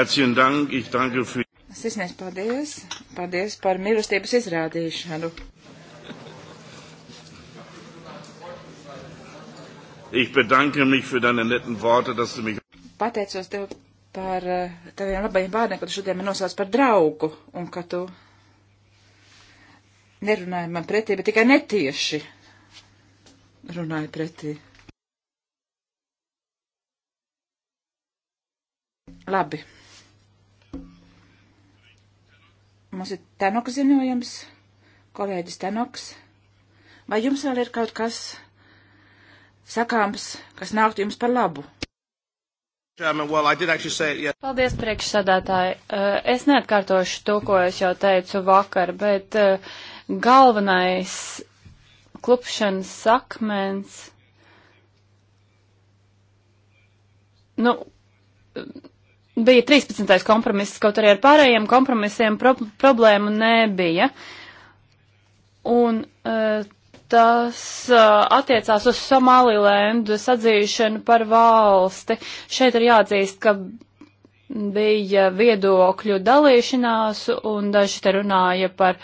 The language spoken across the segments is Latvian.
Herzlichen Dank, ich danke für. Sisnēs, paldies. Paldies par mīlestības izrādīšanu. Ich bedanke mich für deine netten Worte, dass du mich. Pateicos tev par eh, taviem labajiem vārdiem, ka tu šodien man nosauc par draugu un ka tu nerunāji man pretī, bet tikai netieši runāji pretī. Labi. Mums ir tenoks ziņojums, kolēģis tenoks. Vai jums vēl ir kaut kas sakāms, kas nāktu jums par labu? Paldies, priekšsādātāji. Eh, es neatkārtošu to, ko es jau teicu vakar, bet eh, galvenais klupšanas sakmens. Nu, bija 13. kompromiss, kaut arī ar pārējiem kompromisiem pro problēmu nebija. Un uh, tas uh, attiecās uz Somalilendu sadzīšanu par valsti. Šeit ir jāatzīst, ka bija viedokļu dalīšanās un daži te runāja par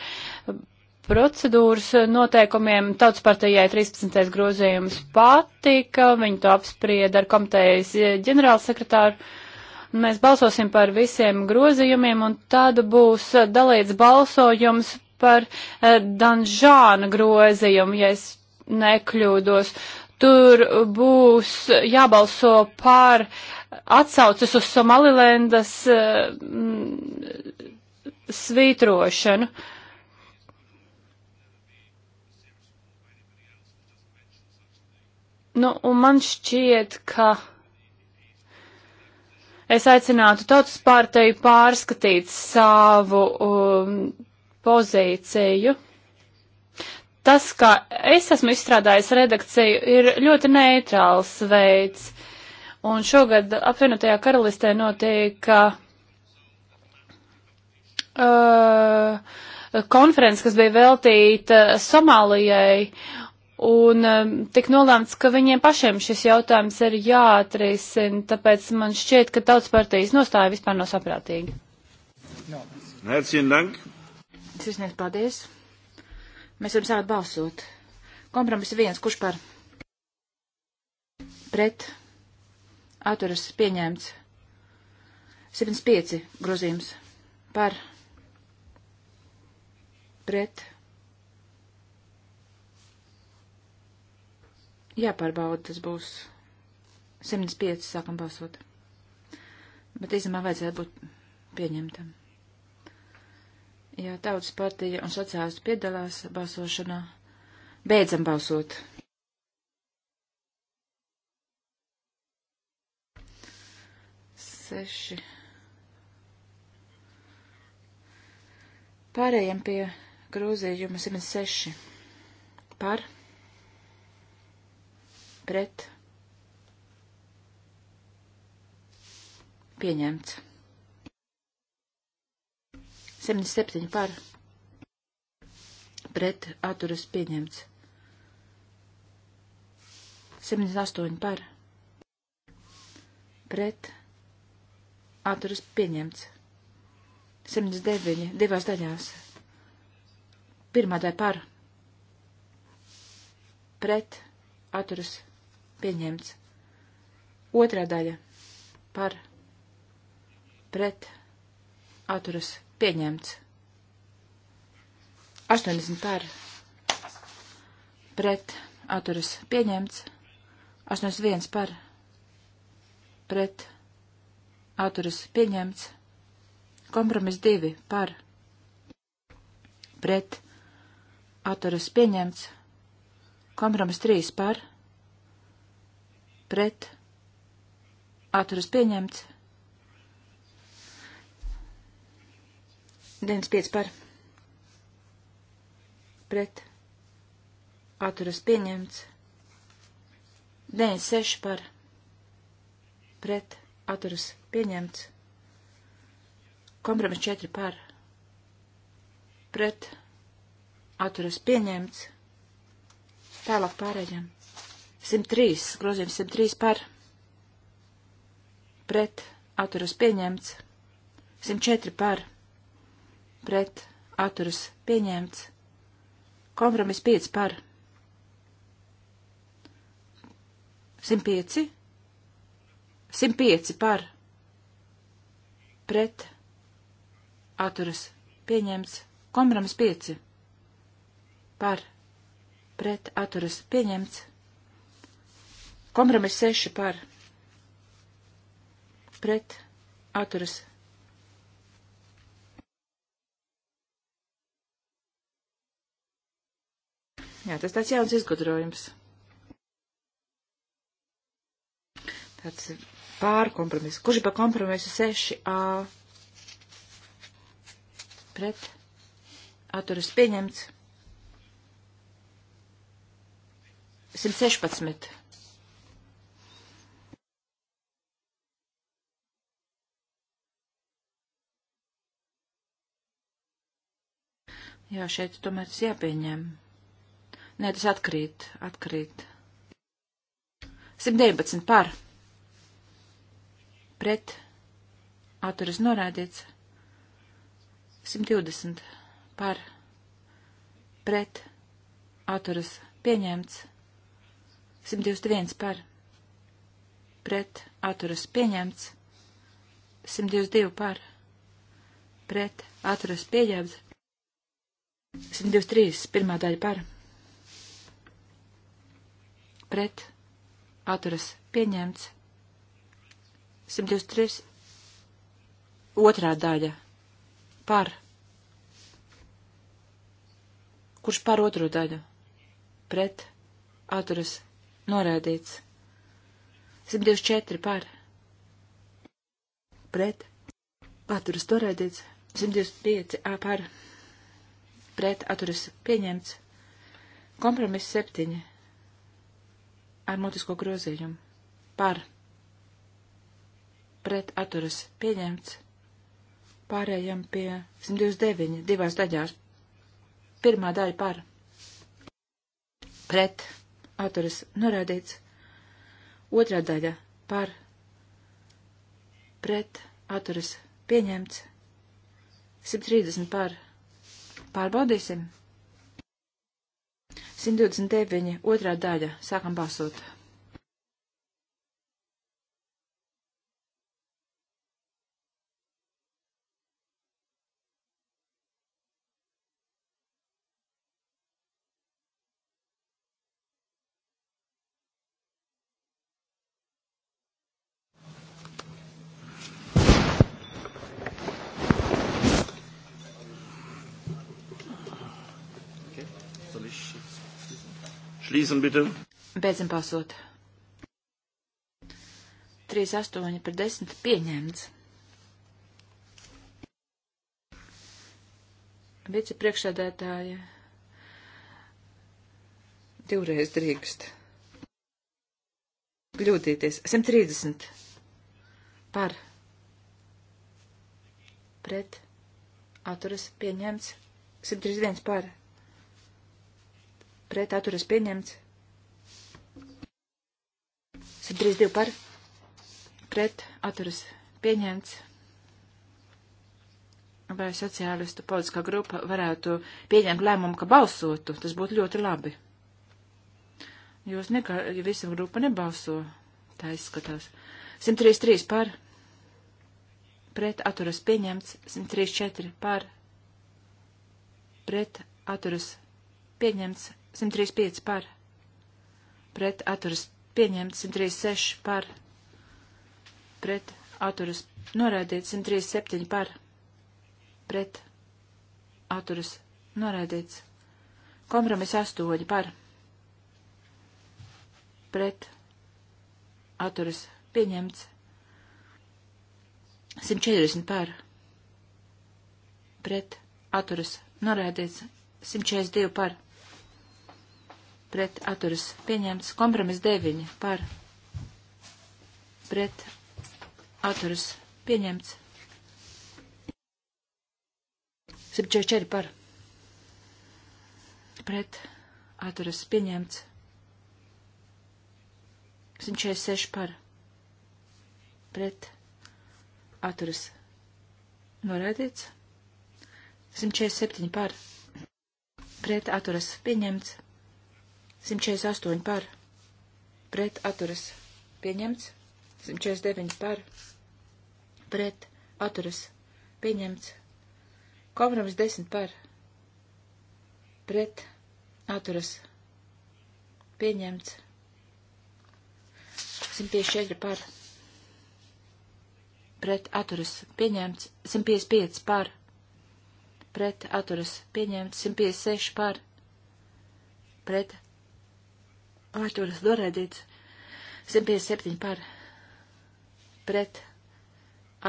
procedūras noteikumiem. Tautas partijai 13. grozījums patika, viņi to apsprieda ar komitejas ģenerālsekretāru. Uh, Mēs balsosim par visiem grozījumiem, un tad būs eh, dalīts balsojums par eh, Danžāna grozījumu, ja es nekļūdos. Tur būs jābalso par atsaucas uz Somalilendas eh, svītrošanu. Nu, un man šķiet, ka Es aicinātu tautas pārteju pārskatīt savu um, pozīciju. Tas, kā es esmu izstrādājis redakciju, ir ļoti neitrāls veids. Un šogad apvienotajā karalistē notiek uh, konferences, kas bija veltīta Somālijai, Un um, tik nolēmts, ka viņiem pašiem šis jautājums ir jāatrisina, tāpēc man šķiet, ka tautas partijas nostāja vispār nav saprātīga. Herzlichen Dank. Sirsnieks, paldies. Mēs varam sākt balsot. Kompromiss viens, kurš par? Pret. Atturas pieņemts. 75 grozījums. Par. Pret. Jāpārbauda, tas būs 75, sākam balsot. Bet īstenībā vajadzētu būt pieņemtam. Jā, tautas partija un sociālisti piedalās balsošanā. Beidzam balsot. Seši. Pārējiem pie grozījuma 76. Par pret pieņemts. 77 par pret atturas pieņemts. 78 par pret atturas pieņemts. 79 divās daļās. Pirmā daļa par pret atturas pieņemts pieņemts. Otrā daļa par pret atturas pieņemts. 80 par pret atturas pieņemts. 81 par pret atturas pieņemts. Kompromis 2 par pret atturas pieņemts. Kompromis 3 par pret pret atturas pieņemts. 95 par pret atturas pieņemts. 96 par pret atturas pieņemts. Kompromis 4 par pret atturas pieņemts. Tālāk pārējām. 103, grozījums 103 par pret atturas pieņemts, 104 par pret atturas pieņemts, kompromis 5 par 105, 105 par pret atturas pieņemts, kompromis 5 par pret atturas pieņemts. Kompromiss 6 par pret atturas. Jā, tas tāds jauns izgudrojums. Tāds pārkompromiss. Kurš ir par kompromisu 6A? Pret atturas pieņemts. 116. Jā, šeit tomēr tas jāpieņem. Nē, tas atkrīt, atkrīt. 119 par. Pret. Atturis norādīts. 120 par. Pret. Atturis pieņemts. 121 par. Pret. Atturis pieņemts. 122 par. Pret. Atturis pieņemts. 123. Pirmā daļa par. Pret. Atturas. Pieņemts. 123. Otrā daļa. Par. Kurš par otro daļu? Pret. Atturas. Norēdīts. 124 par. Pret. Atturas norēdīts. 125 a par pret atturas pieņemts. Kompromiss septiņi ar mutisko grozījumu par pret atturas pieņemts. Pārējām pie 129 divās daļās. Pirmā daļa par pret atturas norādīts. Otrā daļa par pret atturas pieņemts. 130 par pret Pārbaudīsim. 129. otrā daļa. Sākam balsot. Schließen bitte. Beidzam balsot. 38 par 10 pieņemts. Vicepriekšsēdētāja divreiz drīkst. Kļūdīties. 130 par pret atturas pieņemts. 131 par pret atturas pieņemts. 132 par pret atturas pieņemts. Vai sociālistu politiskā grupa varētu pieņemt lēmumu, ka balsotu, tas būtu ļoti labi. Jūs nekā, ja visa grupa nebalso, tā izskatās. 133 par pret atturas pieņemts, 134 par pret atturas pieņemts, 135 par, pret atturas pieņemts 136 par, pret atturas norādīt 137 par, pret atturas norādīts. Kompromis 8 par, pret atturas pieņemts 140 par, pret atturas norādīts 142 par pret atturas pieņemts. Kompromis 9 par pret atturas pieņemts. 74 par pret atturas pieņemts. 146 par pret atturas noraidīts. 147 par pret atturas pieņemts. 148 par, pret atturas pieņemts, 149 par, pret atturas pieņemts, kompromis 10 par, pret atturas pieņemts, 154 par, pret atturas pieņemts, 155 par, pret atturas pieņemts, 156 par, pret atturas norēdīts. 157 par pret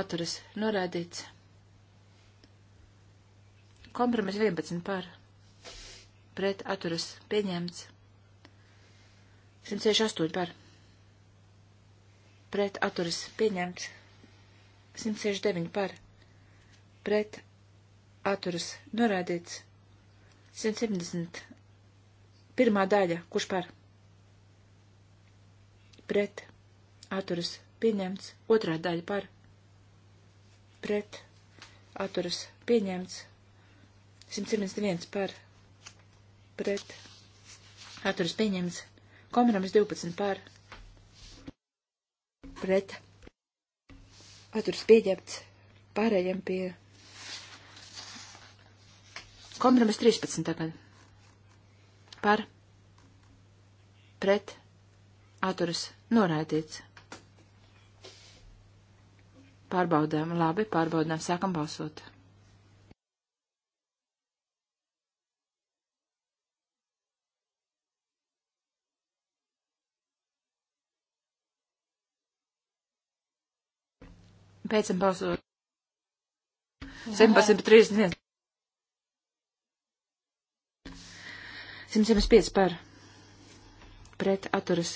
atturas norēdīts. Kompromis 11 par pret atturas pieņemts. 168 par pret atturas pieņemts. 169 par pret atturas norādīts 170. Pirmā daļa, kurš par? pret, atturas pieņemts, otrā daļa par, pret, atturas pieņemts, 171 par, pret, atturas pieņemts, kompromis 12 par, pret, atturas pieņemts, pārējiem pie, kompromis 13 tagad, par, pret, atturas noraidīts. Pārbaudām, labi, pārbaudām, sākam balsot. Pēc tam balsot. 17.31. 175 par pret atturas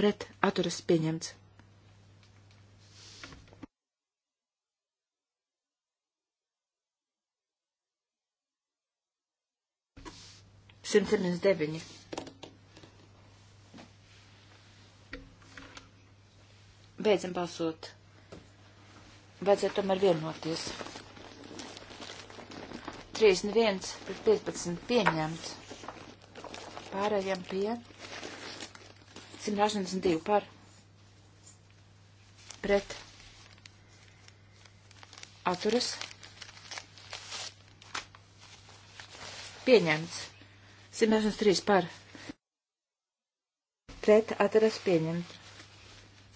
pret atturas pieņemts. Simt septiņdesmit deviņi. Beidzam balsot. Vajadzētu tomēr vienoties. 31 pret 15 pieņemts. Pārējām pie 182 par pret atturas pieņemts. 183 par pret atturas pieņemts.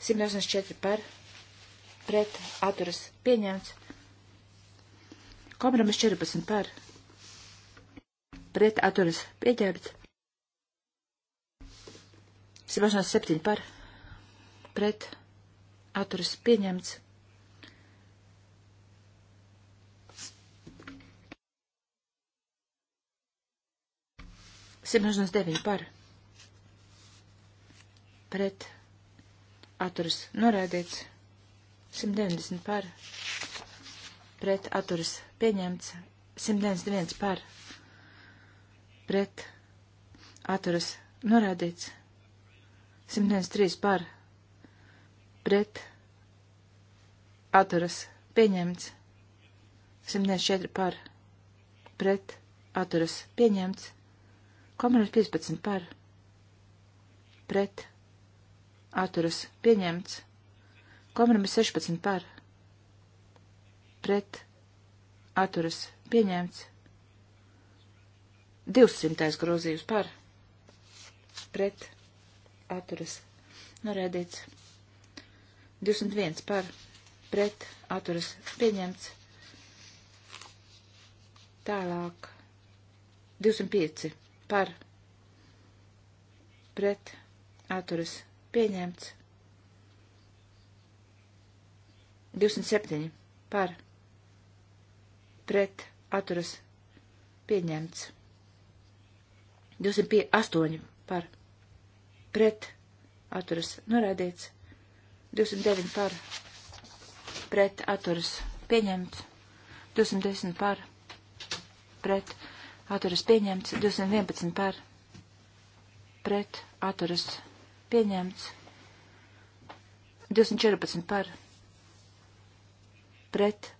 184 par pret atturas pieņemts. Kompromis 14 par pret atturas pieņemts. 187 par pret atturas pieņemts. Simtdešimts deviņi par pret atturas norādīts. 190 par pret atturas pieņemts. 191 par pret atturas norādīts. 103 par pret atturas pieņemts. 104 par pret atturas pieņemts. Komunārs 15 par pret atturas pieņemts. Komunārs 16 par pret atturas pieņemts. 200. grozījums par pret atturas norēdīts. 201 par pret atturas pieņemts. Tālāk 205 par pret atturas pieņemts. 207 par pret atturas pieņemts. 208 par pret pret atturas norādīts. 209 par pret atturas pieņemts. 210 par pret atturas pieņemts. 211 par pret atturas pieņemts. 214 par pret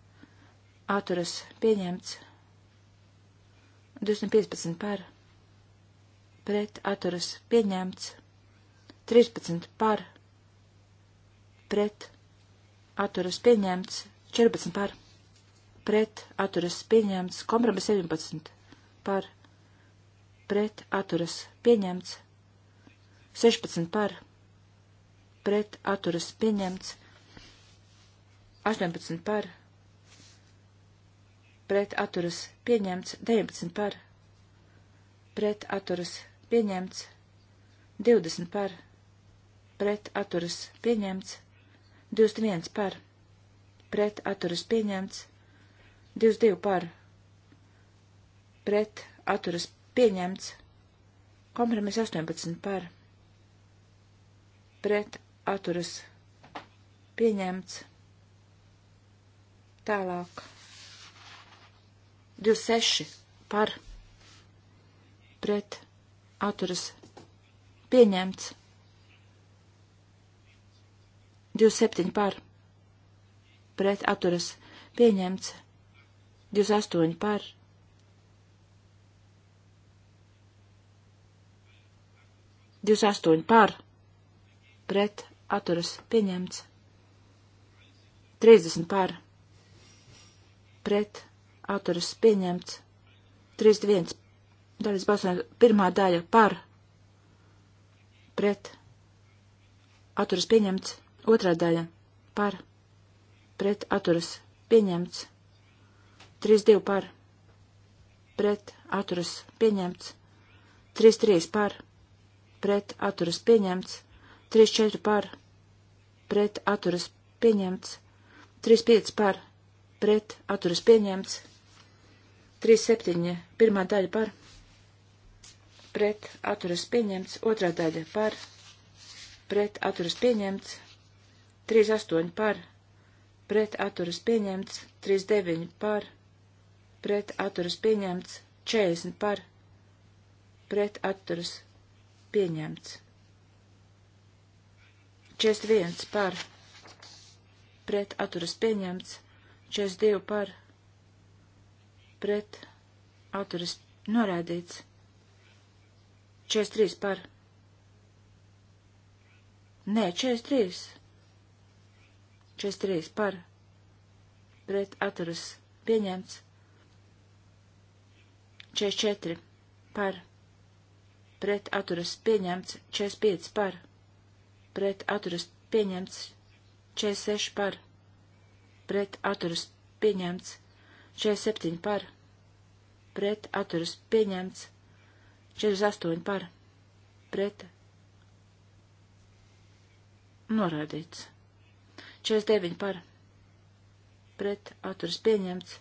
atturas pieņemts. 215 par pret atturas pieņemts. 13 par, pret, atturas pieņemts, 14 par, pret, atturas pieņemts, kompromis 17 par, pret, atturas pieņemts, 16 par, pret, atturas pieņemts, 18 par, pret, atturas pieņemts, 19 par, pret, atturas pieņemts, 20 par, pret atturas pieņemts, 21 par, pret atturas pieņemts, 22 par, pret atturas pieņemts, kompromiss 18 par, pret atturas pieņemts, tālāk, 26 par, pret atturas pieņemts. 27 par. Pret atturas pieņemts. 28 par. Divas astoņi par, pret, atturas, pieņemts. Trīsdesmit par, pret, atturas, pieņemts. Trīsdesmit viens, daļas balsojums, pirmā daļa par, pret, atturas, pieņemts Otrā daļa par pret atturas pieņemts. 3-2 par pret atturas pieņemts. 3-3 par pret atturas pieņemts. 3-4 par pret atturas pieņemts. 3-5 par pret atturas pieņemts. 3-7 pirmā daļa par pret atturas pieņemts. Otrā daļa par pret atturas pieņemts. 38 par, pret atturas pieņemts, 39 par, pret atturas pieņemts, 40 par, pret atturas pieņemts, 41 par, pret atturas pieņemts, 42 par, pret atturas norādīts, 43 par. Nē, 43. 43 par pret atturas pieņemts. 44 par pret atturas pieņemts. 45 par pret atturas pieņemts. 46 par pret atturas pieņemts. 47 par pret atturas pieņemts. 48 par pret noraidīts. 49 par pret atturas pieņemts,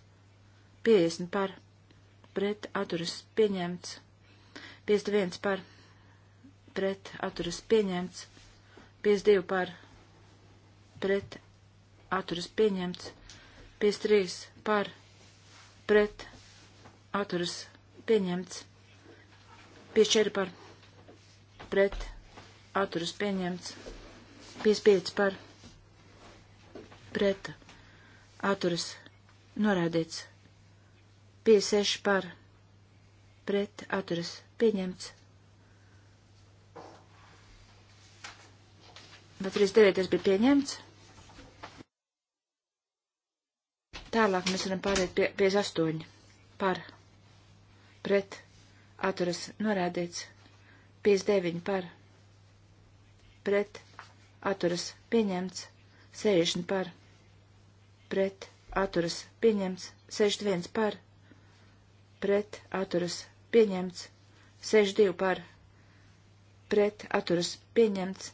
50 par pret atturas pieņemts, 51 par pret atturas pieņemts, 52 par pret atturas pieņemts, 53 par pret atturas pieņemts, 54 par pret atturas pieņemts, 55 par pret pret atturas norādīts. 56 par pret atturas pieņemts. Bet 39 bija pieņemts. Tālāk mēs varam pāriet pie 58 par pret atturas norādīts. 59 par pret atturas pieņemts. 60 par pret pret atturas pieņemts 61 par, pret atturas pieņemts 62 par, pret atturas pieņemts.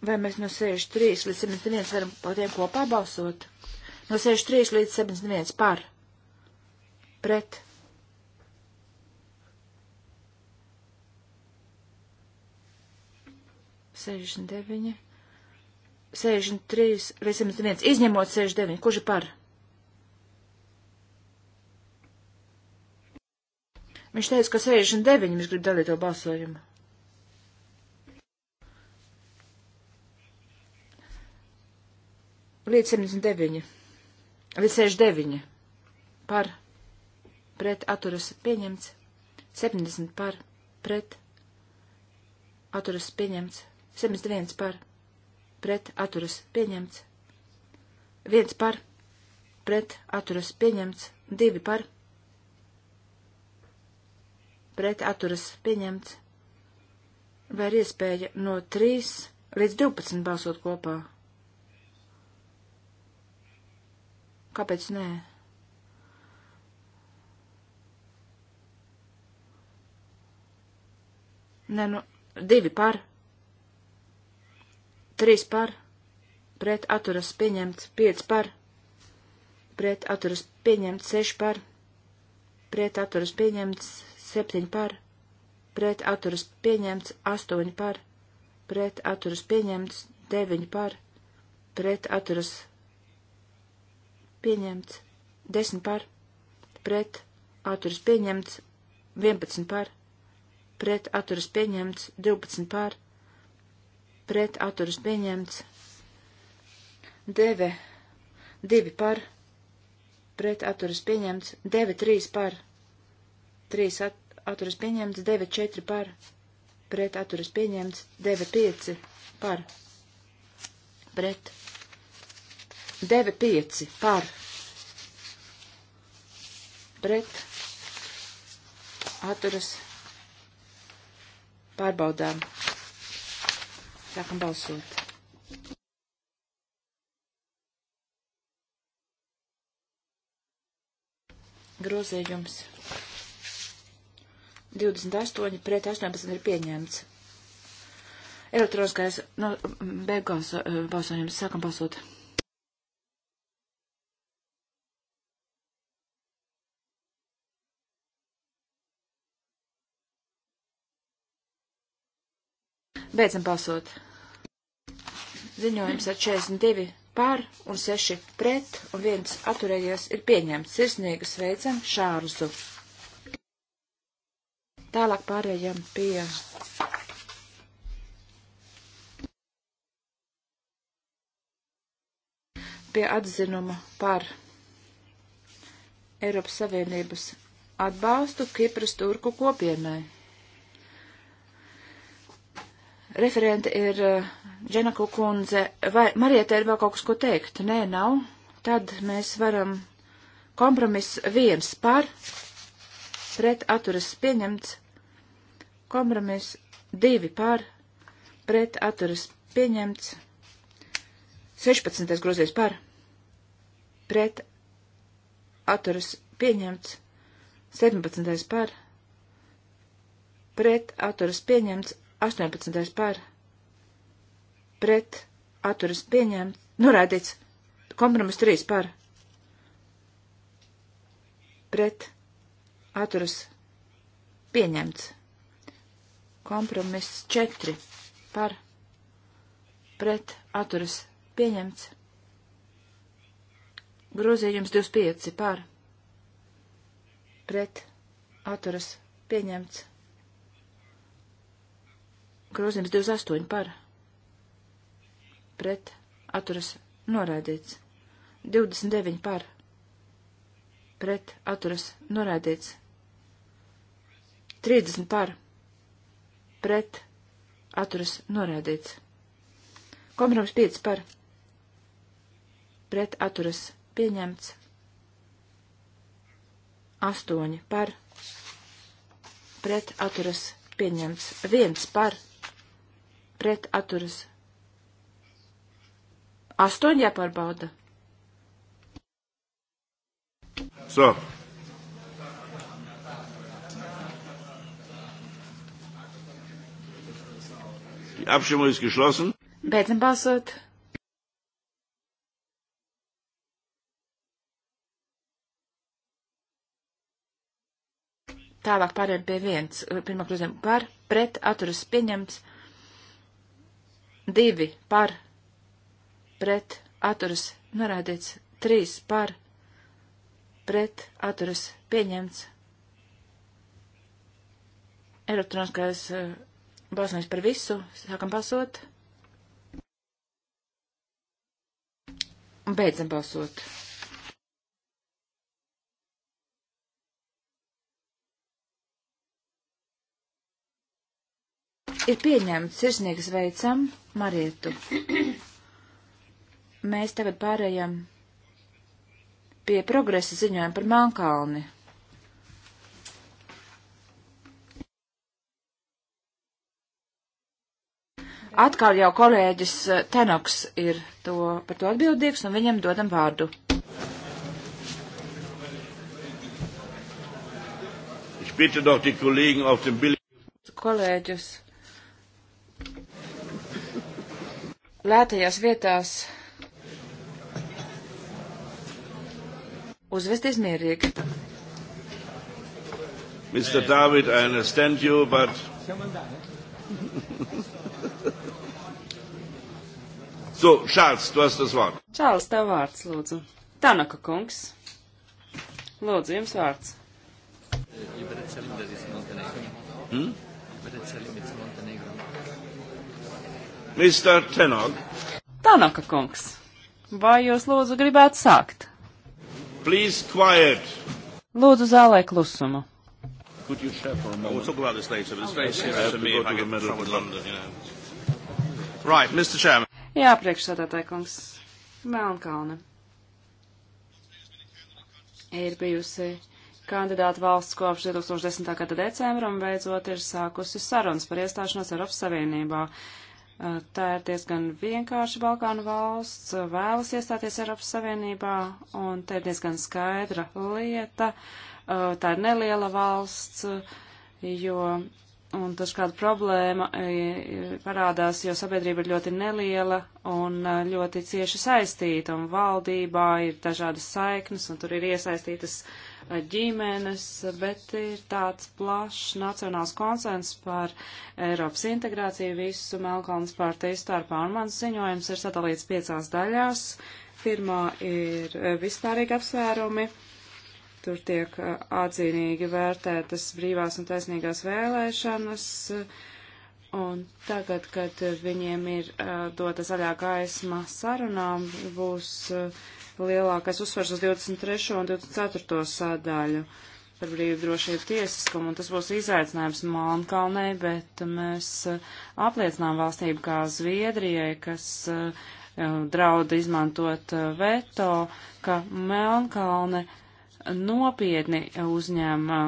Vai mēs no 63 līdz 71 varam par tiem kopā balsot? No 63 līdz 71 par, pret. Sešdesmit deviņi. 63 līdz 71, izņemot 69, kurš ir par? Viņš teica, ka 69 viņš grib dalīt to balsojumu. Līdz 79, līdz 69, par, pret, atturas pieņemts, 70 par, pret, atturas pieņemts, 71 par pret atturas pieņemts. Viens par pret atturas pieņemts. Divi par pret atturas pieņemts. Vai ir iespēja no 3 līdz 12 balsot kopā? Kāpēc nē? Nē, nu, divi par 3 par, pret atturas pieņemts 5 par, pret atturas pieņemts 6 par, pret atturas pieņemts 7 par, pret atturas pieņemts 8 par, pret atturas pieņemts 9 par, pret atturas pieņemts 10 par, pret atturas pieņemts 11 par, pret atturas pieņemts 12 par, pret pret atturas pieņemts. Deve 2 par pret atturas pieņemts. Deve 3 par 3 at, atturas pieņemts. Deve 4 par pret atturas pieņemts. Deve 5 par pret. Deve 5 par pret atturas pārbaudām. Sākam balsot. Grozījums 28 pret 18 ir pieņemts. Elektroniskais no, beigās eh, balsojums. Sākam balsot. Beidzam balsot. Ziņojums ar 42 pār un 6 pret un 1 atturējies ir pieņemts. Sirsnīgi sveicam Šārzu. Tālāk pārējām pie. pie atzinuma par Eiropas Savienības atbalstu Kipras turku kopienai. Referente ir eh, Dženaku kundze. Vai Marietē ir vēl kaut kas, ko teikt? Nē, nav. Tad mēs varam kompromiss viens par, pret atturas pieņemts. Kompromiss divi par, pret atturas pieņemts. 16. grozījums par, pret atturas pieņemts. 17. par, pret atturas pieņemts. 18. par pret atturas pieņemts, norādīts, kompromis 3 par pret atturas pieņemts, kompromis 4 par pret atturas pieņemts, grozījums 25 par pret atturas pieņemts. Grozījums 28 par. Pret. Atturas noraidīts. 29 par. Pret. Atturas noraidīts. 30 par. Pret. Atturas noraidīts. Kompromis 5 par. Pret. Atturas pieņemts. 8 par. Pret. Atturas pieņemts. 1 par pret atturas. Astoņi jāpārbauda. So. Die Abstimmung ist geschlossen. Beidzam balsot. Tālāk pārējām pie viens. Pirmā grozījuma par, pret, atturas pieņemts. 2 par pret atturas norādīts, 3 par pret atturas pieņemts. Elektroniskais eh, balsojums par visu. Sākam balsot. Un beidzam balsot. ir pieņemts sirsnīgas veicam Marietu. Mēs tagad pārējām pie progresa ziņojuma par Mankalni. Atkal jau kolēģis eh, Tenoks ir to, par to atbildīgs, un viņam dodam vārdu. Ich bitte doch die Kollegen auf dem Bild. Kolēģis lētajās vietās uzvesties mierīgi. Mr. David, I understand you, but. so, Charles, tu hast das Wort. Charles, tev vārds, lūdzu. Tanaka kungs. Lūdzu, jums vārds. Hmm? Mr. Tenog. Tanaka kungs, vai jūs lūdzu gribētu sākt? Please quiet. Lūdzu zālē klusumu. Could you share for a moment? Oh, we'll talk about this later, but it's very serious to me if I get in trouble in London, you know. Right, Mr. Chairman. Jā, priekšsēdētāji kungs. Melnkalne. Ir bijusi kandidāta valsts kopš 2010. gada decembra un beidzot ir sākusi sarunas par iestāšanos Eiropas Savienībā. Eh, tā ir diezgan vienkārši Balkānu valsts, eh, vēlas iestāties Eiropas Savienībā, un te ir diezgan skaidra lieta. Eh, tā ir neliela valsts, jo, un dažkārt problēma parādās, jo sabiedrība ir ļoti neliela un ļoti cieši saistīta, un valdībā ir dažādas saiknes, un tur ir iesaistītas uh, ģimenes, bet ir tāds plašs nacionāls konsens par Eiropas integrāciju visu Melkalnas partiju starpā. Un mans ziņojums ir sadalīts piecās daļās. Pirmā ir eh, vispārīgi apsvērumi. Tur tiek eh, atzīmīgi vērtētas brīvās un taisnīgās vēlēšanas. Un tagad, kad viņiem ir eh, dota zaļā gaisma sarunām, būs uh, lielākais uzsvers uz 23. un 24. sādaļu par brīvu drošību tiesiskumu, un tas būs izaicinājums Malnkalnē, bet mēs eh, apliecinām valstību kā Zviedrijai, kas eh, draud izmantot eh, veto, ka Melnkalne nopietni uzņēma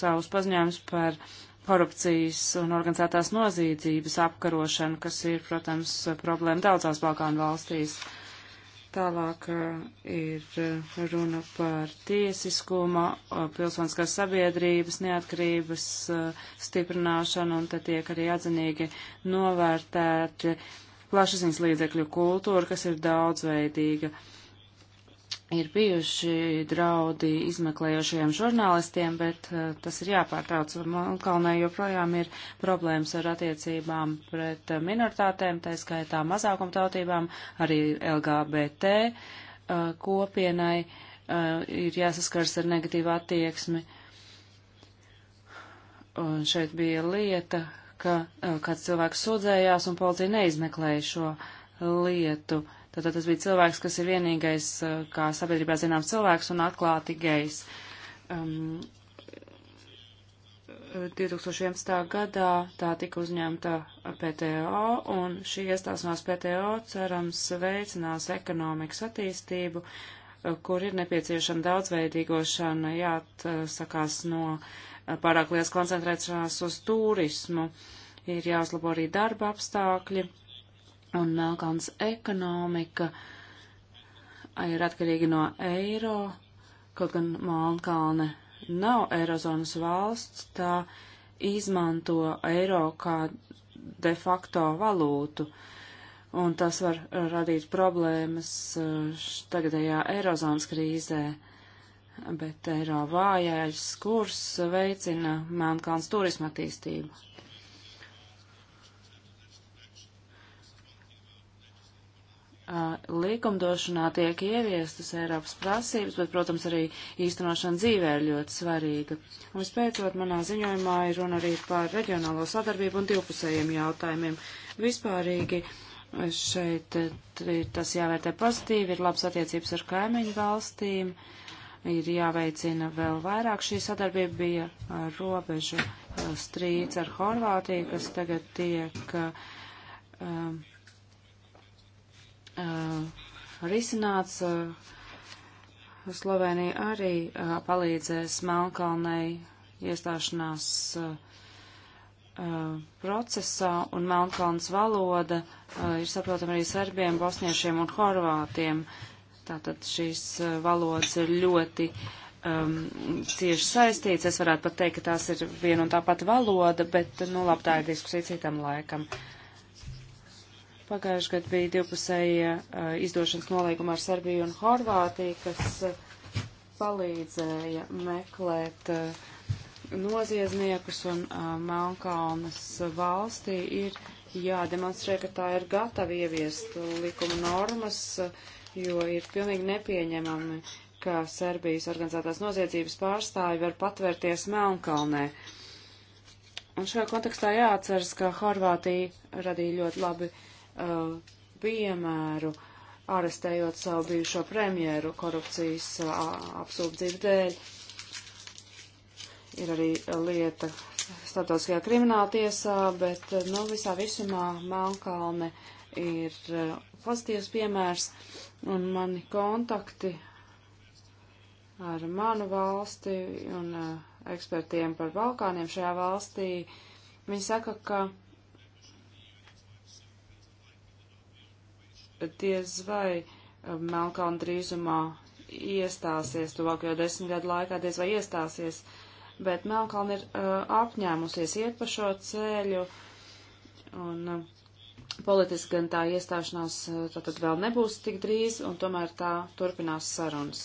savus paziņojumus par korupcijas un organizētās nozīdzības apkarošanu, kas ir, protams, problēma daudzās Balkānu valstīs. Uh, Tālāk eh, ir eh, runa par tiesiskuma, eh, pilsoniskās sabiedrības, neatkarības stiprināšanu, un te tiek arī atzinīgi novērtēti plašsaziņas līdzekļu kultūra, kas ir daudzveidīga. Uh, ir bijuši draudi izmeklējošajiem žurnālistiem, bet uh, tas ir jāpārtrauc. Melnkalnē joprojām ir problēmas ar attiecībām pret eh, minoritātēm, tā skaitā mazākumtautībām, arī LGBT uh, eh, kopienai uh, ir jāsaskars ar negatīvu attieksmi. Un šeit bija lieta, ka kāds cilvēks sūdzējās un policija neizmeklēja šo lietu. Uh, Tātad tas bija cilvēks, kas ir vienīgais, eh, kā sabiedrībā zināms cilvēks un atklāti gejs. Um, 2011. gadā tā tika uzņemta PTO, un šī iestāšanās PTO cerams veicinās ekonomikas attīstību, eh, kur ir nepieciešama daudzveidīgošana, jāatsakās no eh, pārāk liels koncentrēšanās uz turismu, ir jāuzlabo arī darba apstākļi un Melkons ekonomika ir atkarīga no eiro, kaut gan Melkalne nav eirozonas valsts, tā izmanto eiro kā de facto valūtu, un tas var radīt problēmas eh, tagadējā eirozonas krīzē. Bet eiro vājais kurs veicina Melnkalns turisma attīstību. likumdošanā tiek ieviestas Eiropas prasības, bet, protams, arī īstenošana dzīvē ir ļoti svarīga. Un vispēcot manā ziņojumā ir runa arī par reģionālo sadarbību un divpusējiem jautājumiem. Vispārīgi šeit tas jāvērtē pozitīvi, ir labs attiecības ar kaimiņu valstīm, ir jāveicina vēl vairāk šī sadarbība, bija robežu strīds ar Horvātiju, kas tagad tiek. Um, uh, risināts. Uh, Slovenija arī uh, palīdzēs Melnkalnei iestāšanās uh, uh procesā, un Melnkalnas valoda uh, ir saprotama arī serbiem, bosniešiem un horvātiem. Tātad šīs uh, valodas ir ļoti uh, um, cieši saistīts. Es varētu pat teikt, ka tās ir viena un tā pati valoda, bet, nu, labi, tā ir diskusija citam laikam. Pagājuši gadu bija divpusējie uh, izdošanas nolīguma ar Serbiju un Horvātiju, kas uh, palīdzēja meklēt uh, noziedzniekus un Melnkalnes valstī ir jādemonstrē, ka tā ir gatava ieviest likuma normas, jo ir pilnīgi nepieņemami, ka Serbijas organizētās noziedzības pārstāvi var patvērties Melnkalnē. Un šajā kontekstā jāatceras, ka Horvātija radīja ļoti labi uh, Uh, piemēru, arestējot savu bijušo premjeru korupcijas uh, apsūdzību dēļ. Ir arī lieta starptautiskajā krimināla tiesā, bet, uh, nu, visā visumā Melnkalne ir pozitīvs piemērs, un mani kontakti ar manu valsti un ekspertiem par Balkāniem šajā valstī, viņi saka, ka diez vai eh, Melnkalna drīzumā iestāsies, tuvākajo desmit gadu laikā diez vai iestāsies, bet Melnkalna ir uh, apņēmusies iet pa šo ceļu, un uh, politiski gan tā iestāšanās uh, tātad vēl nebūs tik drīz, un tomēr tā turpinās sarunas.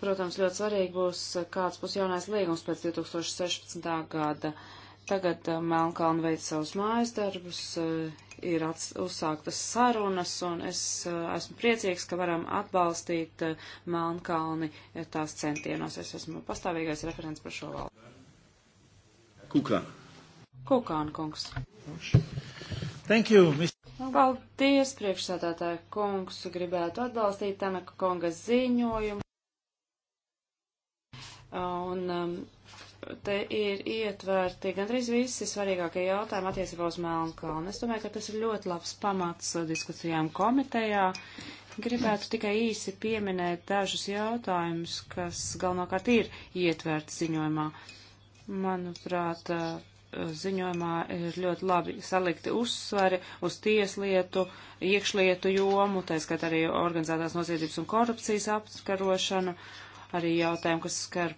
Protams, ļoti svarīgi būs, kāds būs jaunais līgums pēc 2016. gada. Uh, Tagad uh, Melnkalna veic savus mājas darbus, uh, ir ats, uzsāktas sarunas, un es uh, esmu priecīgs, ka varam atbalstīt Melnkalni tās centienos. Es esmu pastāvīgais referents par šo valdu. Kukā. Kukāna kungs. Thank you, Mr. Paldies, priekšsādātāja kungs, gribētu atbalstīt Tanaka kongas ziņojumu. Un um, te ir ietverti gandrīz visi svarīgākie jautājumi attiecībā uz Melnkalnu. Es domāju, ka tas ir ļoti labs pamats uh, diskusijām komitejā. Gribētu tikai īsi pieminēt dažus jautājumus, kas galvenokārt ir ietverti ziņojumā. Manuprāt, uh, ziņojumā ir ļoti labi salikti uzsvari uz tieslietu, iekšlietu jomu, tā skat arī organizētās noziedzības un korupcijas apskarošanu, arī jautājumu, kas skar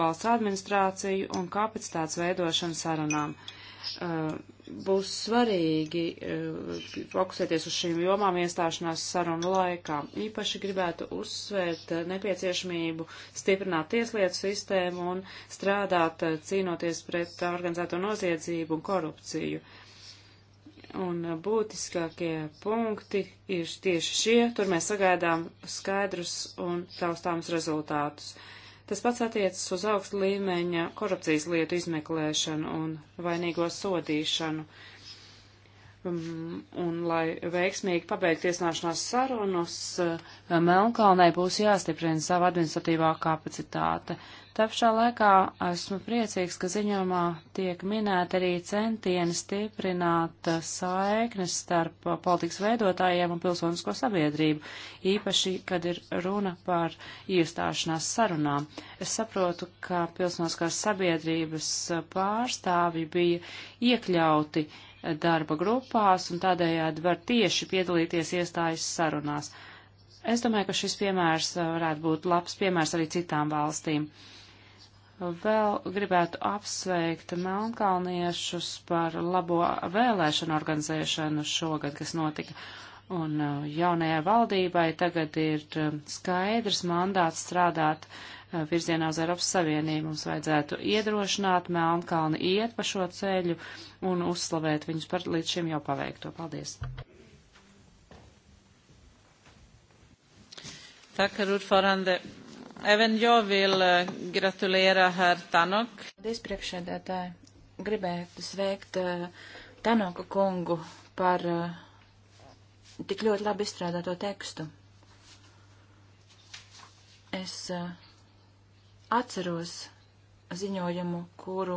valsts administrāciju un kapacitātes veidošanu sarunām. Uh, būs svarīgi uh, fokusēties uz šīm jomām iestāšanās sarunu laikā. Īpaši gribētu uzsvērt uh, nepieciešamību stiprināt tieslietu sistēmu un strādāt uh, cīnoties pret organizēto noziedzību un korupciju. Un uh, būtiskākie punkti ir tieši šie, tur mēs sagaidām skaidrus un taustāms rezultātus. Uh, Tas pats attiecas uz augstu līmeņa korupcijas lietu izmeklēšanu un vainīgo sodīšanu. Uh, Un, mm, un lai veiksmīgi pabeigtu iesnāšanās sarunas, eh, Melnkalnē būs jāstiprina sava administratīvā kapacitāte. Tāpšā laikā esmu priecīgs, ka ziņojumā tiek minēta arī centieni stiprināt eh, saiknes starp eh, politikas veidotājiem un pilsonisko sabiedrību, īpaši, kad ir runa par iestāšanās sarunām. Es saprotu, ka pilsoniskās sabiedrības pārstāvi bija iekļauti uh, darba grupās un tādējādi var tieši piedalīties iestājas sarunās. Es domāju, ka šis piemērs uh, varētu būt labs piemērs arī citām valstīm. Vēl gribētu apsveikt melnkalniešus par labo vēlēšanu organizēšanu šogad, kas notika. Un uh, jaunajai valdībai tagad ir uh, skaidrs mandāts strādāt uh, Uh, virzienā uz Eiropas Savienību. Mums vajadzētu iedrošināt Melnkalni iet pa šo ceļu un uzslavēt viņus par līdz šim jau paveikto. Paldies! Tackar ordförande. Även jag vill eh, gratulera herr Tanok. Paldies, priekšsēdētāji. Gribētu sveikt uh, eh, Tanoka kungu par uh, tik ļoti labi izstrādāto tekstu. Es uh, atceros ziņojumu, kuru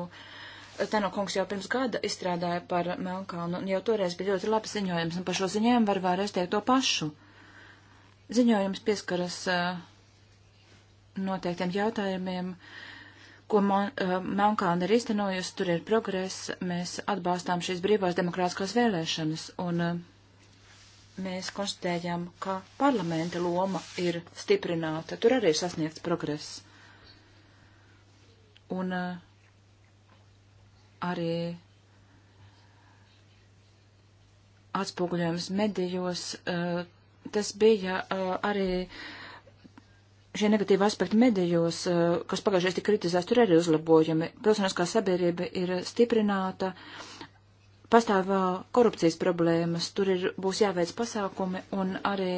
Teno kungs jau pirms gada izstrādāja par Melnkalnu, un jau toreiz bija ļoti labs ziņojums, un par šo ziņojumu var vēlreiz teikt to pašu. Ziņojums pieskaras eh, noteiktiem jautājumiem, ko eh, Melnkalna ir iztenojusi, tur ir progress, mēs atbalstām šīs brīvās demokrātiskās vēlēšanas, un eh, mēs konstatējam, ka parlamenta loma ir stiprināta. Tur arī ir sasniegts progress un eh, arī atspoguļojums medijos. Eh, tas bija eh, arī šie negatīvi aspekti medijos, kas pagājušajā tika kritizēts, tur arī uzlabojumi. Pilsoniskā sabiedrība ir stiprināta, pastāv korupcijas problēmas, tur ir, būs jāveic pasākumi un arī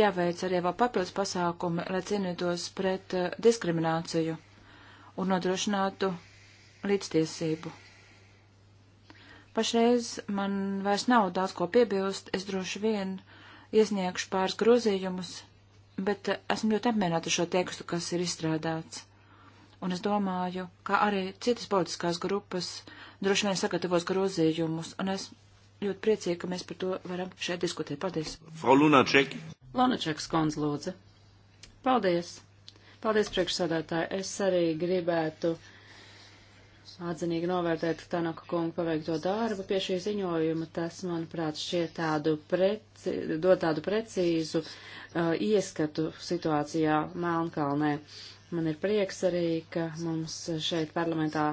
jāveic arī vēl papildus pasākumi, lai cīnītos pret diskrimināciju un nodrošinātu līdztiesību. Pašreiz man vairs nav daudz ko piebilst, es droši vien iesniegšu pāris grozījumus, bet esmu ļoti apmierināta ar šo tekstu, kas ir izstrādāts. Un es domāju, ka arī citas politiskās grupas droši vien sagatavos grozījumus, un es ļoti priecīgi, ka mēs par to varam šeit diskutēt. Paldies! Frau Lunaček! Lunačeks kundz lūdzu. Paldies! Paldies, priekšsādātāji. Es arī gribētu atzinīgi novērtēt Tanaka kungu paveikto darbu pie šī ziņojuma. Tas, manuprāt, šķiet tādu preci, dod tādu precīzu uh, ieskatu situācijā Melnkalnē. Man ir prieks arī, ka mums šeit parlamentā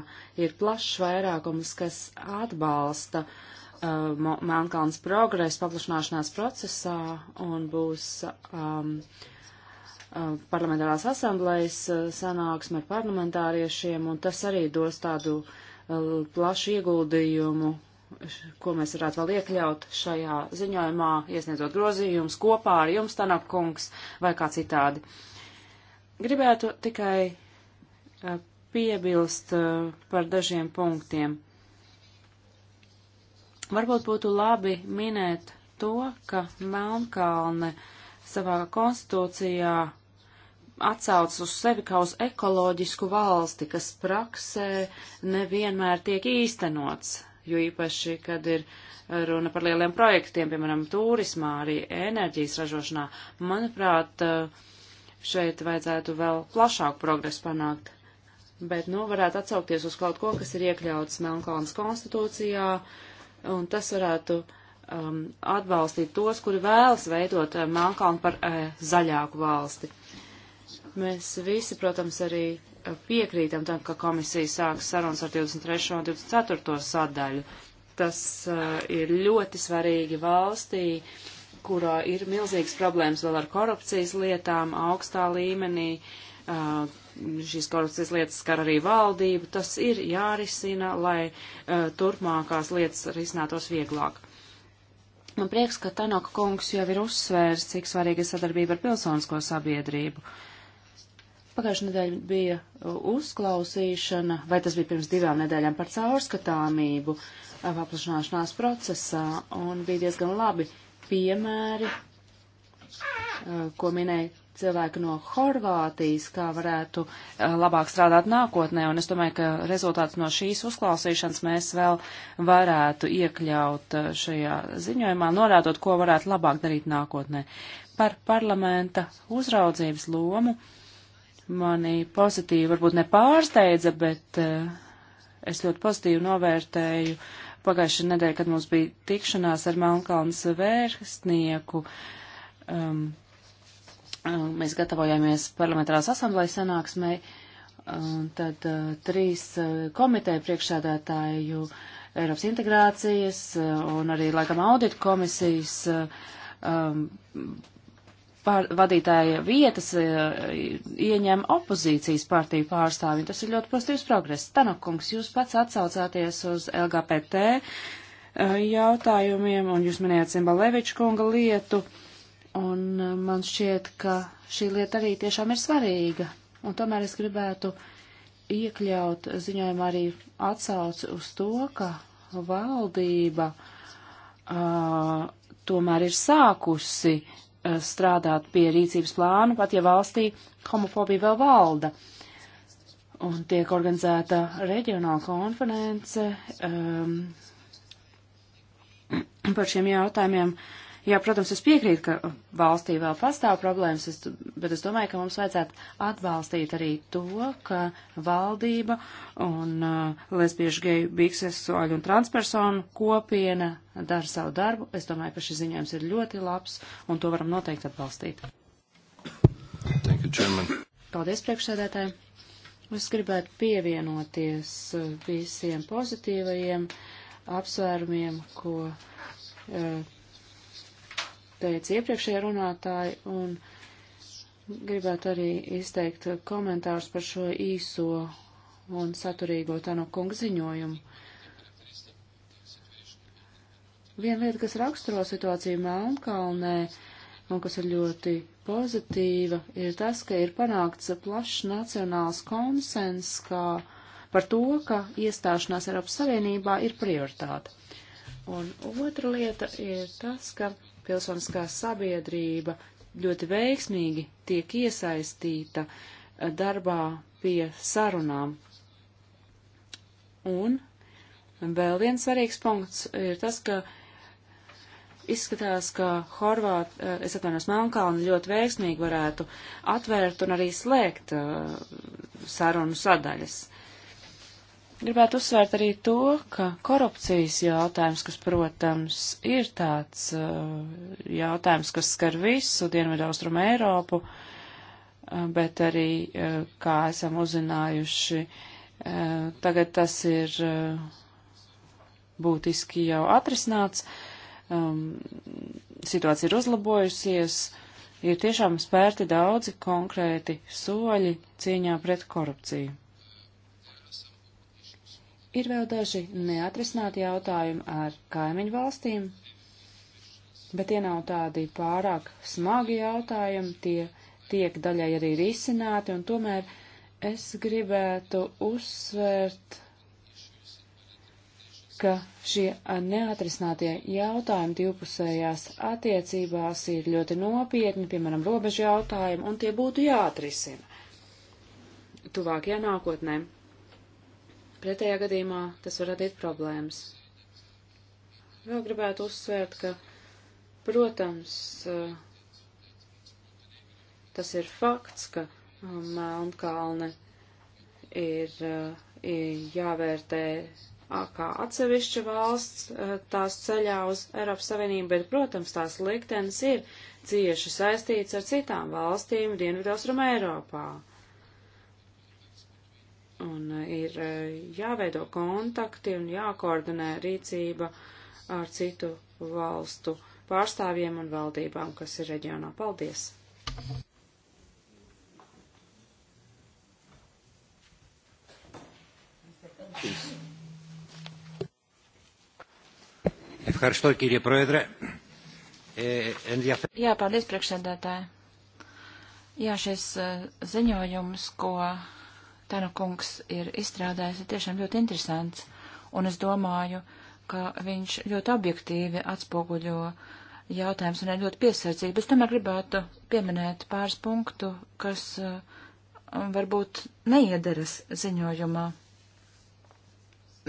ir plašs vairākums, kas atbalsta uh, Melnkalnas progresu paplašanāšanās procesā un būs. Um, uh, Um, parlamentārās asamblējas uh, sanāksme ar parlamentāriešiem, un tas arī dos tādu uh, plašu ieguldījumu, ko mēs varētu vēl iekļaut šajā ziņojumā, iesniedzot grozījumus kopā ar jums, Tanakungs, vai kā citādi. Gribētu tikai uh, piebilst par dažiem punktiem. Varbūt būtu labi minēt to, ka Melnkalne savā konstitūcijā atsaucas uz sevi kā uz ekoloģisku valsti, kas praksē nevienmēr tiek īstenots, jo īpaši, kad ir runa par lieliem projektiem, piemēram, turismā, arī enerģijas ražošanā. Manuprāt, šeit vajadzētu vēl plašāku progresu panākt, bet, nu, varētu atsaukties uz kaut ko, kas ir iekļauts Melnkalnas konstitūcijā, un tas varētu um, atbalstīt tos, kuri vēlas veidot uh, Melnkalnu par e, zaļāku valsti. Mēs visi, protams, arī e, piekrītam tam, ka komisija sāks sarunas ar 23. un 24. sadaļu. Tas uh, ir ļoti svarīgi valstī, kurā ir milzīgas problēmas vēl ar korupcijas lietām augstā līmenī. Uh, šīs korupcijas lietas skar arī valdību. Tas ir jārisina, lai uh, turpmākās lietas risinātos vieglāk. Man prieks, ka Tanaka kungs jau ir uzsvērs, cik svarīga ir sadarbība ar pilsonisko sabiedrību. Uh, Pagājušajā nedēļā bija uh, uzklausīšana, vai tas bija pirms divām nedēļām, par caurskatāmību uh, paplašināšanās procesā, un bija diezgan labi piemēri, uh, ko minēja cilvēki no Horvātijas, kā varētu labāk strādāt nākotnē, un es domāju, ka rezultāts no šīs uzklausīšanas mēs vēl varētu iekļaut šajā ziņojumā, norādot, ko varētu labāk darīt nākotnē. Par parlamenta uzraudzības lomu. Uh, mani pozitīvi, varbūt ne pārsteidza, bet eh, es ļoti pozitīvi novērtēju pagājušajā nedēļā, kad mums bija tikšanās ar Melnkalnas vērstnieku. Um, um, mēs gatavojāmies parlamentārās asamblējas sanāksmei, un tad uh, trīs eh, komiteja priekšsēdētāju Eiropas integrācijas un arī, laikam, audita komisijas um, pār, vadītāja vietas e, ieņem opozīcijas partiju pārstāvji. Tas ir ļoti pozitīvs progress. Tanokungs, jūs pats atsaucāties uz LGBT e, jautājumiem, un jūs minējāt Simbaleviča kunga lietu, un e, man šķiet, ka šī lieta arī tiešām ir svarīga. Un tomēr es gribētu iekļaut ziņojumā arī atsauci uz to, ka valdība uh, tomēr ir sākusi uh, Eh, strādāt pie rīcības plāna, pat ja valstī homofobija vēl valda. Un tiek organizēta reģionāla konference um, par šiem jautājumiem. Uh, Jā, protams, es piekrītu, ka valstī vēl pastāv problēmas, es, bet es domāju, ka mums vajadzētu atbalstīt arī to, ka valdība un uh, lesbiešu geju, biksesuāļu un transpersonu kopiena dara savu darbu. Es domāju, ka šis ziņojums ir ļoti labs un to varam noteikti atbalstīt. Thank you, Chairman. Paldies, priekšsēdētāji. Es gribētu pievienoties uh, visiem pozitīvajiem apsvērumiem, ko. Uh, teica iepriekšējā runātāja, un gribētu arī izteikt komentārus par šo īso un saturīgo Tano kunga ziņojumu. Viena lieta, kas raksturo situāciju Melnkalnē un kas ir ļoti pozitīva, ir tas, ka ir panākts plašs nacionāls konsens kā par to, ka iestāšanās Eiropas Savienībā ir prioritāte. Un otra lieta ir tas, ka pilsoniskā sabiedrība ļoti veiksmīgi tiek iesaistīta eh, darbā pie sarunām. Un vēl viens svarīgs punkts ir tas, ka izskatās, ka Horvāt, eh, es atvainos Melnkalni, ļoti veiksmīgi varētu atvērt un arī slēgt uh, sarunu sadaļas. Uh, Gribētu uzsvērt arī to, ka korupcijas jautājums, kas, protams, ir tāds uh, jautājums, kas skar visu Dienvidaustrumu Eiropu, uh, bet arī, uh, kā esam uzzinājuši, tagad tas ir būtiski jau atrisināts, um, situācija ir uzlabojusies, ir tiešām spērti daudzi konkrēti soļi cīņā pret korupciju. Ir vēl daži neatrisināti jautājumi ar kaimiņu valstīm, bet tie nav tādi pārāk smagi jautājumi, tie tiek daļai arī risināti, un tomēr es gribētu uzsvērt, ka šie neatrisinātie jautājumi divpusējās attiecībās ir ļoti nopietni, piemēram, robežu jautājumi, un tie būtu jāatrisina tuvākajā nākotnē. Pretējā gadījumā tas var radīt problēmas. Vēl gribētu uzsvērt, ka, protams, eh, tas ir fakts, ka um, Melnkalne ir eh, jāvērtē kā atsevišķa valsts eh, tās ceļā uz Eiropas Savienību, bet, protams, tās liktenes ir cieši saistīts ar citām valstīm Dienvidostrum Eiropā. Uh, Un e, ir e, jāveido kontakti un jākoordinē rīcība ar citu valstu pārstāvjiem un valdībām, kas ir reģionā. Paldies! Ευχαριστώ κύριε Πρόεδρε. Ε, ενδιαφε... Jā, paldies priekšsēdētāji. Jā, šis e, ziņojums, ko Tana kungs ir izstrādājis, ir tiešām ļoti interesants, un es domāju, ka viņš ļoti objektīvi atspoguļo jautājums un ir ļoti piesardzīgi, bet tomēr gribētu pieminēt pāris punktu, kas uh, varbūt neiederas ziņojumā.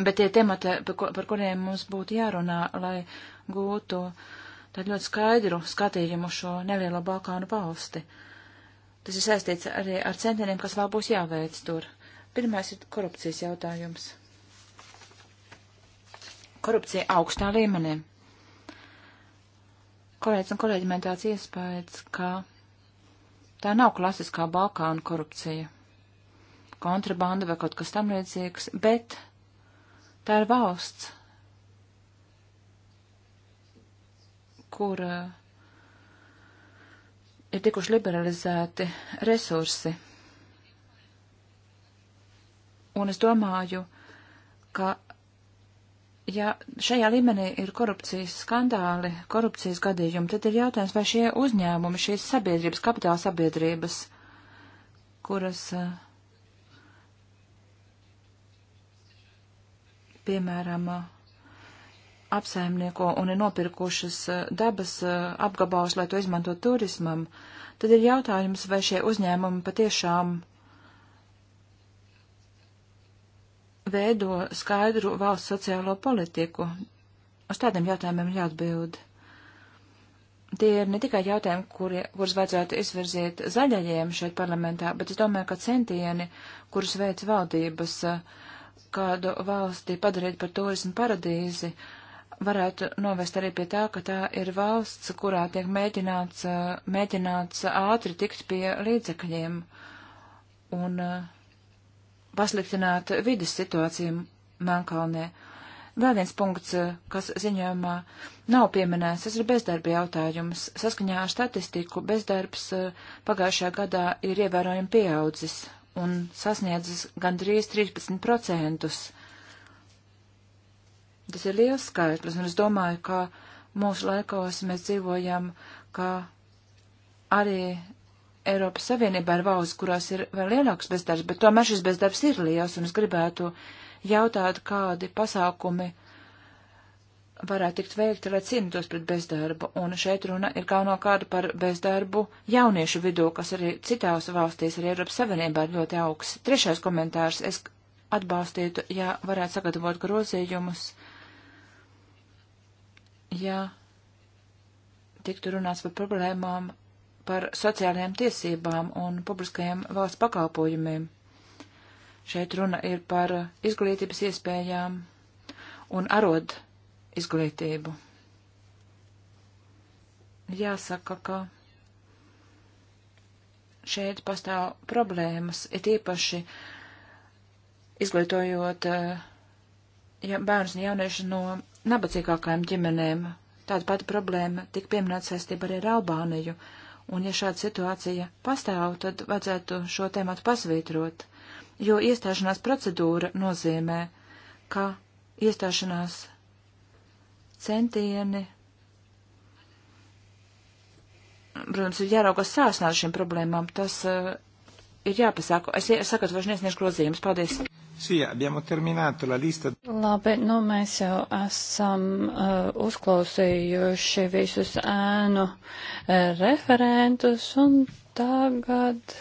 Bet tie temati, par, ko, par kuriem mums būtu jārunā, lai gūtu tādu ļoti skaidru skatījumu šo nelielo Balkānu valsti. Uh, Tas ir saistīts arī ar centieniem, kas vēl būs jāveic tur. Pirmais ir korupcijas jautājums. Korupcija augstā līmenī. Kolēģis un kolēģi man tāds iespējas, ka tā nav klasiskā Balkāna korupcija, kontrabanda vai kaut kas tam līdzīgs, bet tā ir valsts, kur uh, ir tikuši liberalizēti resursi. Un es domāju, ka, ja šajā līmenī ir korupcijas skandāli, korupcijas gadījumi, tad ir jautājums, vai šie uzņēmumi, šīs sabiedrības, kapitāla sabiedrības, kuras, eh, piemēram, eh, apsaimnieko un ir nopirkušas eh, dabas eh, apgabals, lai to izmanto turismam, tad ir jautājums, vai šie uzņēmumi patiešām veido skaidru valsts sociālo politiku. Uz tādiem jautājumiem jāatbild. Tie ir ne tikai jautājumi, kuri, kurus vajadzētu izvirzīt zaļajiem šeit parlamentā, bet es domāju, ka centieni, kurus veids valdības, eh, kādu valsti padarīt par turismu paradīzi, uh, varētu novest arī pie tā, ka tā ir valsts, kurā tiek mēģināts, mēģināts ātri tikt pie līdzekļiem un pasliktināt vidas situāciju Melnkalnē. Vēl viens punkts, kas ziņojumā nav pieminēts, tas ir bezdarba jautājums. Saskaņā ar statistiku bezdarbs pagājušajā gadā ir ievērojami pieaudzis un sasniedzis gandrīz 13%. Tas ir liels skaitlis, un es domāju, ka mūsu laikos mēs dzīvojam, ka arī Eiropas Savienībā ir valsts, kurās ir vēl lielāks bezdarbs, bet tomēr šis bezdarbs ir liels, un es gribētu jautāt, kādi pasākumi varētu tikt veikti, lai cīnītos pret bezdarbu. Un šeit runa ir galvenokārt par bezdarbu jauniešu vidū, kas arī citās valstīs, arī Eiropas Savienībā ir ļoti augsts. Trešais komentārs. Es atbalstītu, ja varētu sagatavot grozījumus, ja tiktu runāts par problēmām, par sociālajām tiesībām un publiskajiem valsts pakalpojumiem. Šeit runa ir par izglītības iespējām un arod izglītību. Jāsaka, ka šeit pastāv problēmas, it īpaši izglītojot uh, ja bērns un jaunieši no nabadzīgākajām ģimenēm. Tāda pati problēma tika pieminēta saistībā arī ar Albāniju, un ja šāda situācija pastāv, tad vajadzētu šo tēmatu pasvītrot, jo iestāšanās procedūra nozīmē, ka iestāšanās centieni, protams, ir jāraugas sāsnāt šīm problēmām, tas uh, ir jāpasāko. Es sagatavošu nesniešu grozījumus. Paldies! Sì, abbiamo terminato la lista. Labi, nu mēs jau esam uh, uzklausījuši visus ēnu uh, referentus un tagad.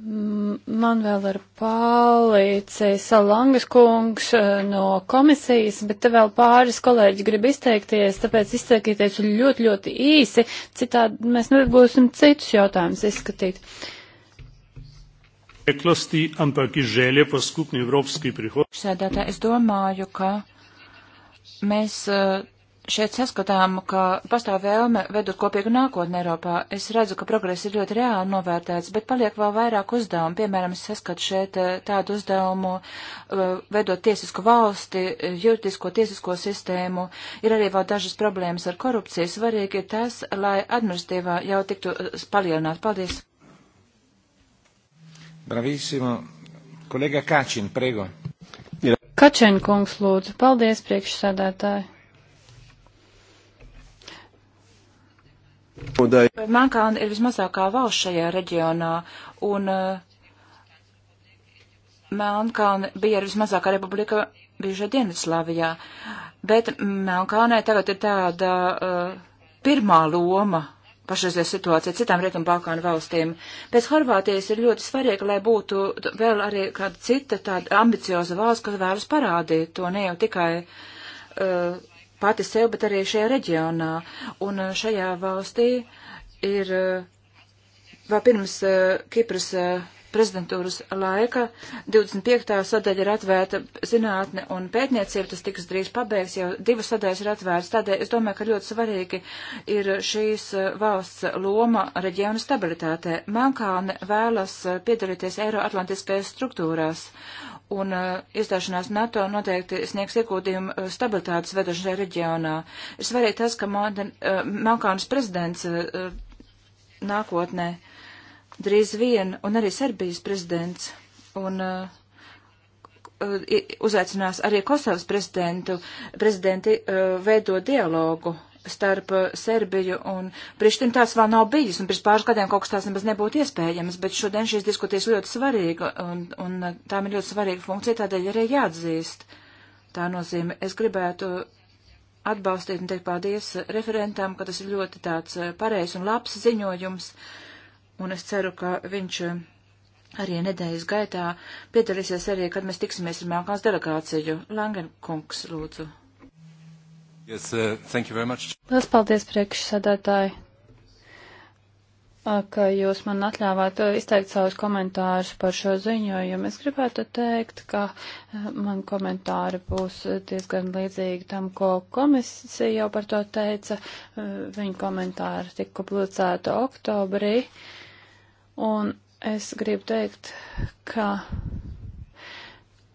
Man vēl ir palīdzējis Langas kungs eh, no komisijas, bet te vēl pāris kolēģi grib izteikties, tāpēc izteikieties ļoti, ļoti īsi, citādi mēs nebūsim citus jautājumus izskatīt. Sēdētā, es domāju, ka mēs eh, šeit saskatām, ka pastāv vēlme vedot kopīgu nākotni Eiropā. Es redzu, ka progress ir ļoti reāli novērtēts, bet paliek vēl vairāk uzdevumu. Piemēram, es saskatu šeit eh, tādu uzdevumu eh, vedot tiesisku valsti, eh, juridisko tiesisko sistēmu. Ir arī vēl dažas problēmas ar korupciju. Svarīgi ir tas, lai administratīvā jau tiktu palielināt. Paldies! Bravissimo. Kolēģa Kačin, prego. Kačin kungs, lūdzu. Paldies, priekšsēdētāji. Melnkalna ir vismazākā valsts šajā reģionā, un eh, Melnkalna bija arī vismazākā republika bijušajā Dienvidslāvijā, bet Melnkalnai tagad ir tāda uh, pirmā loma pašreizajā situācijā citām Rietumu Balkānu valstīm. Pēc Horvātijas ir ļoti svarīgi, lai būtu vēl arī kāda cita tāda ambicioza valsts, kas vēlas parādīt to ne jau tikai uh, pati sev, bet arī šajā reģionā. Un eh, šajā valstī ir eh, vēl pirms eh, Kipras prezidentūras laika 25. sadaļa ir atvērta zinātne un pētniecība, tas tiks drīz pabeigts, jau divas sadaļas ir atvērtas. Tādēļ es domāju, ka ļoti svarīgi ir šīs valsts loma reģiona stabilitātē. Mankāne vēlas piedalīties Eiroatlantiskajās struktūrās. Uh, un uh, iestāšanās NATO noteikti sniegs iekūtījumu uh, stabilitātes vedošajā reģionā. Ir svarīgi tas, ka Maden, uh, Melkānas prezidents uh, nākotnē drīz vien, un arī Serbijas prezidents, un uh, uh uzaicinās arī Kosovas prezidentu, prezidenti uh, veidot dialogu starp eh, Serbiju un Prištinu tāds vēl nav bijis, un pirms pāris gadiem kaut kas tās nemaz nebūtu iespējams, bet šodien šīs diskusijas ļoti svarīga, un, un eh, tām ir ļoti svarīga funkcija, tādēļ arī jāatzīst. Tā nozīme, es gribētu atbalstīt un teikt paldies referentam, ka tas ir ļoti tāds eh, pareizs un labs ziņojums, un es ceru, ka viņš arī nedēļas gaitā piedalīsies arī, kad mēs tiksimies ar Melkās delegāciju. Langenkungs, lūdzu. Yes, uh, Lielas paldies, priekšsēdētāji, ka jūs man atļāvāt uh, izteikt savus komentārus par šo ziņojumu. Es gribētu teikt, ka uh, man komentāri būs diezgan līdzīgi tam, ko komisija jau par to teica. Uh, viņa komentāri tika publicēta oktobrī. Un es gribu teikt, ka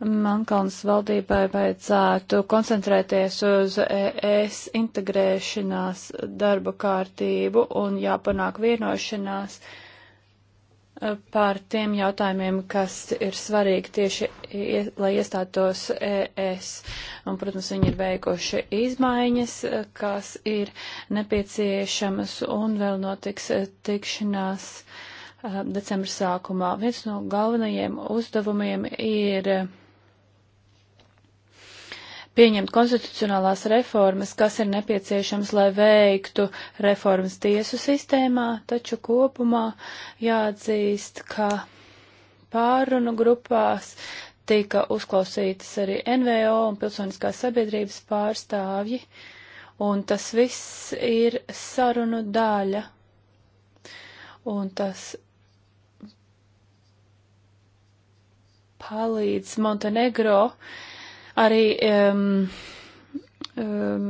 Mankalnas valdībai vajadzētu koncentrēties uz ES integrēšanās darba kārtību un jāpanāk vienošanās eh, par tiem jautājumiem, kas ir svarīgi tieši, lai iestātos ES. Un, protams, viņi ir veikuši izmaiņas, eh, kas ir nepieciešamas un vēl notiks eh, tikšanās decembra sākumā. Viens no galvenajiem uzdevumiem ir pieņemt konstitucionālās reformas, kas ir nepieciešams, lai veiktu reformas tiesu sistēmā, taču kopumā jāatzīst, ka pārunu grupās tika uzklausītas arī NVO un pilsoniskās sabiedrības pārstāvji, un tas viss ir sarunu daļa. Un tas palīdz Montenegro uh, arī um, um,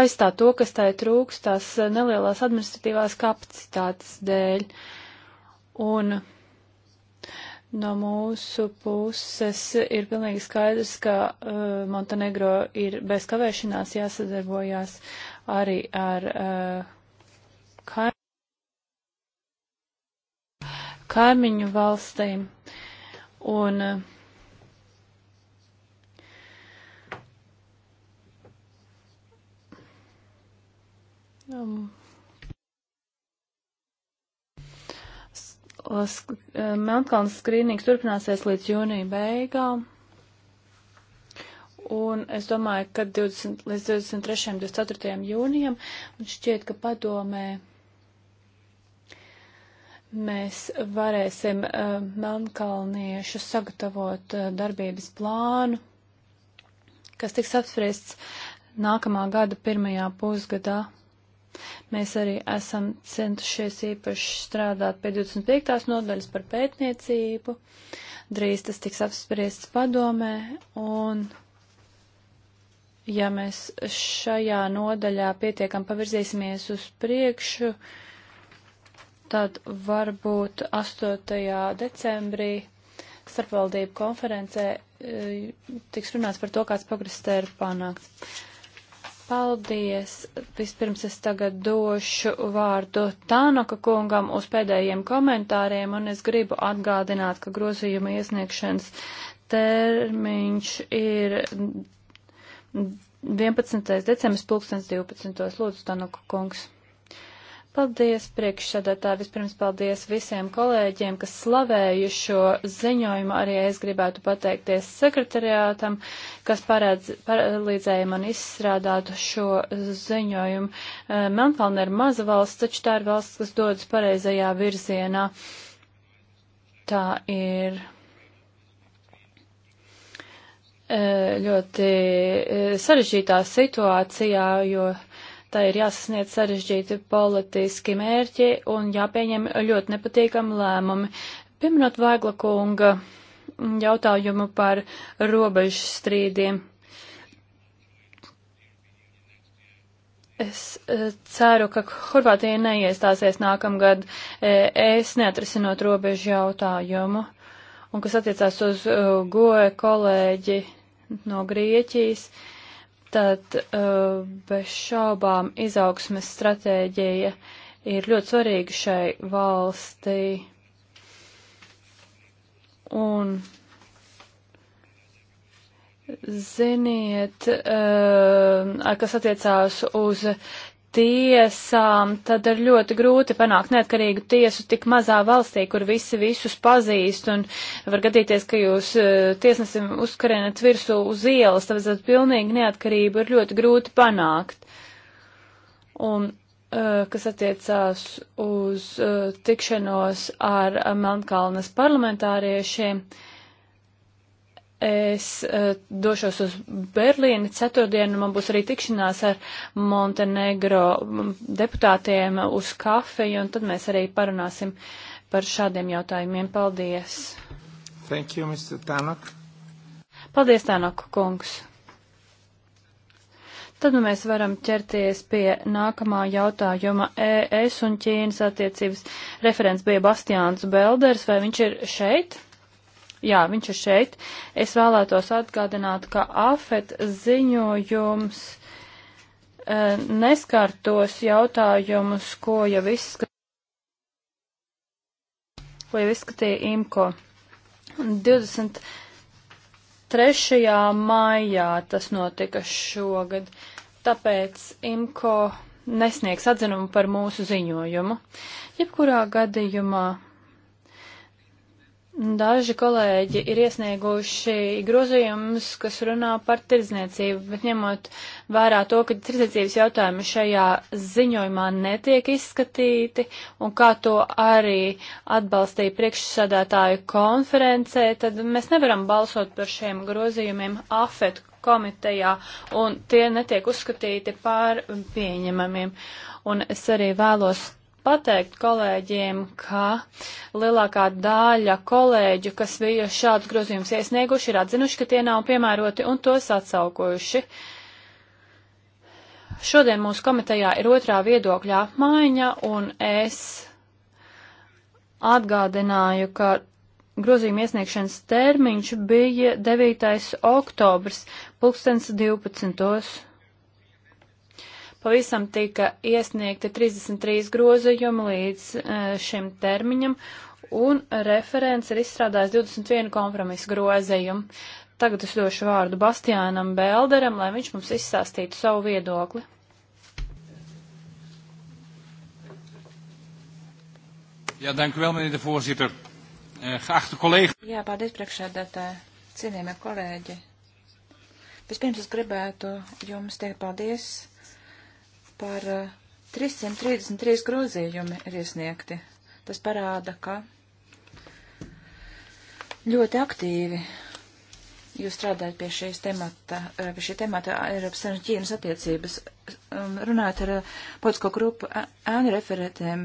aizstāt to, kas tai trūks, tās nelielās administratīvās kapacitātes dēļ. Un no mūsu puses ir pilnīgi skaidrs, ka uh, Montenegro ir bez kavēšanās jāsadarbojās arī ar uh, eh, kaimiņu kaimiņu valstīm. Un uh, E, Melnkalnas skrīnings turpināsies līdz jūnija beigām. Un es domāju, ka 20, līdz 23. un 24. jūnijam man šķiet, ka padomē mēs varēsim uh, Melnkalniešu sagatavot uh, darbības plānu, kas tiks apspriests nākamā gada pirmajā pusgadā. Mēs arī esam centušies īpaši strādāt pie 25. nodaļas par pētniecību. Drīz tas tiks apspriests padomē, un ja mēs šajā nodaļā pietiekam pavirzīsimies uz priekšu, tad varbūt 8. decembrī starpvaldību konferencē eh, tiks runāts par to, kāds progress te ir panākts. Paldies! Vispirms es tagad došu vārdu Tānoka kungam uz pēdējiem komentāriem, un es gribu atgādināt, ka grozījuma iesniegšanas termiņš ir 11. decembris 2012. Lūdzu, Tānoka kungs! Paldies, priekšsēdētāji. Vispirms paldies visiem kolēģiem, kas slavēju šo ziņojumu. Arī es gribētu pateikties sekretariātam, kas paredz, palīdzēja man izstrādāt šo ziņojumu. Eh, Melnkalna ir maza valsts, taču tā ir valsts, kas dodas pareizajā virzienā. Tā ir eh, ļoti eh, sarežģītā situācijā, jo tā ir jāsasniedz sarežģīti politiski mērķi un jāpieņem ļoti nepatīkami lēmumi. Pieminot Vēgla kunga jautājumu par robežu strīdiem. Es e, ceru, ka Horvātija neiestāsies nākamgad, e, es neatrisinot robežu jautājumu. Un kas attiecās uz uh, goe kolēģi no Grieķijas, uh, tad eh, bez šaubām izaugsmes stratēģija ir ļoti svarīga šai valstī. Un ziniet, eh, kas attiecās uz tiesām, tad ir ļoti grūti panākt neatkarīgu tiesu tik mazā valstī, kur visi visus pazīst, un var gadīties, ka jūs eh, tiesnesim uzkarienat virsū uz ielas, tāpēc pilnīgi neatkarību ir ļoti grūti panākt. Un eh, kas attiecās uz eh, tikšanos ar Melnkalnes parlamentāriešiem, uh, Es uh, došos uz Berlīni ceturtdienu, man būs arī tikšanās ar Montenegro deputātiem uz kafiju, un tad mēs arī parunāsim par šādiem jautājumiem. Paldies! Thank you, Mr. Tanok. Paldies, Tanok kungs! Tad nu, mēs varam ķerties pie nākamā jautājuma. ES un Ķīnas attiecības referents bija Bastiāns Belders, vai viņš ir šeit? Jā, viņš ir šeit. Es vēlētos atgādināt, ka AFET ziņojums e, neskartos jautājumus, ko jau, izskat... ko jau izskatīja IMKO. 23. maijā tas notika šogad, tāpēc IMKO nesniegs atzinumu par mūsu ziņojumu. Jebkurā gadījumā Daži kolēģi ir iesnieguši grozījumus, kas runā par tirdzniecību, bet ņemot vērā to, ka tirdzniecības jautājumi šajā ziņojumā netiek izskatīti, un kā to arī atbalstīja priekšsādātāju konferencē, tad mēs nevaram balsot par šiem grozījumiem AFET komitejā, un tie netiek uzskatīti par pieņemamiem. Un es arī vēlos pateikt kolēģiem, ka lielākā daļa kolēģu, kas bija šādus grozījumus iesnieguši, ir atzinuši, ka tie nav piemēroti un tos atsaukojuši. Šodien mūsu komitejā ir otrā viedokļa apmaiņa, un es atgādināju, ka grozījuma iesniegšanas termiņš bija 9. oktobrs, pulkstens 12. Pavisam tika iesniegti 33 grozījumi līdz e, šim termiņam, un referents ir izstrādājis 21 kompromisu grozījumu. Tagad es došu vārdu Bastiānam Belderam, lai viņš mums izstāstītu savu viedokli. Ja, dank u wel, meneer de voorzitter. Uh, geachte collega. Ja, paldies, priekšsēdētāji. Cienījamie kolēģi. Vispirms es gribētu jums teikt paldies Par 333 eh, grozījumi ir iesniegti. Tas parāda, ka ļoti aktīvi jūs strādājat pie šīs temata, eh, pie šī temata Eiropas Savienības Ķīnas attiecības, um, runājot ar eh, politisko grupu ēnu referentiem,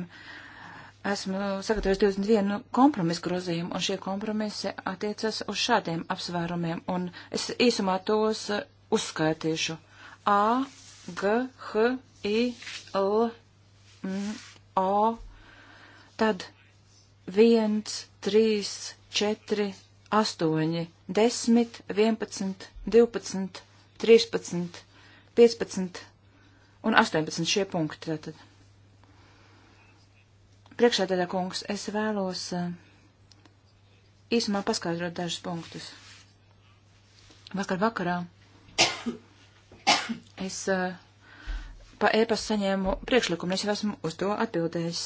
esmu sagatavojis 21 kompromisu grozījumu, un šie kompromisi attiecas uz šādiem apsvērumiem, un es īsumā tos uzskaitīšu. A, G, H, I, L, M, O, tad 1, 3, 4, 8, 10, 11, 12, 13, 15 un 18 šie punkti tātad. Priekšētādā kungs, es vēlos eh, īsumā paskaidrot dažus punktus. Vakar vakarā es uh, pa ēpastu saņēmu priekšlikumu, es jau esmu uz to atbildējis.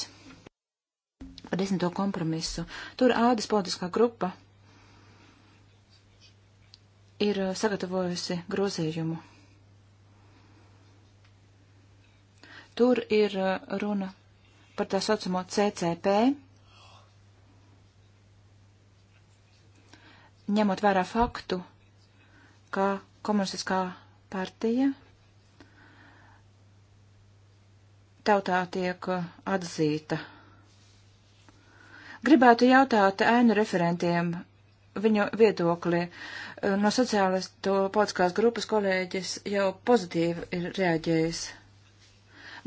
Par desmito kompromisu. Tur ādas politiskā grupa ir uh, sagatavojusi grozējumu. Tur ir uh, runa par tā saucamo CCP, ņemot vērā faktu, ka komunistiskā partija tautā tiek uh, atzīta. Gribētu jautāt ēnu referentiem viņu viedokli. Uh, no sociālistu politiskās grupas kolēģis jau pozitīvi ir reaģējis.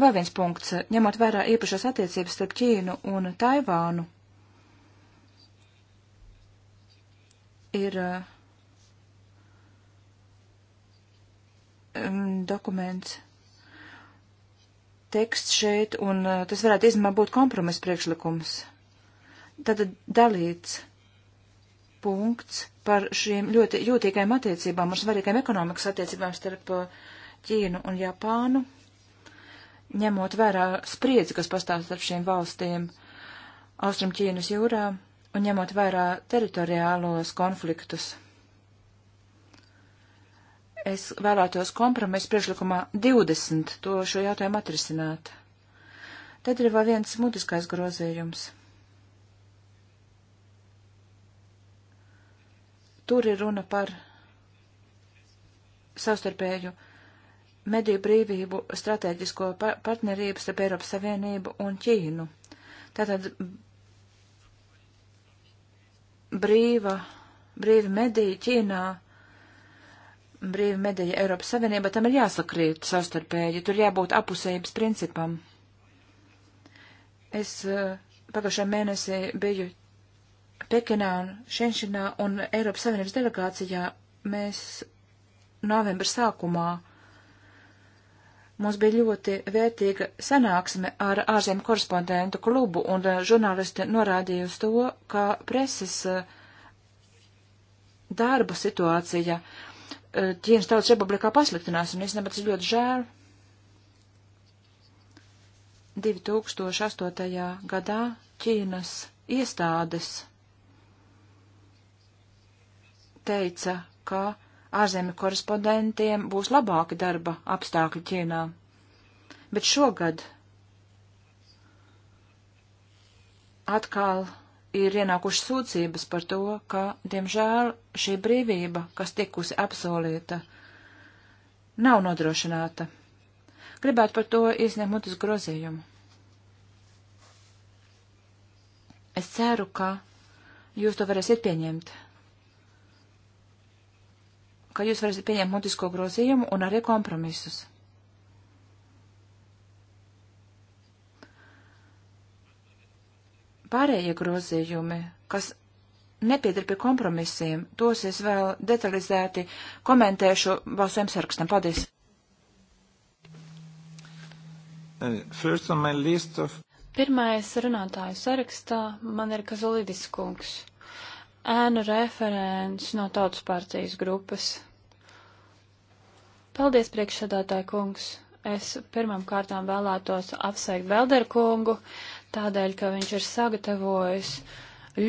Vēl viens punkts, ņemot vērā īpašās attiecības starp Ķīnu un Taivānu, ir um, dokuments teksts šeit, un uh, tas varētu īstenībā būt kompromis priekšlikums. Tad dalīts punkts par šīm ļoti jūtīgajām attiecībām un svarīgajām ekonomikas attiecībām starp uh, Ķīnu un Japānu, ņemot vērā spriedzi, kas pastāv starp šīm valstīm Austrum Ķīnas jūrā un ņemot vērā teritoriālos konfliktus. Es vēlētos kompromisu priekšlikumā 20 to šo jautājumu atrisināt. Tad ir vēl viens mutiskais grozījums. Tur ir runa par savstarpēju mediju brīvību, strateģisko pa partnerību starp Eiropas Savienību un Ķīnu. Tātad brīva, brīva medija Ķīnā brīva medaļa Eiropas Savienībā, tam ir jāsakrīt savstarpēji, tur jābūt apusējības principam. Es eh, pagājušajā mēnesī biju Pekinā un Šenšinā un Eiropas Savienības delegācijā. Mēs novembra sākumā mums bija ļoti vērtīga sanāksme ar ārzemju korespondentu klubu, un eh, žurnālisti norādīja uz to, ka preses eh, darba situācija Ķīnas tautas republikā pasliktinās, un īstenībā tas ļoti žēl. 2008. gadā Ķīnas iestādes teica, ka ārzemju korespondentiem būs labāki darba apstākļi Ķīnā. Bet šogad atkal ir ienākušas sūdzības par to, ka, diemžēl, šī brīvība, kas tikusi apsolīta, nav nodrošināta. Gribētu par to iesniegt mutis grozījumu. Es ceru, ka jūs to varēsiet pieņemt. Ka jūs varēsiet pieņemt mutisko grozījumu un arī kompromisus. Pārējie grozījumi, kas nepiedar pie kompromisiem, tos es vēl detalizēti komentēšu balsojums sarakstam. Paldies! Of... Pirmais runātāju sarakstā man ir Kazulidis kungs, ēnu referents no Tautas partijas grupas. Paldies, priekšsēdētāji kungs! Es pirmam kārtām vēlētos apsveikt Belder kungu tādēļ, ka viņš ir sagatavojis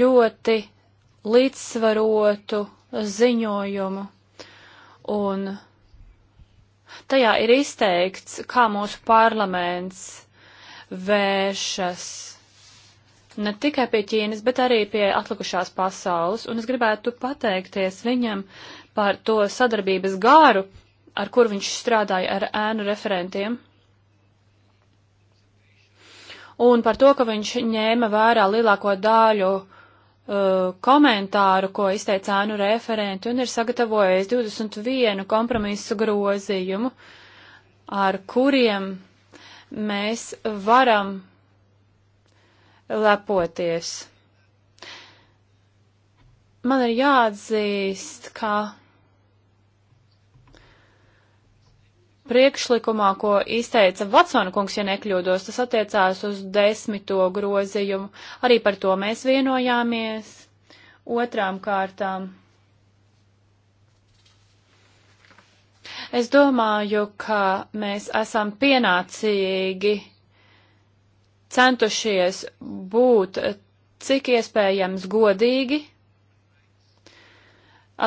ļoti līdzsvarotu ziņojumu, un tajā ir izteikts, kā mūsu parlaments vēršas ne tikai pie Ķīnas, bet arī pie atlikušās pasaules, un es gribētu pateikties viņam par to sadarbības gāru, ar kur viņš strādāja ar ēnu referentiem un par to, ka viņš ņēma vērā lielāko daļu uh, komentāru, ko izteica ēnu referenti, un ir sagatavojis 21 kompromisu grozījumu, ar kuriem mēs varam lepoties. Man ir jāatzīst, ka priekšlikumā, ko izteica Vatsona kungs, ja nekļūdos, tas attiecās uz desmito grozījumu. Arī par to mēs vienojāmies. Otrām kārtām. Es domāju, ka mēs esam pienācīgi centušies būt cik iespējams godīgi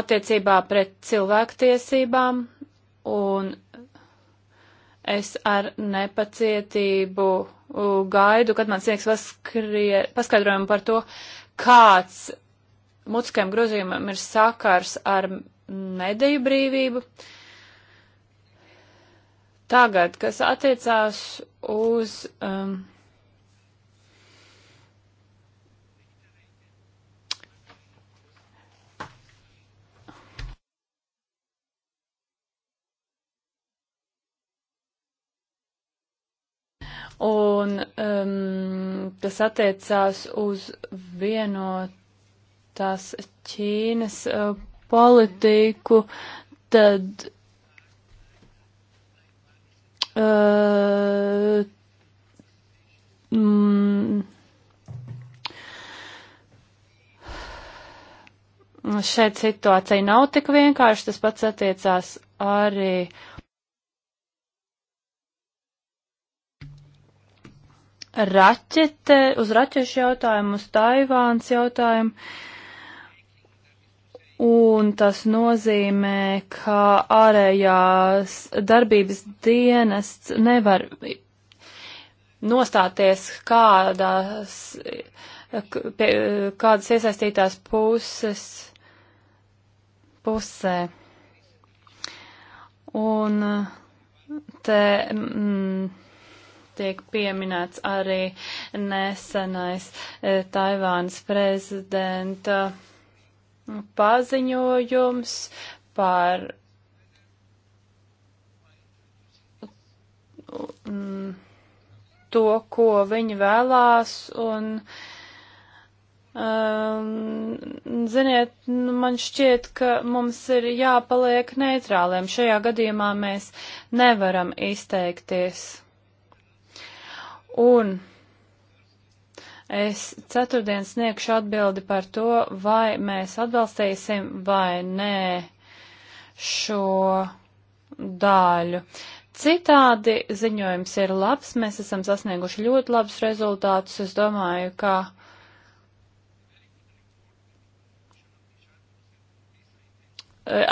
attiecībā pret cilvēktiesībām un Es ar nepacietību gaidu, kad man sniegs paskaidrojumu par to, kāds mutiskajam grozījumam ir sakars ar mediju brīvību. Tagad, kas attiecās uz um, Un um, tas attiecās uz vienotās Ķīnas uh, politiku, tad uh, mm, šeit situācija nav tik vienkārši, tas pats attiecās arī raķete, uz raķešu jautājumu, uz Taivāns jautājumu. Un tas nozīmē, ka ārējās darbības dienests nevar nostāties kādās, pie, kādas iesaistītās puses pusē. Un te. Mm, tiek pieminēts arī nesenais e, Taivānas prezidenta paziņojums par mm, to, ko viņi vēlās, un, um, ziniet, nu, man šķiet, ka mums ir jāpaliek neitrāliem. Šajā gadījumā mēs nevaram izteikties. Un es ceturtdien sniegšu atbildi par to, vai mēs atbalstīsim vai nē šo daļu. Citādi ziņojums ir labs, mēs esam sasnieguši ļoti labus rezultātus. Es domāju, ka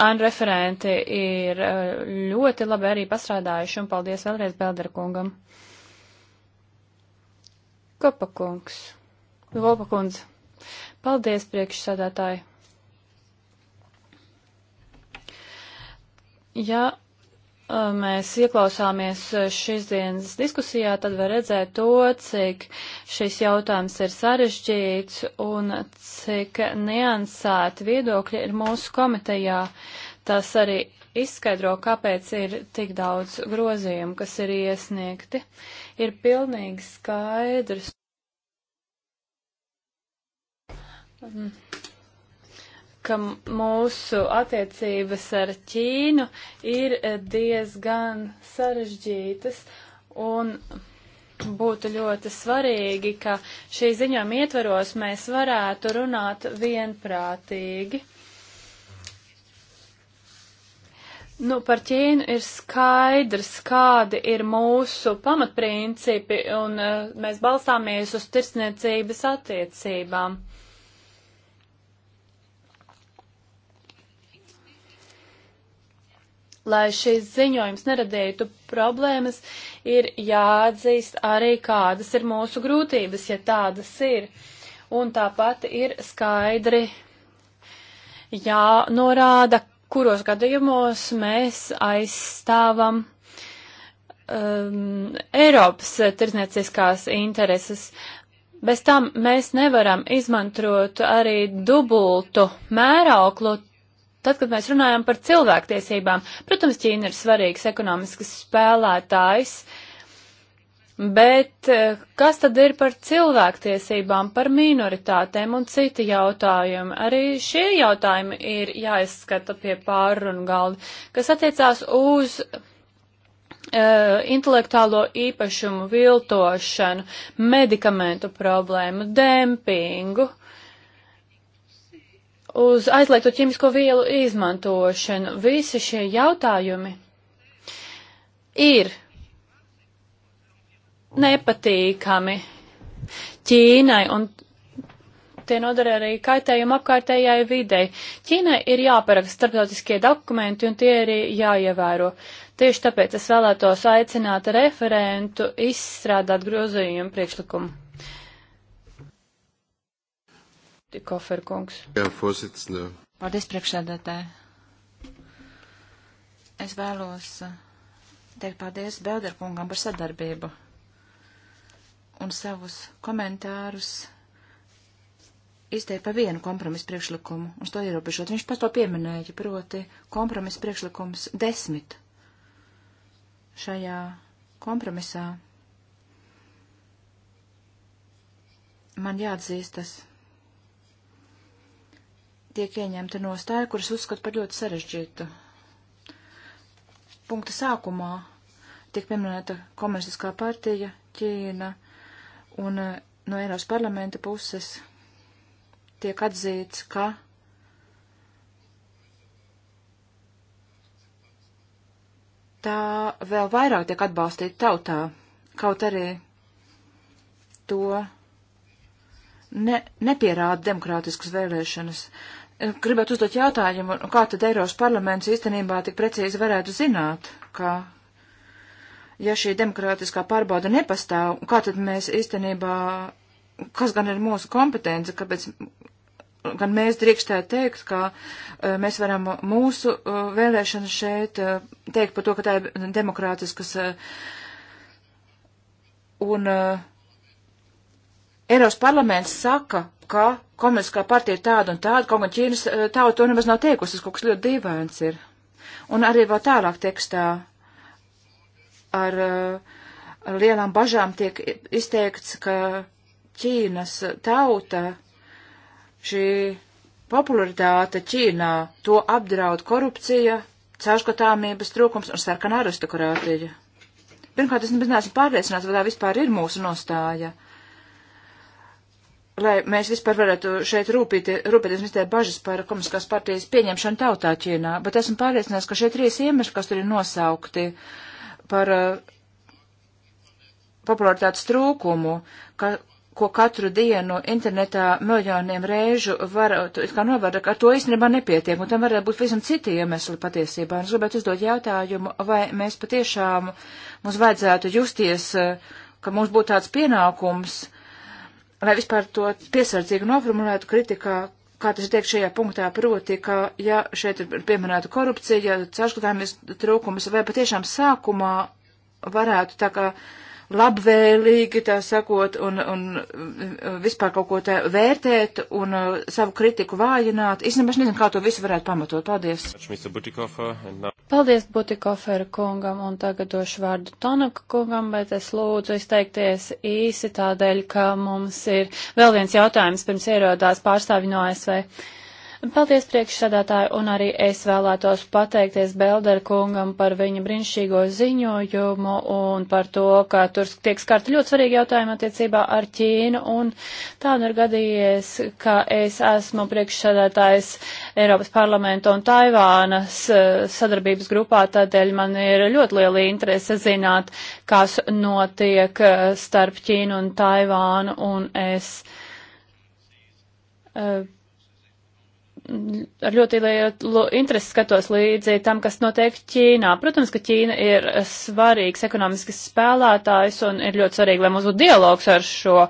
ANU referenti ir eh, ļoti labi arī pastrādājuši, un paldies vēlreiz Belderkungam. Kopakungs. Kopakundze. Paldies, priekšsādātāji. Ja mēs ieklausāmies šīs dienas diskusijā, tad var redzēt to, cik šis jautājums ir sarežģīts un cik niansēti viedokļi ir mūsu komitejā. Tas arī izskaidro, kāpēc ir tik daudz grozījumu, kas ir iesniegti. Uh, ir pilnīgi skaidrs. Mm. ka mūsu attiecības ar Ķīnu ir eh, diezgan sarežģītas un būtu ļoti svarīgi, ka šī ziņojuma ietveros mēs varētu runāt vienprātīgi. Nu, par Ķīnu ir skaidrs, kādi ir mūsu pamatprincipi, un uh, mēs balstāmies uz tirsniecības attiecībām. Lai šis ziņojums neradītu problēmas, ir jāatzīst arī, kādas ir mūsu grūtības, ja tādas ir. Un tāpat ir skaidri jānorāda, kuros gadījumos mēs aizstāvam um, Eiropas tirdzniecīskās intereses. Bez tam mēs nevaram izmantot arī dubultu mērauklu, tad, kad mēs runājam par cilvēktiesībām. Protams, Ķīna ir svarīgs ekonomisks spēlētājs, uh, Bet eh, kas tad ir par cilvēktiesībām, par minoritātēm un citi jautājumi? Arī šie jautājumi ir jāizskata pie pārunu galda, kas attiecās uz uh, intelektuālo īpašumu viltošanu, medikamentu problēmu, dempingu, uz aizliegto ķimisko vielu izmantošanu. Visi šie jautājumi ir nepatīkami Ķīnai un tie nodara arī kaitējumu apkārtējai videi. Ķīnai ir jāparaksta starptautiskie dokumenti un tie arī jāievēro. Tieši tāpēc es vēlētos aicināt referentu izstrādāt grozījumu priekšlikumu. Koferkungs. Jā, posicinu. Paldies priekšsēdētāji. Es vēlos teikt paldies Belderkungam par sadarbību un savus komentārus izteikt par vienu kompromisu priekšlikumu, un to ierobežot. Viņš pats to pieminēja, proti kompromisu priekšlikums desmit. Šajā kompromisā man jāatzīstas, tiek ieņemta nostāja, kuras uzskat par ļoti sarežģītu. Punkta sākumā tiek pieminēta komunistiskā partija, Ķīna, Un eh, no Eiropas parlamenta puses tiek atzīts, ka tā vēl vairāk tiek atbalstīta tautā, kaut arī to ne, nepierāda demokrātiskas vēlēšanas. Eh, gribētu uzdot jautājumu, kā tad Eiropas parlaments īstenībā tik precīzi varētu zināt, ka ja šī demokrātiskā pārbauda nepastāv, kā tad mēs īstenībā, kas gan ir mūsu kompetence, kāpēc gan mēs drīkstētu teikt, ka uh, mēs varam mūsu uh, e, vēlēšanas šeit uh, teikt par to, ka tā ir demokrātiskas un Eiropas parlaments saka, ka komunistiskā partija ir tāda un tāda, kaut gan Ķīnas tauta to nemaz nav teikusi, tas kaut kas ļoti dīvains ir. Un arī vēl tālāk tekstā ar lielām bažām tiek izteikts, ka Ķīnas tauta, šī popularitāte Ķīnā, to apdraud korupcija, caurskatāmības trūkums un sarkana aristokrātija. Pirmkārt, es neesmu pārliecināts, vai tā vispār ir mūsu nostāja. Lai mēs vispār varētu šeit rūpīti, rūpēties mēs tie bažas par komunistiskās partijas pieņemšanu tautā Ķīnā, bet esmu pārliecināts, ka šie trīs iemesli, kas tur ir nosaukti, uh, par eh, popularitātes trūkumu, ka, ko katru dienu internetā miljoniem reižu var, kā novērt, ar to īstenībā nepietiek, un tam varētu būt visam citi iemesli patiesībā. Un es gribētu uzdot jautājumu, vai mēs patiešām mums vajadzētu justies, eh, ka mums būtu tāds pienākums, lai vispār to piesardzīgi noformulētu kritikā, kā tas tiek šajā punktā, proti, ka, ja šeit ir pieminēta korupcija, caurskatāmies trūkumus, vai patiešām sākumā varētu tā kā. Uh, labvēlīgi, tā sakot, un, un vispār kaut ko tā vērtēt un uh, savu kritiku vājināt. Es nemaz nezinu, kā to visu varētu pamatot. Paldies! Paldies Butikofera kungam, un tagad došu vārdu Tonaka kungam, bet es lūdzu izteikties īsi tādēļ, ka mums ir vēl viens jautājums pirms ierodās pārstāvi no ASV. Paldies priekšsādātāju, un arī es vēlētos pateikties Beldera kungam par viņa brīnišķīgo ziņojumu un par to, ka tur tiek skarta ļoti svarīgi jautājumi attiecībā ar Ķīnu, un tā nu ir gadījies, ka es esmu priekšsādātājs Eiropas parlamenta un Taivānas eh, sadarbības grupā, tādēļ man ir ļoti liela interese zināt, kas notiek eh, starp Ķīnu un Taivānu, un es. Uh, ar ļoti lielu interesi skatos līdzi tam, kas notiek Ķīnā. Protams, ka Ķīna ir svarīgs ekonomisks spēlētājs un ir ļoti svarīgi, lai mums būtu dialogs ar šo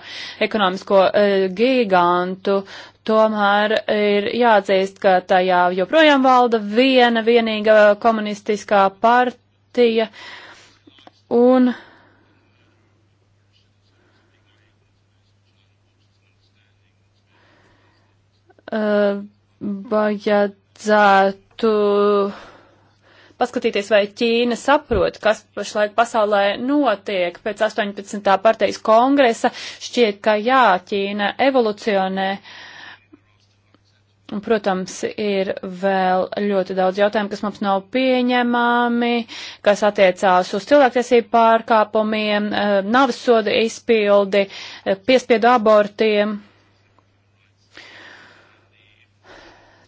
ekonomisko uh, gigantu. Tomēr ir jāatzīst, ka tajā joprojām valda viena vienīga komunistiskā partija un. Uh, vajadzētu paskatīties, vai Ķīna saprot, kas pašlaik pasaulē notiek. Pēc 18. partijas kongresa šķiet, ka jā, Ķīna evolucionē. Un, protams, ir vēl ļoti daudz jautājumu, kas mums nav pieņemami, kas attiecās uz cilvēktiesību pārkāpumiem, eh, navas soda izpildi, eh, piespiedu abortiem.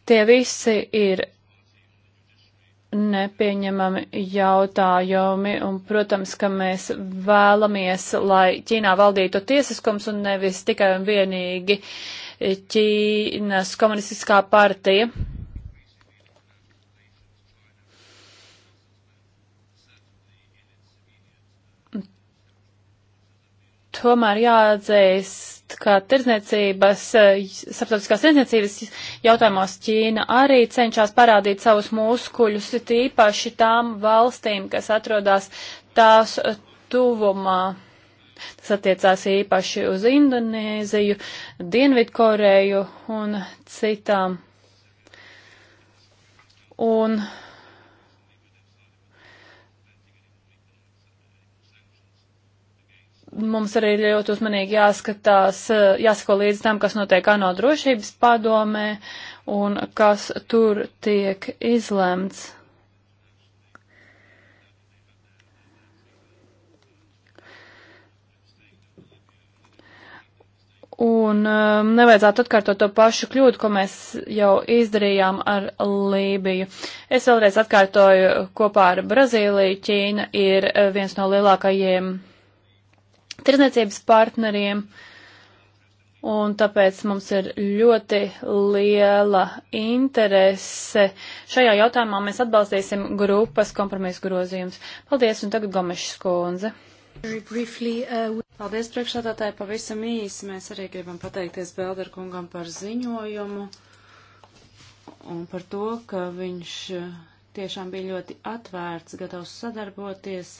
Tie visi ir nepieņemami jautājumi, un, protams, ka mēs vēlamies, lai Ķīnā valdītu tiesiskums un nevis tikai un vienīgi Ķīnas komunistiskā partija. Tomēr jāatzīst, atzīst, ka tirdzniecības, eh, starptautiskās tirdzniecības jautājumos Ķīna arī cenšas parādīt savus muskuļus, tīpaši tām valstīm, kas atrodas tās eh, tuvumā. Tas attiecās īpaši uz Indonēziju, Dienvidkoreju un citām. Un uh, mums arī ir ļoti uzmanīgi jāskatās, eh, jāsako līdz tam, kas notiek ANO drošības padomē un kas tur tiek izlemts. Un um, nevajadzētu atkārtot to pašu kļūdu, ko mēs jau izdarījām ar Lībiju. Es vēlreiz atkārtoju, kopā ar Brazīliju Ķīna ir eh, viens no lielākajiem tirdzniecības partneriem. Un tāpēc mums ir ļoti liela interese. Šajā jautājumā mēs atbalstīsim grupas kompromisu grozījums. Paldies, un tagad Gomešs kundze. Uh, Paldies, priekšādātāji, pavisam īsi. Mēs arī gribam pateikties Belderkungam par ziņojumu un par to, ka viņš uh, tiešām bija ļoti atvērts, gatavs sadarboties,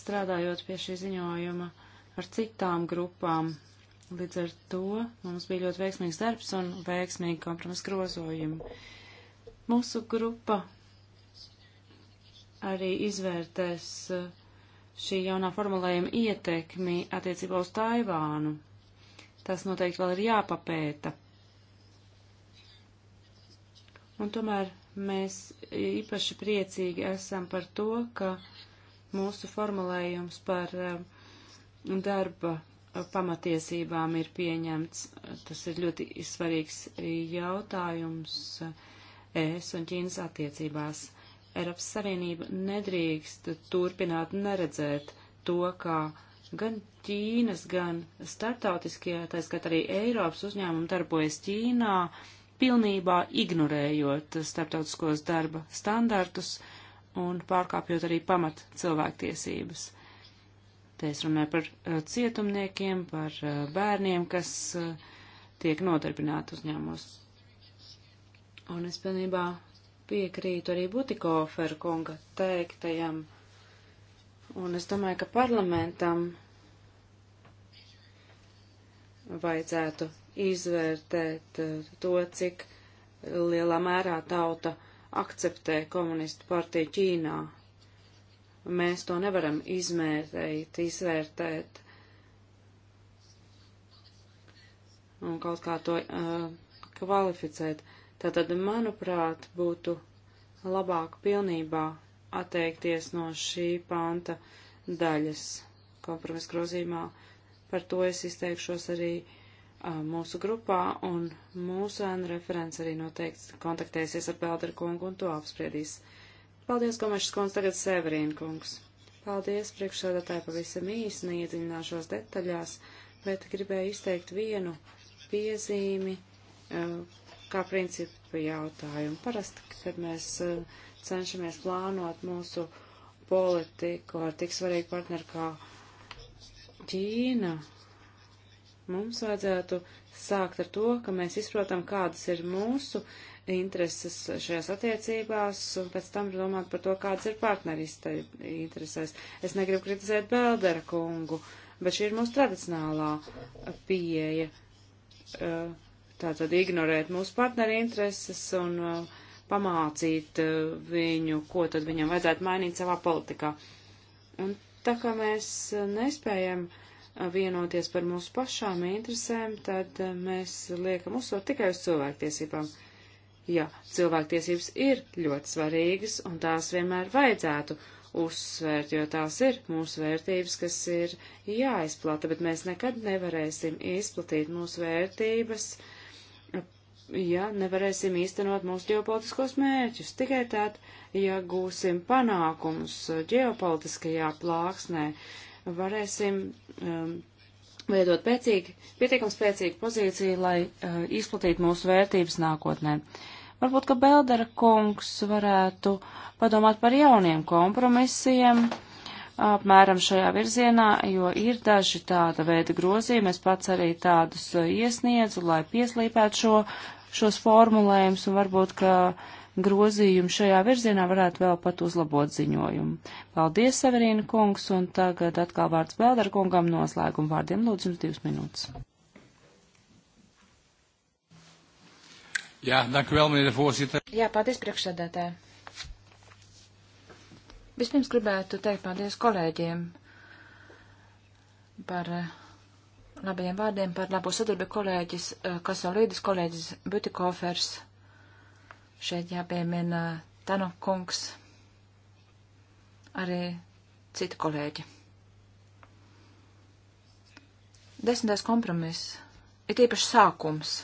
strādājot pie šī ziņojuma ar citām grupām. Līdz ar to mums bija ļoti veiksmīgs darbs un veiksmīgi kompromisa grozojumi. Mūsu grupa arī izvērtēs eh, šī jaunā formulējuma ietekmi attiecībā uz Taivānu. Tas noteikti vēl ir jāpapēta. Un tomēr mēs īpaši priecīgi esam par to, ka mūsu formulējums par uh, darba pamatiesībām ir pieņemts. Tas ir ļoti svarīgs jautājums ES un Ķīnas attiecībās. Eiropas Savienība nedrīkst turpināt neredzēt to, kā gan Ķīnas, gan startautiskie, tā skat arī Eiropas uzņēmumi darbojas Ķīnā, pilnībā ignorējot starptautiskos darba standartus un pārkāpjot arī pamat cilvēktiesības. Te es runāju par uh, cietumniekiem, par uh, bērniem, kas uh, tiek nodarbināti uzņēmumos. Un es pilnībā piekrītu arī Butikoferu kunga teiktajam. Un es domāju, ka parlamentam vajadzētu izvērtēt to, cik lielā mērā tauta akceptē komunistu partiju Ķīnā Mēs to nevaram izmērīt, izvērtēt un kaut kā to uh, kvalificēt. Tātad, manuprāt, būtu labāk pilnībā atteikties no šī panta daļas kompromisa grozījumā. Par to es izteikšos arī uh, mūsu grupā, un mūsu ēna referents arī noteikti kontaktēsies ar Belderu kungu un to apspriedīs. Uh, Paldies, Gomešs kungs, tagad Severīna kungs. Paldies, priekšsēdētāji, pavisam īsi neiedziļināšos detaļās, bet gribēju izteikt vienu piezīmi eh, kā principu jautājumu. Parasti, kad mēs eh, cenšamies plānot mūsu politiku ar tik svarīgu partneru kā Ķīna, mums vajadzētu sākt ar to, ka mēs izprotam, kādas ir mūsu uh, intereses šajās attiecībās un pēc tam domāt par to, kāds ir partnerista interesēs. Es negribu kritizēt Beldera kungu, bet šī ir mūsu tradicionālā pieeja. Eh, tātad ignorēt mūsu partneri intereses un eh, pamācīt eh, viņu, ko tad viņam vajadzētu mainīt savā politikā. Un tā kā mēs nespējam vienoties par mūsu pašām interesēm, tad mēs liekam uzsvaru tikai uz cilvēktiesībām. Uh, jo cilvēktiesības ir ļoti svarīgas un tās vienmēr vajadzētu uzsvērt, jo tās ir mūsu vērtības, kas ir jāizplata, bet mēs nekad nevarēsim izplatīt mūsu vērtības, ja nevarēsim īstenot mūsu ģeopolitiskos mērķus. Tikai tad, ja gūsim panākumus ģeopolitiskajā plāksnē, varēsim um, veidot pēcīgi, pietiekams spēcīgu pozīciju, lai uh, izplatītu mūsu vērtības nākotnē. Uh, Varbūt, ka Beldera kungs varētu padomāt par jauniem kompromisiem apmēram šajā virzienā, jo ir daži tāda veida grozījumi. Es pats arī tādus e, iesniedzu, lai pieslīpētu šo, šos formulējumus, un varbūt, ka grozījumi šajā virzienā varētu vēl pat uzlabot ziņojumu. Paldies, Severīna kungs, un tagad atkal vārds Bēlder kungam noslēguma vārdiem. Lūdzu, jums divas minūtes. Jā, dank vēl, mēdē, fosita. Jā, paldies priekšsēdētē. Vispirms gribētu teikt paldies kolēģiem par eh, labajiem vārdiem, par labo sadarbību kolēģis eh, Kasolīdis, kolēģis Butikofers. Šeit jāpiemina Tanu kungs, arī citi kolēģi. Desmitais kompromiss ir īpaši sākums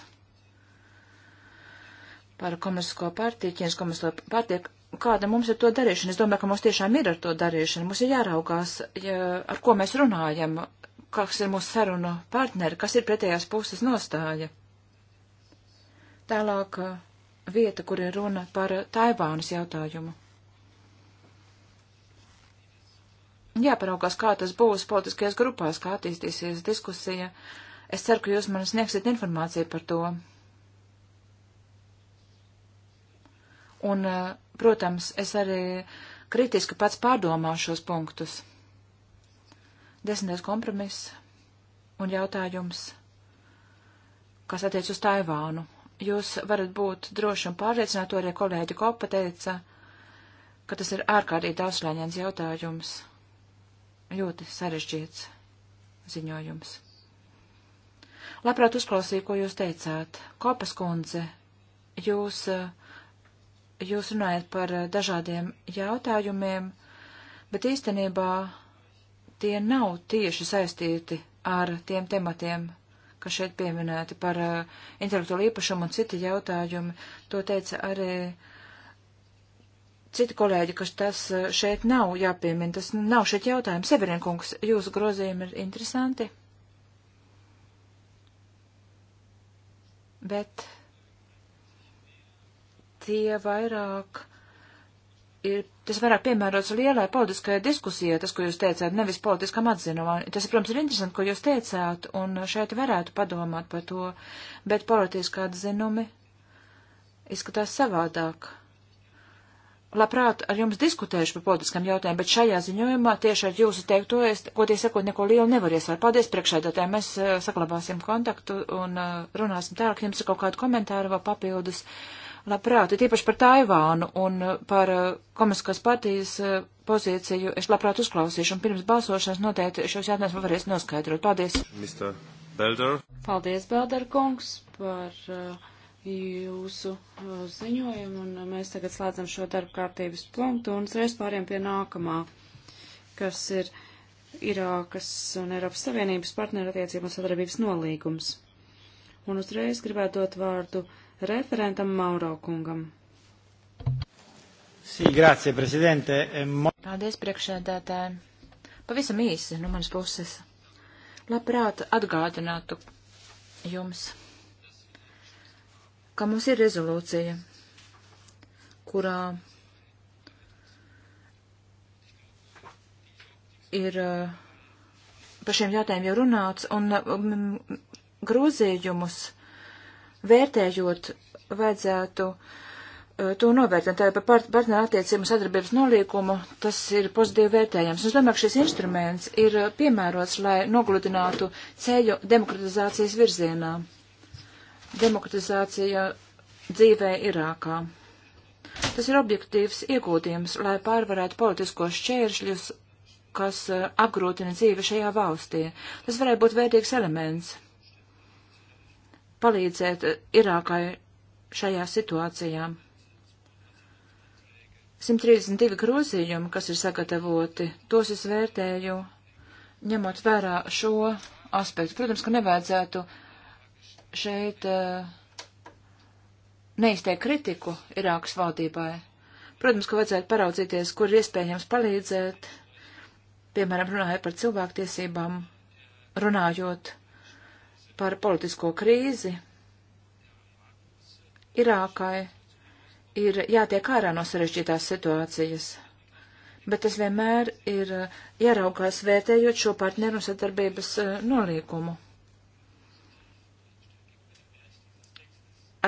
par komunistisko partiju, ķīnas komunistisko partiju, kāda mums ir to darīšana. Es domāju, ka mums tiešām ir ar to darīšana. Mums ir jāraugās, ja, ar ko mēs runājam, kas ir mūsu sarunu partneri, kas ir pretējās puses nostāja. Tālāk uh, vieta, kur ir runa par Taivānas jautājumu. Jāparaugās, kā tas būs politiskajās grupās, kā attīstīsies diskusija. Es ceru, ka jūs man sniegsiet informāciju par to. Un, eh, protams, es arī kritiski pats pārdomāju šos punktus. Desmitais kompromiss un jautājums, kas attiec uz Taivānu. Jūs varat būt droši un pārliecināt, to arī kolēģi Kopa teica, ka tas ir ārkārtīgi daudzslēņains jautājums. Ļoti sarežģīts ziņojums. Labprāt uzklausīju, ko jūs teicāt. Kopas kundze, jūs uh, jūs runājat par eh, dažādiem jautājumiem, bet īstenībā tie nav tieši saistīti ar tiem tematiem, kas šeit pieminēti par uh, eh, intelektuālu īpašumu un citi jautājumi. To teica arī citi kolēģi, ka tas eh, šeit nav jāpiemina, tas nav šeit jautājums. Severinkungs, jūsu grozījumi ir interesanti, bet tie vairāk ir, tas vairāk piemērots lielai politiskajai diskusijai, tas, ko jūs teicāt, nevis politiskam atzinumam. Tas, protams, ir interesanti, ko jūs teicāt, un šeit varētu padomāt par to, bet politiskā atzinumi izskatās savādāk. Labprāt, ar jums diskutējuši par politiskam jautājumu, bet šajā ziņojumā tieši ar jūsu teikto, es, ko tie sakot, neko lielu nevar iesvērt. Paldies priekšēdētāji, mēs uh, saglabāsim kontaktu un uh, runāsim tālāk, jums ir kaut kādi komentāri vai papildus. Uh, labprāt, tīpaši par Taivānu un eh, par eh, komiskās partijas eh, pozīciju es labprāt uzklausīšu, un pirms balsošanas noteikti šos jautājumus varēs noskaidrot. Paldies! Mr. Belder. Paldies, Belder kungs, par jūsu ziņojumu, un mēs tagad slēdzam šo darba kārtības punktu un uzreiz pāriem pie nākamā, kas ir Irākas un Eiropas Savienības partnerattiecību un sadarbības nolīgums. Un uzreiz gribētu dot vārdu uh, referentam Mauro kungam. Sī, grācie, prezidente. E Paldies, priekšēdētāji. Pavisam īsi no manas puses. Labprāt atgādinātu jums, ka mums ir rezolūcija, kurā ir eh, par šiem jautājumiem jau runāts, un mm, grozījumus vērtējot, vajadzētu uh, to novērtēt. Tātad par partneru attiecību sadarbības nolīkumu tas ir pozitīvi vērtējams. Es domāju, ka šis instruments ir uh, piemērots, lai nogludinātu ceļu demokratizācijas virzienā. Demokratizācija dzīvē Irākā. Tas ir objektīvs iegūtījums, lai pārvarētu politiskos šķēršļus, kas uh, apgrūtina dzīvi šajā valstī. Tas varētu būt vērtīgs elements palīdzēt Irākai šajā situācijā. 132 grozījumi, kas ir sagatavoti, tos es vērtēju, ņemot vērā šo aspektu. Protams, ka nevajadzētu šeit uh, neizteikt kritiku Irākas valdībai. Protams, ka vajadzētu paraudzīties, kur iespējams palīdzēt, piemēram, runājot par cilvēktiesībām, runājot par politisko krīzi, Irākai ir jātiek ārā no sarežģītās situācijas, bet tas vienmēr ir jāraugās vērtējot šo partneru sadarbības eh, nolīkumu.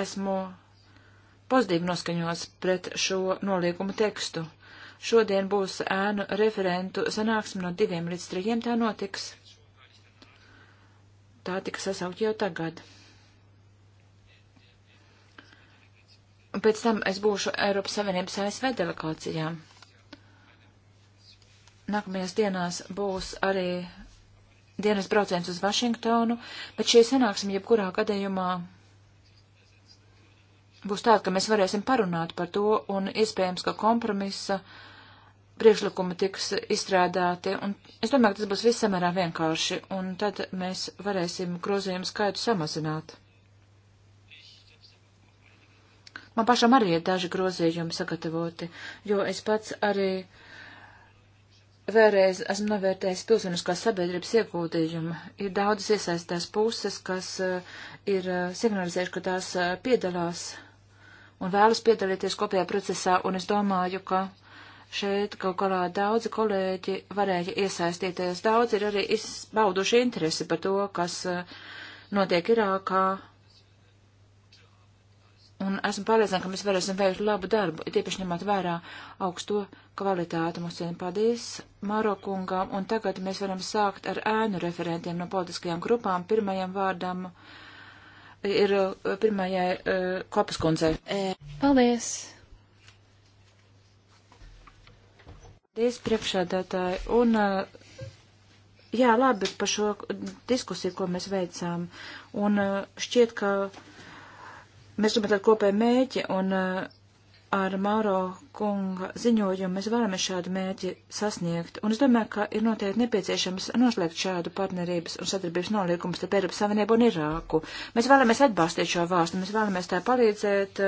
Esmu pozitīvi noskaņots pret šo nolīgumu tekstu. Šodien būs ēnu referentu sanāksme no diviem līdz trījiem tā notiks tā tika sasaukt jau tagad. Un pēc tam es būšu Eiropas Savienības ASV delegācijā. Nākamajās dienās būs arī dienas brauciens uz Vašingtonu, bet šī sanāksme jebkurā gadījumā būs tāda, ka mēs varēsim parunāt par to un iespējams, ka kompromisa uh, priekšlikumi tiks izstrādāti, un es domāju, ka tas būs viss samērā vienkārši, un tad mēs varēsim grozījumu skaitu samazināt. Man pašam arī ir daži grozījumi sagatavoti, jo es pats arī vēlreiz esmu novērtējis pilsoniskās sabiedrības ieguldījumu. Ir daudzas iesaistās puses, kas eh, ir eh, signalizējuši, ka tās eh, piedalās un vēlas piedalīties kopējā procesā, un es domāju, ka Šeit kaut kādā daudzi kolēģi varēja iesaistīties. Daudz ir arī izbauduši interesi par to, kas eh, notiek Irākā. Un esmu pārliecināta, ka mēs varēsim veikt labu darbu, tiepaši ņemot vērā augsto kvalitāti mums vien paldies Marokungam. Un tagad mēs varam sākt ar ēnu referentiem no politiskajām grupām. Pirmajam vārdam ir eh, pirmajai uh, kopas kundzei. Paldies! Paldies, priekšādātāji. Un, jā, labi par šo diskusiju, ko mēs veicām. Un šķiet, ka mēs domājam tādu kopēju mēķi un ar Mauro kunga ziņojumu mēs vēlamies šādu mēķi sasniegt. Un es domāju, ka ir noteikti nepieciešams noslēgt šādu partnerības un sadarbības nolīgumu starp Eiropas Savienību un Irāku. Mēs vēlamies atbalstīt šo valstu, mēs vēlamies tā palīdzēt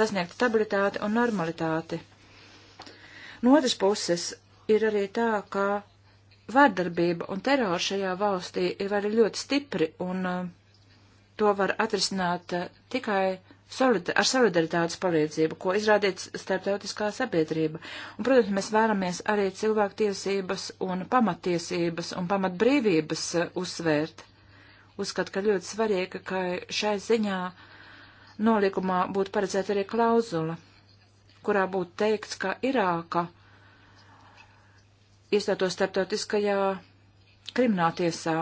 sasniegt stabilitāti un normalitāti No otras puses, ir arī tā, ka vārdarbība un terors šajā valstī ir arī ļoti stipri, un uh, to var atrisināt uh, tikai solida ar solidaritātes palīdzību, ko izrādīts starptautiskā sabiedrība. Un, protams, mēs vēlamies arī cilvēktiesības un pamatiesības un pamatbrīvības uh, uzsvērt. Uzskat, ka ļoti svarīgi, ka šai ziņā nolikumā būtu paredzēta arī klauzula kurā būtu teikts, ka Irāka iestātos starptautiskajā krimināltiesā.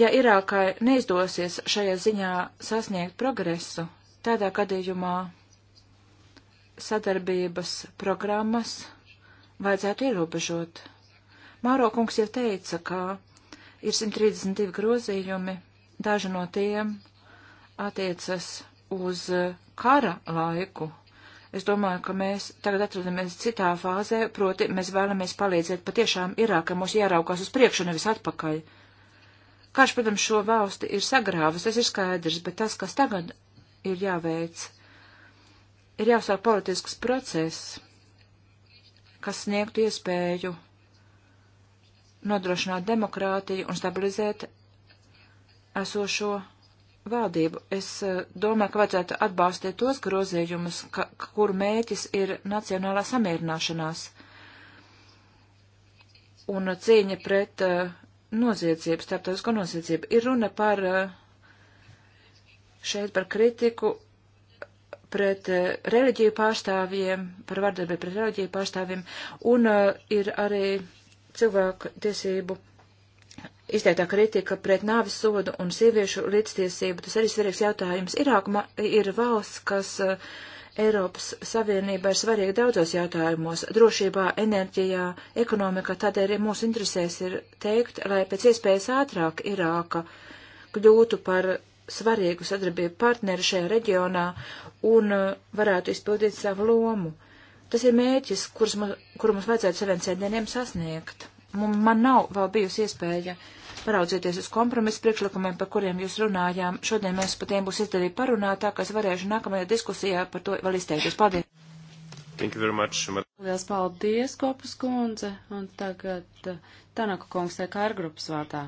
Ja Irākai neizdosies šajā ziņā sasniegt progresu, tādā gadījumā sadarbības programmas vajadzētu ierobežot. Māro kungs jau teica, ka ir 132 grozījumi, daži no tiem attiecas uz kara laiku Es domāju, ka mēs tagad atrodamies citā fāzē, proti mēs vēlamies palīdzēt patiešām Irākam, mums jāraukās uz priekšu, nevis atpakaļ. Karš, protams, šo valsti ir sagrāvis, tas ir skaidrs, bet tas, kas tagad ir jāveic, ir jāsāk politisks process, kas sniegtu iespēju nodrošināt demokrātiju un stabilizēt esošo valdību. Es eh, domāju, ka vajadzētu atbalstīt tos grozījumus, ka, kuru mēķis ir nacionālā samierināšanās un cīņa pret uh, noziedzību, starptautisko noziedzību. Ir runa par uh, šeit par kritiku pret uh, reliģiju pārstāvjiem, par vardarbību pret reliģiju pārstāvjiem, un ir arī cilvēku tiesību izteiktā kritika pret nāvis sodu un sieviešu līdztiesību. Tas arī svarīgs jautājums. Irākuma ir valsts, kas uh, Eiropas Savienība ir svarīga daudzos jautājumos - drošībā, enerģijā, ekonomikā, tādēļ arī mūsu interesēs ir teikt, lai pēc iespējas ātrāk Irāka kļūtu par svarīgu sadarbību partneri šajā reģionā un uh, varētu izpildīt savu lomu. Tas ir mēķis, mums, kuru mums vajadzētu saviem centieniem sasniegt man nav vēl bijusi iespēja paraudzīties uz kompromisu priekšlikumiem, par kuriem jūs runājām. Šodien mēs par tiem būs izdarīti parunāt, tā ka es varēšu nākamajā diskusijā par to vēl izteikties. Paldies! Thank you very much. Liels paldies, Kopas kundze, un tagad eh, Tanaka kungs tiek ārgrupas vārdā.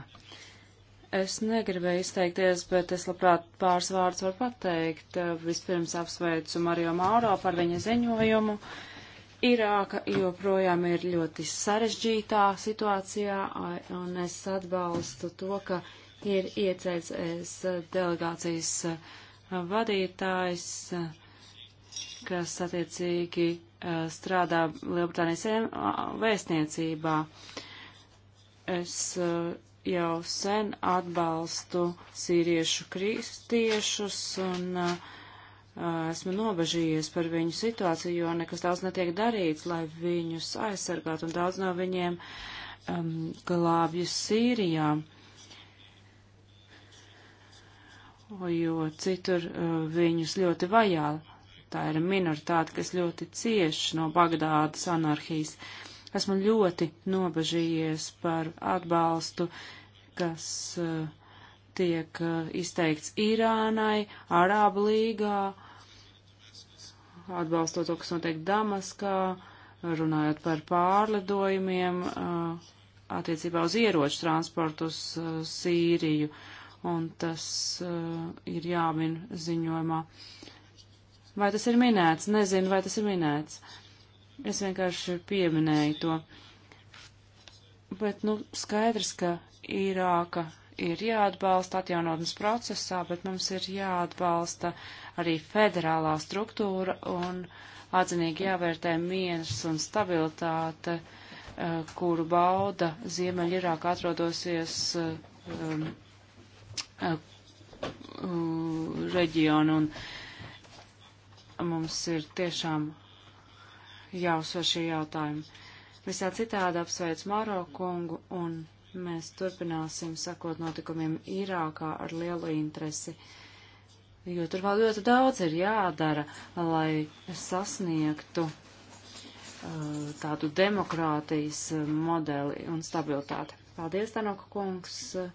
Es negribēju izteikties, bet es labprāt pāris vārdus varu pateikt. Eh, Vispirms apsveicu Mario Mauro par viņa ziņojumu. Uh, Irāka joprojām ir ļoti sarežģītā situācijā, un es atbalstu to, ka ir ieceicis delegācijas vadītājs, kas attiecīgi strādā Lielbritānijas vēstniecībā. Es jau sen atbalstu sīriešu kristiešus un uh, esmu nobežījies par viņu situāciju, jo nekas daudz netiek darīts, lai viņus aizsargātu, un daudz no viņiem um, glābju Sīrijā, jo citur uh, viņus ļoti vajā. Tā ir minoritāte, kas ļoti cieši no Bagdādas anarhijas. Esmu ļoti nobežījies par atbalstu, kas uh, tiek uh, izteikts Irānai, Arābu līgā, uh, atbalstot to, kas notiek Damaskā, runājot par pārlidojumiem attiecībā uz ieroču transportu uz Sīriju, un tas ir jāmin ziņojumā. Vai tas ir minēts? Nezinu, vai tas ir minēts. Es vienkārši pieminēju to. Bet, nu, skaidrs, ka Irāka ir jāatbalsta atjaunotnes procesā, bet mums ir jāatbalsta arī federālā struktūra un atzinīgi jāvērtē miers un stabilitāte, eh, kuru bauda Ziemeļirāk atrodosies um, um, reģionu. Un mums ir tiešām jāuzsver šie jautājumi. Visā citādi apsveic Māro kungu un Mēs turpināsim sakot notikumiem Irākā ar lielu interesi, jo tur vēl ļoti daudz ir jādara, lai sasniegtu uh, tādu demokrātijas uh, modeli un stabilitāti. Paldies, Tanoka kungs, uh,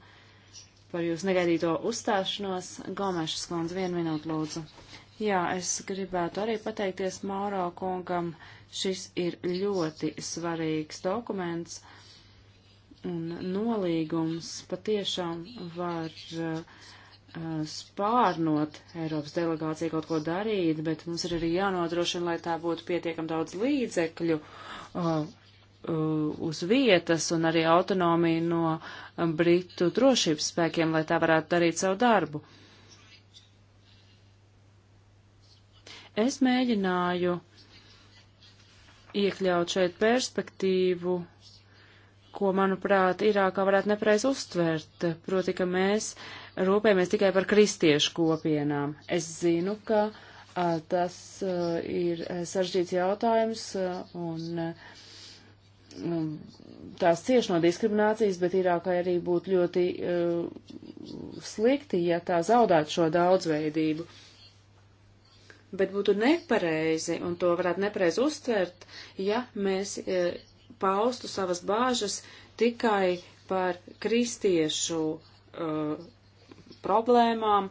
par jūsu negaidīto uzstāšanos. Gomešas kundze, vienu minūtu lūdzu. Jā, es gribētu arī pateikties Mauro kungam. Šis ir ļoti svarīgs dokuments Un nolīgums patiešām var uh, spārnot Eiropas delegāciju kaut ko darīt, bet mums ir arī jānodrošina, lai tā būtu pietiekam daudz līdzekļu uh, uh, uz vietas un arī autonomija no Britu drošības spēkiem, lai tā varētu darīt savu darbu. Es mēģināju iekļaut šeit perspektīvu ko, manuprāt, Irākā varētu nepreiz uztvert, proti, ka mēs rūpējamies tikai par kristiešu kopienām. Es zinu, ka a, tas a, ir saržģīts jautājums a, un a, tās cieš no diskriminācijas, bet Irākai arī būtu ļoti a, slikti, ja tā zaudētu šo daudzveidību. Bet būtu nepareizi, un to varētu nepareizi uztvert, ja mēs. A, paustu savas bāžas tikai par kristiešu uh, problēmām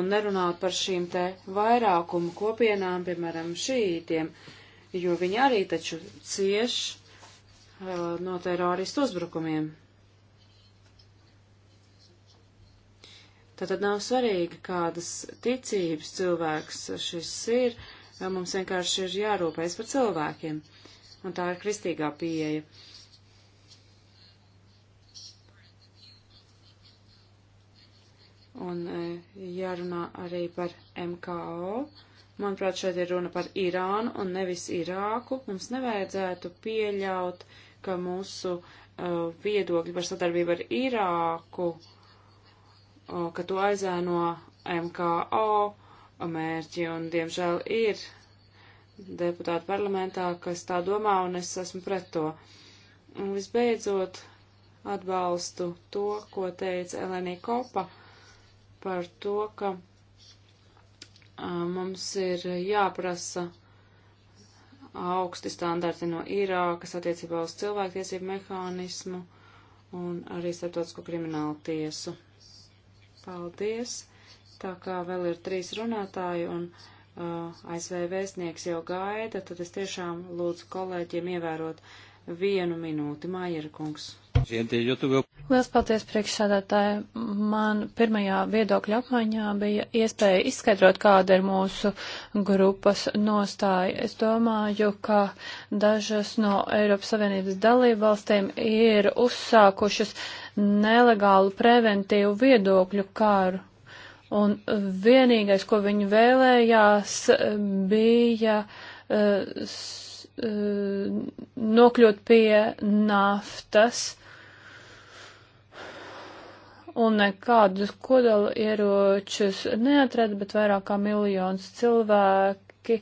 un nerunāt par šīm te vairākumu kopienām, piemēram, šītiem, jo viņi arī taču cieš uh, no teroristu uzbrukumiem. Tātad nav svarīgi, kādas ticības cilvēks šis ir, mums vienkārši ir jārūpējas par cilvēkiem. Uh, un tā ir kristīgā pieeja. Un e, jārunā arī par MKO. Manuprāt, šeit ir runa par Irānu un nevis Irāku. Mums nevajadzētu pieļaut, ka mūsu uh, viedokļi par sadarbību ar Irāku, uh, ka to aizēno MKO mērķi, un diemžēl ir deputāti parlamentā, kas tā domā, un es esmu pret to. Un visbeidzot, atbalstu to, ko teica Elenī Kopa par to, ka mums ir jāprasa augsti standarti no Irākas attiecībā uz cilvēktiesību mehānismu un arī starptautisko kriminālu tiesu. Paldies! Tā kā vēl ir trīs runātāji un Uh, ASV vēstnieks jau gaida, tad es tiešām lūdzu kolēģiem ievērot vienu minūti. Mājera kungs. Lielas paldies priekšsādātāji. Man pirmajā viedokļa apmaiņā bija iespēja izskaidrot, kāda ir mūsu grupas nostāja. Es domāju, ka dažas no Eiropas Savienības dalību valstīm ir uzsākušas nelegālu preventīvu viedokļu kāru Un e, vienīgais, ko viņi vēlējās, e, bija uh, nokļūt pie naftas un nekādus kodola ieročus neatrada, bet vairāk kā miljons cilvēki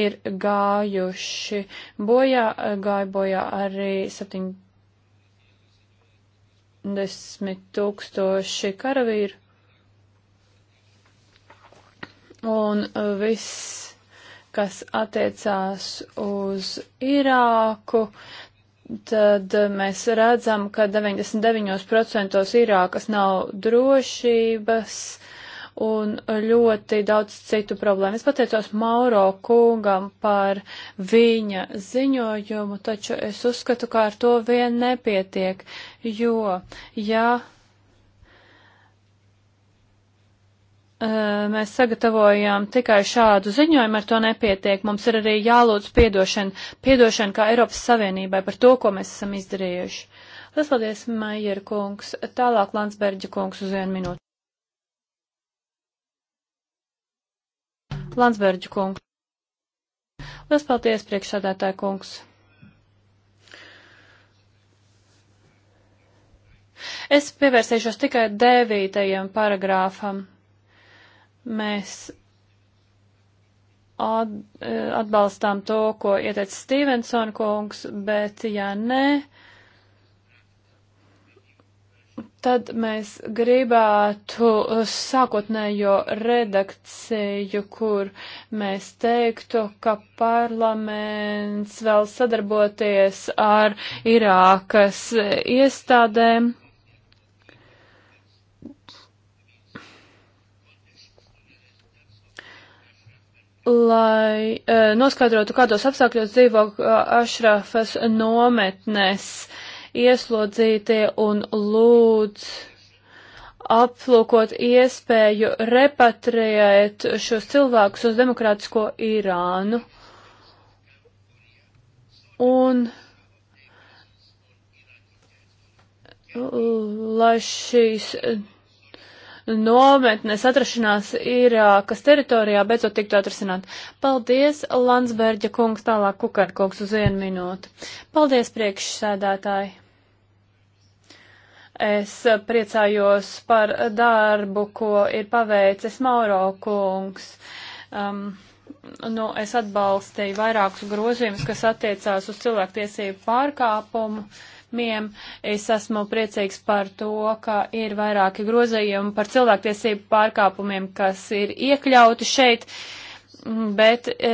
ir gājuši bojā, gāja bojā arī 70 tūkstoši karavīru un uh, viss, kas attiecās uz Irāku, tad mēs redzam, ka 99% Irākas nav drošības un ļoti daudz citu problēmu. Es pateicos Mauro kungam par viņa ziņojumu, taču es uzskatu, ka ar to vien nepietiek, jo, ja mēs sagatavojām tikai šādu ziņojumu, ar to nepietiek. Mums ir arī jālūdz piedošana, piedošana kā Eiropas Savienībai par to, ko mēs esam izdarījuši. Lielas paldies, Maijer kungs. Tālāk Landsberģa kungs uz vienu minūti. Landsberģa kungs. Lielas paldies, priekšsādātāja kungs. Es pievērsīšos tikai devītajam paragrāfam Mēs e, atbalstām to, ko ieteica Stevenson kungs, bet ja nē, tad mēs gribētu sākotnējo redakciju, kur mēs teiktu, ka parlaments vēl sadarboties ar Irākas iestādēm lai uh, noskaidrotu, kādos apstākļos dzīvo uh, eh, Ašrafas nometnes ieslodzītie un lūdz aplūkot iespēju repatriēt šos cilvēkus uz demokrātisko Irānu. Un lai šīs nometnes atrašanās Irākas teritorijā beidzot tiktu atrasināt. Paldies, Landsberģa kungs, tālāk Kukar kungs uz vienu minūtu. Paldies, priekšsēdētāji. Es priecājos par darbu, ko ir paveicis Mauro kungs. Um, nu, es atbalstīju vairākus grozījumus, kas attiecās uz cilvēktiesību pārkāpumu. Uh, grozījumiem. Es esmu priecīgs par to, ka ir vairāki grozījumi par cilvēktiesību pārkāpumiem, kas ir iekļauti šeit. Bet e,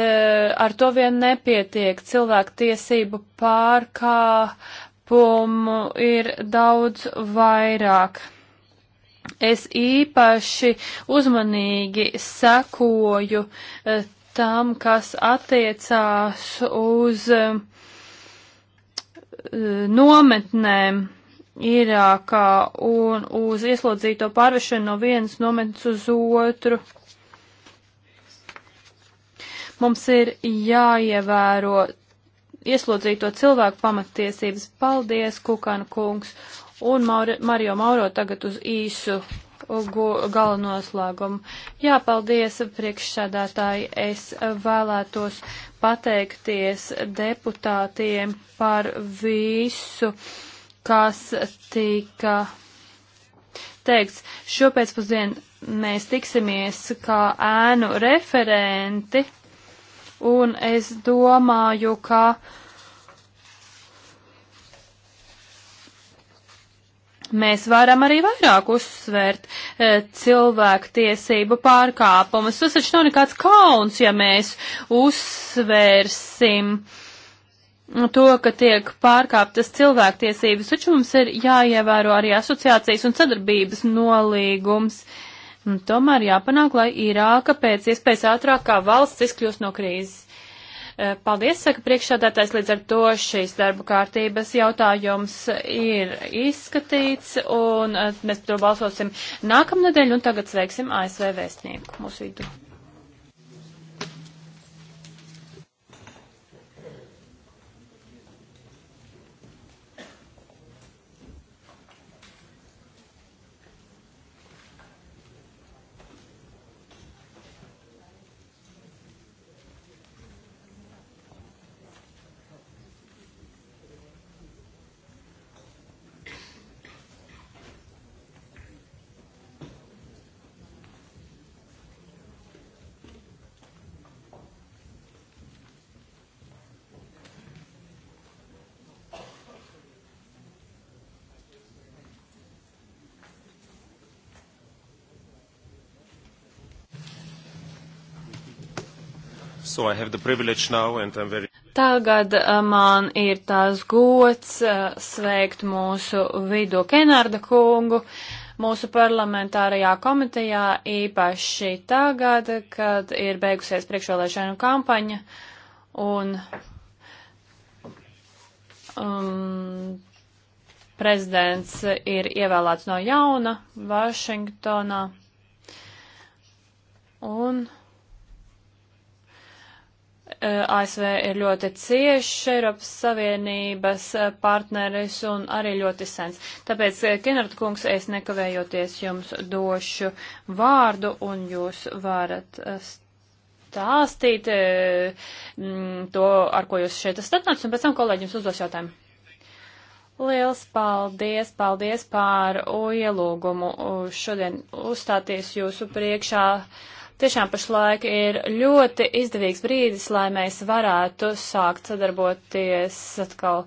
ar to vien nepietiek. Cilvēktiesību pārkāpumu ir daudz vairāk. Es īpaši uzmanīgi sekoju e, tam, kas attiecās uz. E, nometnēm Irākā un uz ieslodzīto pārvešanu no vienas nometnes uz otru. Mums ir jāievēro ieslodzīto cilvēku pamatiesības. Paldies, Kukana kungs! Un Maur Mario Mauro tagad uz īsu galvenoslēgumu. Jā, paldies priekšsādātāji. Es vēlētos pateikties deputātiem par visu, kas tika teikts. Šopēcpusdien mēs tiksimies kā ēnu referenti, un es domāju, ka Mēs varam arī vairāk uzsvērt e, cilvēku tiesību pārkāpumus. Tas taču nav nekāds kauns, ja mēs uzsvērsim to, ka tiek pārkāptas cilvēktiesības, taču mums ir jāievēro arī asociācijas un sadarbības nolīgums. Un tomēr jāpanāk, lai Irāka pēc iespējas ātrāk kā valsts izkļūst no krīzes. Eh, paldies, saka priekšādātais, līdz ar to šīs darba kārtības jautājums ir izskatīts, un eh, mēs par to balsosim nākamnedēļ, un tagad sveiksim ASV vēstnieku mūsu vidu. so I have the privilege now and I'm very... Tagad uh, man ir tās gods uh, sveikt mūsu vidu Kenārda kungu mūsu parlamentārajā komitejā īpaši tagad, kad ir beigusies priekšvēlēšanu kampaņa un um, prezidents ir ievēlēts no jauna Vašingtonā. Un Eh, ASV ir ļoti cieši Eiropas Savienības eh, partneris un arī ļoti sens. Tāpēc, eh, Kenard kungs, es nekavējoties jums došu vārdu un jūs varat stāstīt to, ar ko jūs šeit esat un pēc tam kolēģi jums uzdos jautājumu. Liels paldies, paldies par ielūgumu šodien uzstāties jūsu priekšā. Uh, Tiešām pašlaik ir ļoti izdevīgs brīdis, lai mēs varētu sākt sadarboties atkal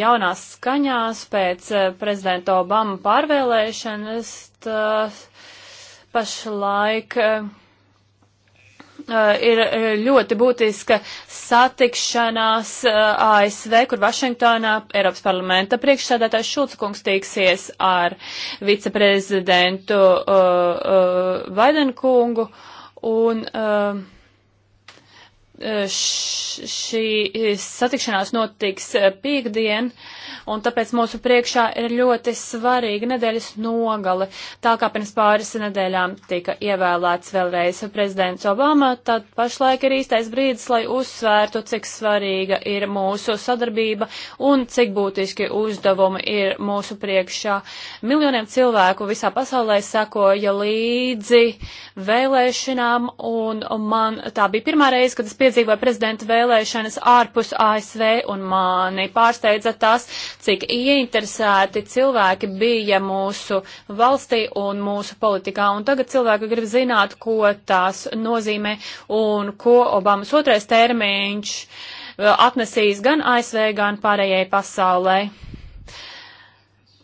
jaunās skaņās pēc eh, prezidenta Obama pārvēlēšanas. Pašlaik eh, eh, ir ļoti būtiska satikšanās ASV, kur Vašingtonā Eiropas parlamenta priekšsādātājs Šulcakungs tīksies ar viceprezidentu Vaidenkungu. Uh, uh, un uh, šī satikšanās notiks eh, piekdien, un tāpēc mūsu priekšā ir ļoti svarīga nedēļas nogale. Tā kā pirms pāris nedēļām tika ievēlēts vēlreiz prezidents Obama, tad pašlaik ir īstais brīdis, lai uzsvērtu, cik svarīga ir mūsu sadarbība un cik būtiski uzdevumi ir mūsu priekšā. Miljoniem cilvēku visā pasaulē sekoja līdzi vēlēšanām, un man tā bija pirmā reize, kad es piedzīvoju, attiecībā prezidenta vēlēšanas ārpus ASV un mani pārsteidza tas, cik ieinteresēti cilvēki bija mūsu valstī un mūsu politikā. Un tagad cilvēki grib zināt, ko tās nozīmē un ko Obamas otrais termiņš uh, atnesīs gan ASV, gan pārējai pasaulē.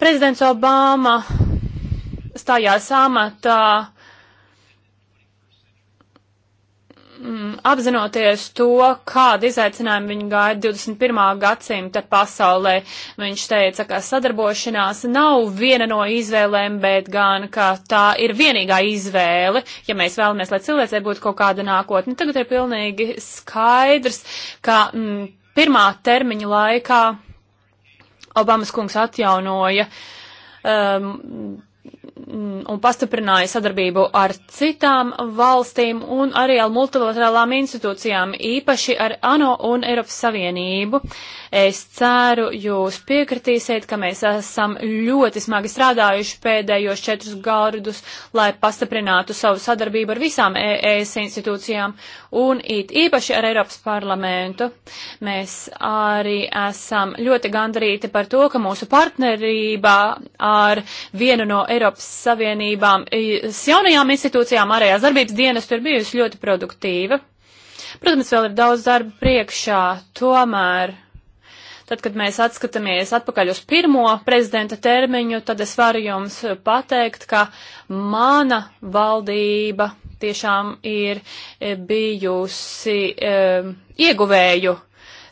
Prezidents Obama stājās amatā mm, apzinoties to, kāda izaicinājuma viņu gaida 21. gadsimta pasaulē. Viņš teica, ka sadarbošanās nav viena no izvēlēm, bet gan, ka tā ir vienīgā izvēle, ja mēs vēlamies, lai cilvēcei būtu kaut kāda nākotne. Tagad ir pilnīgi skaidrs, ka mm, pirmā termiņa laikā Obamas kungs atjaunoja um, Mm, un pastiprināja sadarbību ar citām valstīm un arī ar multilaterālām institūcijām, īpaši ar ANO un Eiropas Savienību. Es ceru, jūs piekritīsiet, ka mēs esam ļoti smagi strādājuši pēdējos četrus gadus, lai pastiprinātu savu sadarbību ar visām ES e institūcijām un it īpaši ar Eiropas parlamentu. Mēs arī esam ļoti gandarīti par to, ka mūsu partnerībā ar vienu no Eiropas Savienībām, jaunajām institūcijām, ārējās darbības dienas tur bijusi ļoti produktīva. Protams, vēl ir daudz darba priekšā, tomēr, tad, kad mēs atskatāmies atpakaļ uz pirmo prezidenta termiņu, tad es varu jums pateikt, ka mana valdība tiešām ir e, bijusi e, ieguvēju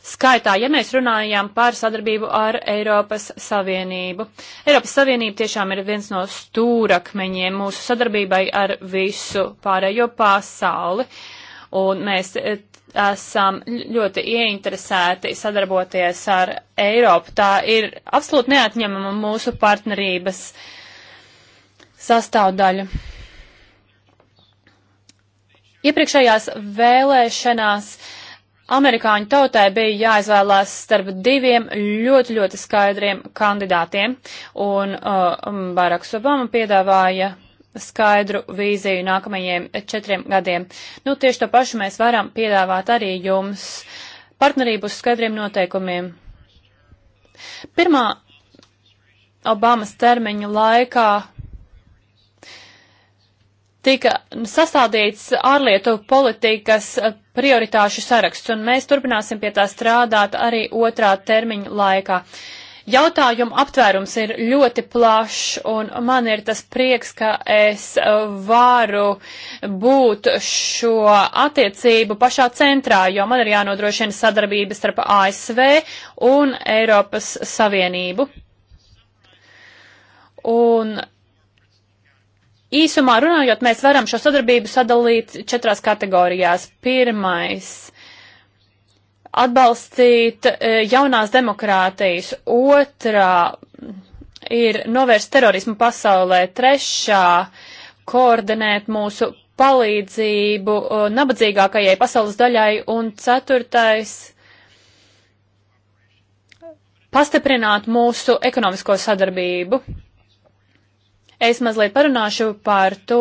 skaitā, ja mēs runājam par sadarbību ar Eiropas Savienību. Eiropas Savienība tiešām ir viens no stūrakmeņiem mūsu sadarbībai ar visu pārējo pasauli. Un mēs e, esam ļoti ieinteresēti sadarboties ar Eiropu. Tā ir absolūti neatņemama mūsu partnerības sastāvdaļa. Iepriekšējās vēlēšanās uh, Amerikāņu tautai bija jāizvēlās starp diviem ļoti, ļoti skaidriem kandidātiem, un uh, um, Baraks Obama piedāvāja skaidru vīziju nākamajiem četriem gadiem. Nu, tieši to pašu mēs varam piedāvāt arī jums partnerību uz skaidriem noteikumiem. Pirmā Obamas termiņa laikā tika sastādīts ārlietu politikas prioritāšu saraksts, un mēs turpināsim pie tā strādāt arī otrā termiņa laikā. Jautājumu aptvērums ir ļoti plašs, un man ir tas prieks, ka es varu būt šo attiecību pašā centrā, jo man ir jānodrošina sadarbība starp ASV un Eiropas Savienību. Un Īsumā runājot, mēs varam šo sadarbību sadalīt četrās kategorijās. Pirmais - atbalstīt e, jaunās demokrātijas, otrā ir novērst terorismu pasaulē, trešā - koordinēt mūsu palīdzību e, nabadzīgākajai pasaules daļai, un ceturtais - pastiprināt mūsu ekonomisko sadarbību. Es mazliet parunāšu par to,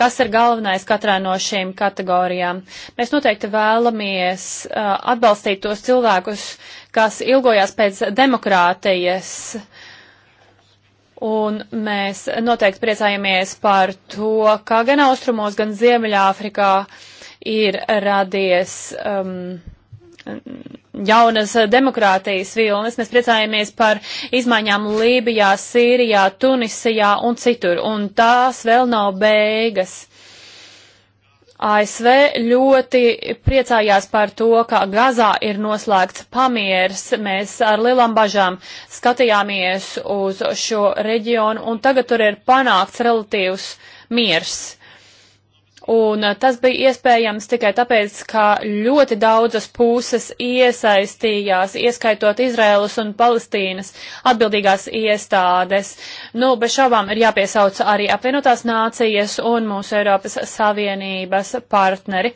kas ir galvenais katrā no šīm kategorijām. Mēs noteikti vēlamies uh, atbalstīt tos cilvēkus, kas ilgojās pēc demokrātijas. Un mēs noteikti priecājamies par to, kā gan austrumos, gan Ziemeļāfrikā ir radies um, jaunas eh, demokrātijas vilnis. Mēs priecājamies par izmaiņām Lībijā, Sīrijā, Tunisijā un citur, un tās vēl nav beigas. ASV ļoti priecājās par to, ka Gazā ir noslēgts pamiers. Mēs ar lielām bažām skatījāmies uz šo reģionu, un tagad tur ir panākts relatīvs miers. Un tas bija iespējams tikai tāpēc, ka ļoti daudzas puses iesaistījās, ieskaitot Izraēlas un Palestīnas atbildīgās iestādes. Nu, bez šaubām ir jāpiesauc arī apvienotās nācijas un mūsu Eiropas Savienības partneri.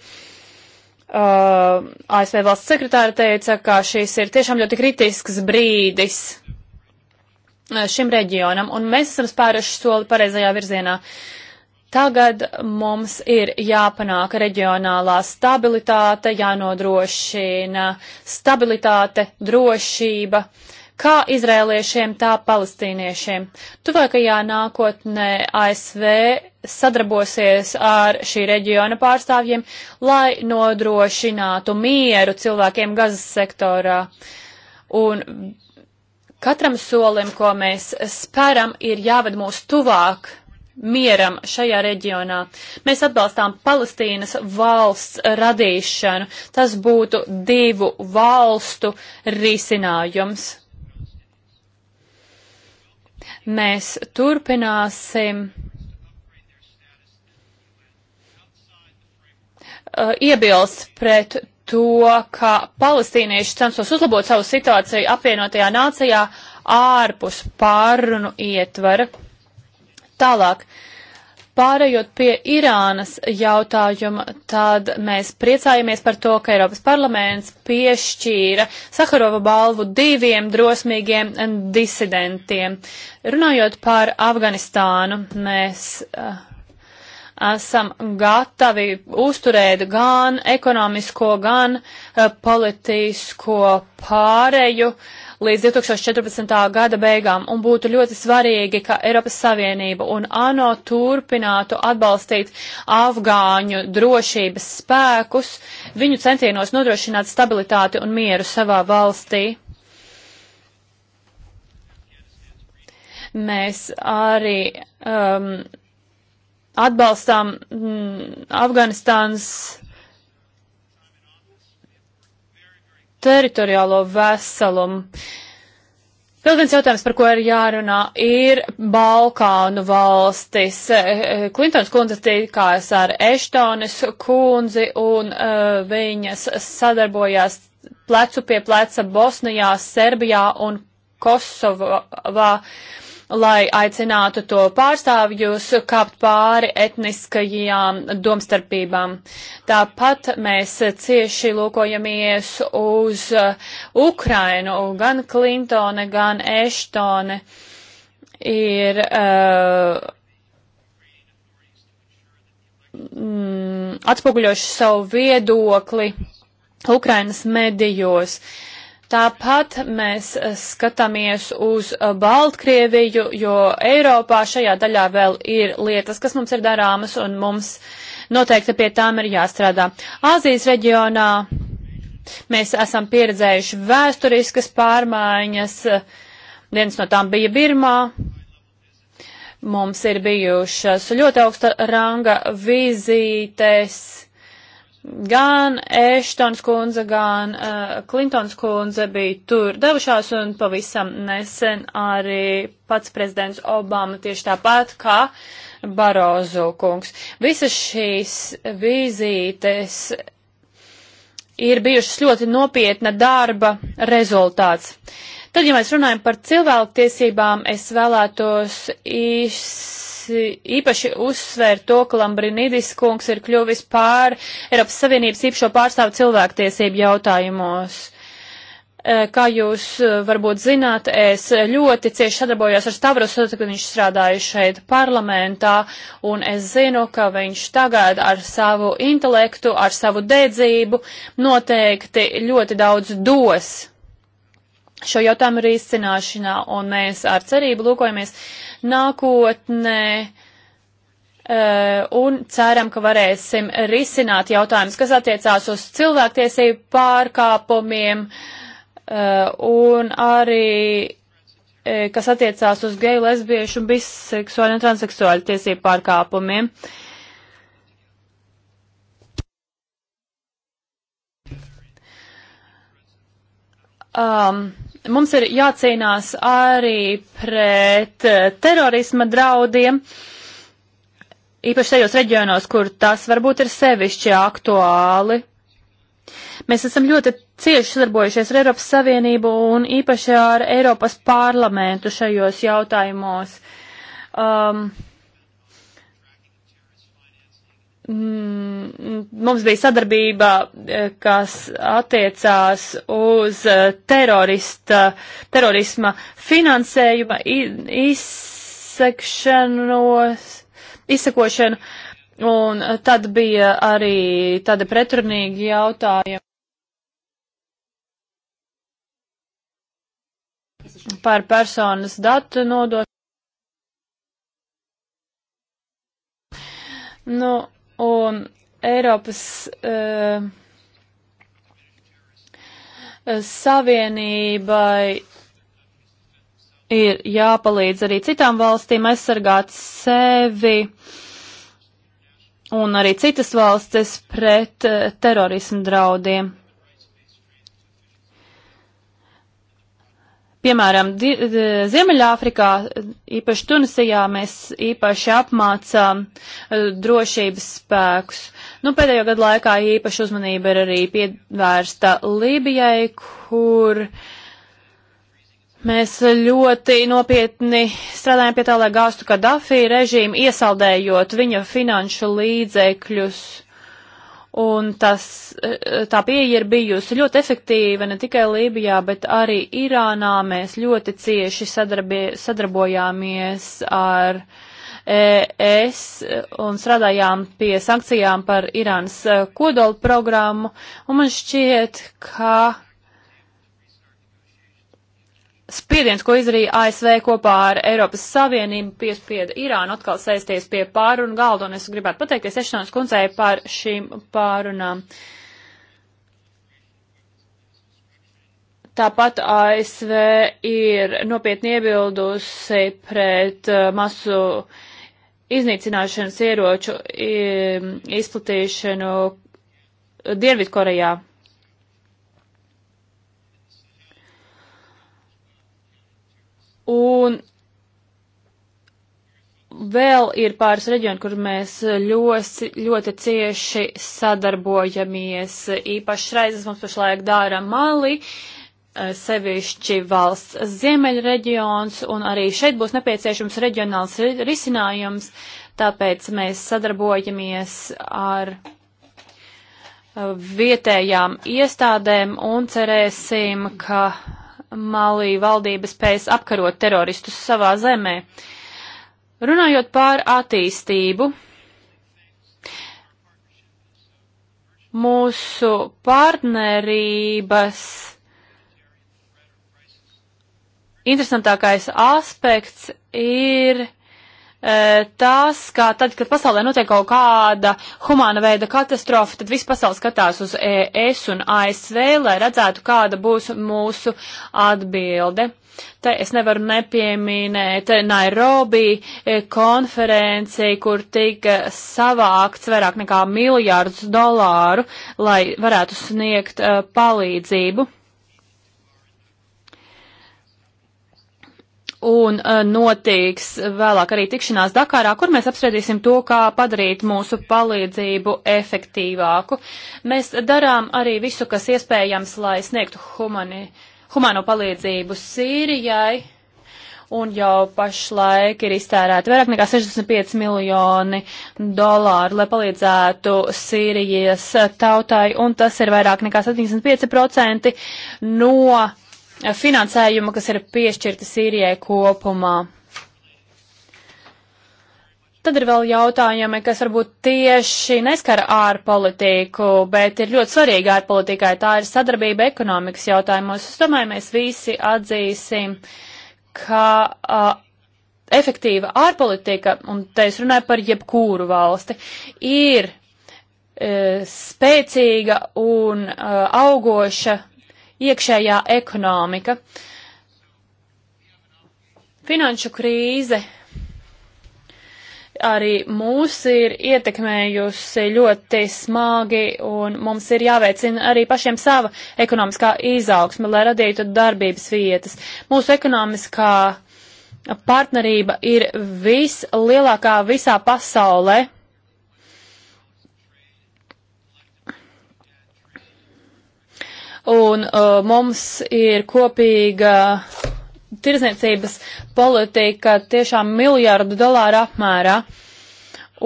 Uh, ASV valsts sekretāra teica, ka šis ir tiešām ļoti kritisks brīdis šim reģionam, un mēs esam spēruši soli pareizajā virzienā. Uh, Tagad mums ir jāpanāk reģionālā stabilitāte, jānodrošina stabilitāte, drošība, kā izrēliešiem, tā palestīniešiem. Tuvākajā nākotnē ASV sadarbosies ar šī reģiona pārstāvjiem, lai nodrošinātu mieru cilvēkiem gazas sektorā. Un katram solim, ko mēs speram, ir jāved mūs tuvāk mieram šajā reģionā. Mēs atbalstām Palestīnas valsts radīšanu. Tas būtu divu valstu risinājums. Mēs turpināsim uh, iebilst pret to, ka palestīnieši censos uzlabot savu situāciju apvienotajā nācijā ārpus pārunu ietvara. Tālāk, pārējot pie Irānas jautājuma, tad mēs priecājamies par to, ka Eiropas parlaments piešķīra Sakarova balvu diviem drosmīgiem disidentiem. Runājot par Afganistānu, mēs. Uh, esam gatavi uzturēt gan ekonomisko, gan uh, politisko pāreju, līdz 2014. gada beigām, un būtu ļoti svarīgi, ka Eiropas Savienība un ANO turpinātu atbalstīt afgāņu drošības spēkus, viņu centienos nodrošināt stabilitāti un mieru savā valstī. Mēs arī um, atbalstām mm, Afganistānas teritoriālo veselumu. Vēl viens jautājums, par ko ir jārunā, ir Balkānu valstis. Klintons kundze tikās ar Eštonis kundzi un uh, viņas sadarbojās plecu pie pleca Bosnijā, Serbijā un Kosovā lai aicinātu to pārstāvjus kāpt pāri etniskajām domstarpībām. Tāpat mēs cieši lūkojamies uz uh, Ukrainu, gan Klintone, gan Eštone ir. Uh, mm, atspoguļojuši savu viedokli Ukrainas medijos. Uh, Tāpat mēs eh, skatāmies uz eh, Baltkrieviju, jo Eiropā šajā daļā vēl ir lietas, kas mums ir darāmas, un mums noteikti pie tām ir jāstrādā. Āzijas reģionā mēs esam pieredzējuši vēsturiskas pārmaiņas. Viens no tām bija Birmā, mums ir bijušas ļoti augsta ranga vizītes Gan Eštons kundze, gan uh, Klintons kundze bija tur devušās un pavisam nesen arī pats prezidents Obama tieši tāpat kā Barozo kungs. Visas šīs vizītes ir bijušas ļoti nopietna darba rezultāts. Tad, ja mēs runājam par cilvēku tiesībām, es vēlētos īs īpaši uzsvērt to, ka Lambrinidis kungs ir kļuvis pār Eiropas Savienības īpašo pārstāvu cilvēktiesību jautājumos. E, kā jūs e, varbūt zināt, es ļoti cieši sadarbojos ar Stavros, kad viņš strādāja šeit parlamentā, un es zinu, ka viņš tagad ar savu intelektu, ar savu dedzību noteikti ļoti daudz dos šo jautājumu risināšanā, un mēs ar cerību lūkojamies nākotnē e, un ceram, ka varēsim risināt jautājumus, kas attiecās uz cilvēktiesību pārkāpumiem e, un arī e, kas attiecās uz geju, lesbiešu un biseksuāļu un transseksuāļu tiesību pārkāpumiem. Um, mums ir jācīnās arī pret eh, terorisma draudiem, īpaši tajos reģionos, kur tas varbūt ir sevišķi aktuāli. Mēs esam ļoti cieši sadarbojušies ar Eiropas Savienību un īpaši ar Eiropas parlamentu šajos jautājumos. Um, Mm, mums bija sadarbība, eh, kas attiecās uz eh, terorista, terorisma finansējuma izsekšanos, izsekošanu, un eh, tad bija arī tāda pretrunīga jautājuma. par personas datu nodošanu. Nu, un Eiropas uh, Savienībai ir jāpalīdz arī citām valstīm aizsargāt sevi un arī citas valstis pret uh, terorismu draudiem. Piemēram, Ziemeļāfrikā, īpaši Tunisijā, mēs īpaši apmācām e, drošības spēkus. Nu, pēdējo gadu laikā īpaši uzmanība ir arī pievērsta Lībijai, kur mēs ļoti nopietni strādājam pie tā, lai gāstu Kadafi režīmu, iesaldējot viņa finanšu līdzekļus. Un tas, eh, tā pieeja ir bijusi ļoti efektīva ne tikai Lībijā, bet arī Irānā. Mēs ļoti cieši sadarbie, sadarbojāmies ar ES un strādājām pie sankcijām par Irānas eh, kodola programmu. Un man šķiet, ka spiediens, ko izdarīja ASV kopā ar Eiropas Savienību, piespieda Irānu atkal sēsties pie pārunu galda, un es gribētu pateikties Ešanās kundzei par šīm pārunām. Tāpat ASV ir nopietni iebildusi pret uh, masu iznīcināšanas ieroču izplatīšanu Dienvidkorejā. Un vēl ir pāris reģioni, kur mēs ļoti, ļoti cieši sadarbojamies. Īpaši reizes mums pašlaik dara mali, sevišķi valsts ziemeļa reģions, un arī šeit būs nepieciešams reģionāls risinājums, tāpēc mēs sadarbojamies ar uh, vietējām iestādēm un cerēsim, ka Malī valdība spējas apkarot teroristus savā zemē. Runājot pār attīstību, mūsu partnerības interesantākais aspekts ir E, tās, ka tad, kad pasaulē notiek kaut kāda humāna veida katastrofa, tad viss pasauli skatās uz ES un ASV, lai redzētu, kāda būs mūsu atbilde. Te es nevaru nepieminēt Nairobi e, konferenci, kur tika savākts vairāk nekā miljārdus dolāru, lai varētu sniegt uh, palīdzību. un uh, notiks vēlāk arī tikšanās Dakarā, kur mēs apspriedīsim to, kā padarīt mūsu palīdzību efektīvāku. Mēs darām arī visu, kas iespējams, lai sniegtu humani, humano palīdzību Sīrijai, un jau pašlaik ir iztērēti vairāk nekā 65 miljoni dolāru, lai palīdzētu Sīrijas tautai, un tas ir vairāk nekā 75% no finansējuma, kas ir piešķirta Sīrijai kopumā. Tad ir vēl jautājumi, kas varbūt tieši neskara ārpolitiku, bet ir ļoti svarīga ārpolitikai. Tā ir sadarbība ekonomikas jautājumos. Es domāju, mēs visi atzīsim, ka a, efektīva ārpolitika, un te es runāju par jebkuru valsti, ir e, spēcīga un a, augoša iekšējā ekonomika. Finanšu krīze arī mūs ir ietekmējusi ļoti smagi, un mums ir jāveicina arī pašiem sava ekonomiskā izaugsme, lai radītu darbības vietas. Mūsu ekonomiskā partnerība ir vislielākā visā pasaulē. un uh, mums ir kopīga tirzniecības politika tiešām miljārdu dolāru apmērā.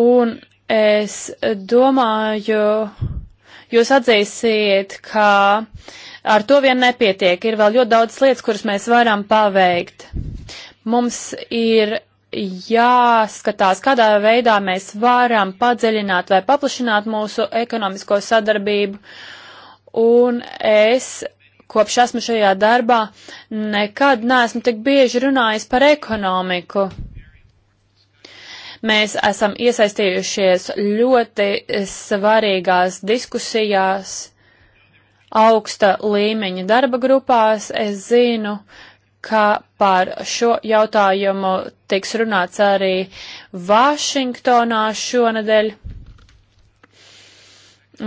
Un es domāju, jūs atzīsiet, ka ar to vien nepietiek. Ir vēl ļoti daudz lietas, kuras mēs varam paveikt. Mums ir jāskatās, kādā veidā mēs varam padziļināt vai paplašināt mūsu ekonomisko sadarbību. Uh, un es kopš esmu šajā darbā nekad neesmu tik bieži runājis par ekonomiku. Mēs esam iesaistījušies ļoti svarīgās diskusijās, augsta līmeņa darba grupās. Es zinu, ka par šo jautājumu tiks runāts arī Vašingtonā šonadēļ.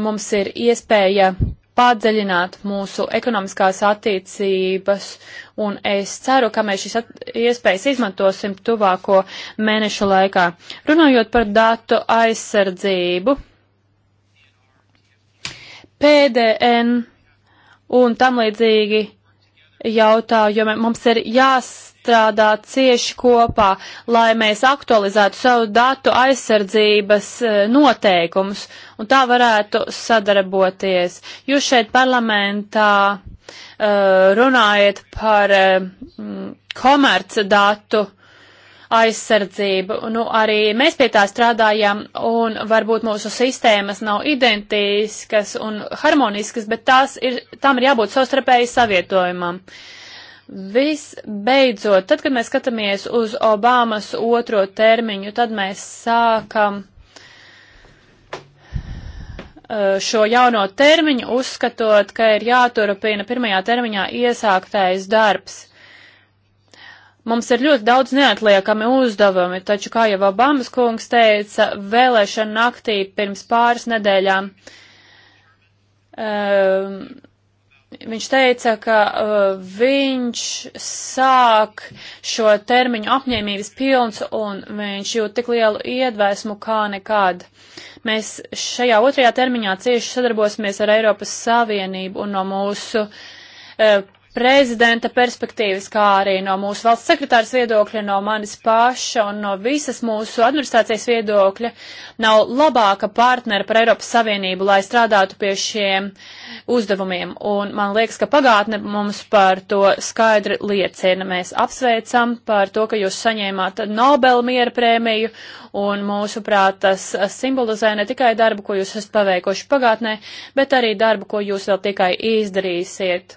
Mums ir iespēja padziļināt mūsu ekonomiskās attiecības, un es ceru, ka mēs šīs iespējas izmantosim tuvāko mēnešu laikā. Runājot par datu aizsardzību, PDN un tam līdzīgi jautājumi mums ir jās jāstrādā cieši kopā, lai mēs aktualizētu savu datu aizsardzības e, noteikumus un tā varētu sadarboties. Jūs šeit parlamentā e, runājat par e, komerc datu aizsardzību. Nu, arī mēs pie tā strādājam, un varbūt mūsu sistēmas nav identiskas un harmoniskas, bet tās ir, tam ir jābūt savstarpēji savietojumam. Uh, Visbeidzot, tad, kad mēs skatāmies uz Obamas otro termiņu, tad mēs sākam eh, šo jauno termiņu, uzskatot, ka ir jāturpina pirmajā termiņā iesāktais darbs. Mums ir ļoti daudz neatliekami uzdevumi, taču, kā jau Obamas kungs teica, vēlēšana naktī pirms pāris nedēļām um, viņš teica, ka uh, viņš sāk šo termiņu apņēmības pilns un viņš jūt tik lielu iedvesmu kā nekad. Mēs šajā otrajā termiņā cieši sadarbosimies ar Eiropas Savienību un no mūsu uh, prezidenta perspektīvas, kā arī no mūsu valsts sekretāras viedokļa, no manis paša un no visas mūsu administrācijas viedokļa nav labāka partnera par Eiropas Savienību, lai strādātu pie šiem uzdevumiem. Un man liekas, ka pagātne mums par to skaidri liecina. Mēs apsveicam par to, ka jūs saņēmāt Nobel miera prēmiju un mūsuprāt tas simbolizē ne tikai darbu, ko jūs esat paveikuši pagātnē, bet arī darbu, ko jūs vēl tikai izdarīsiet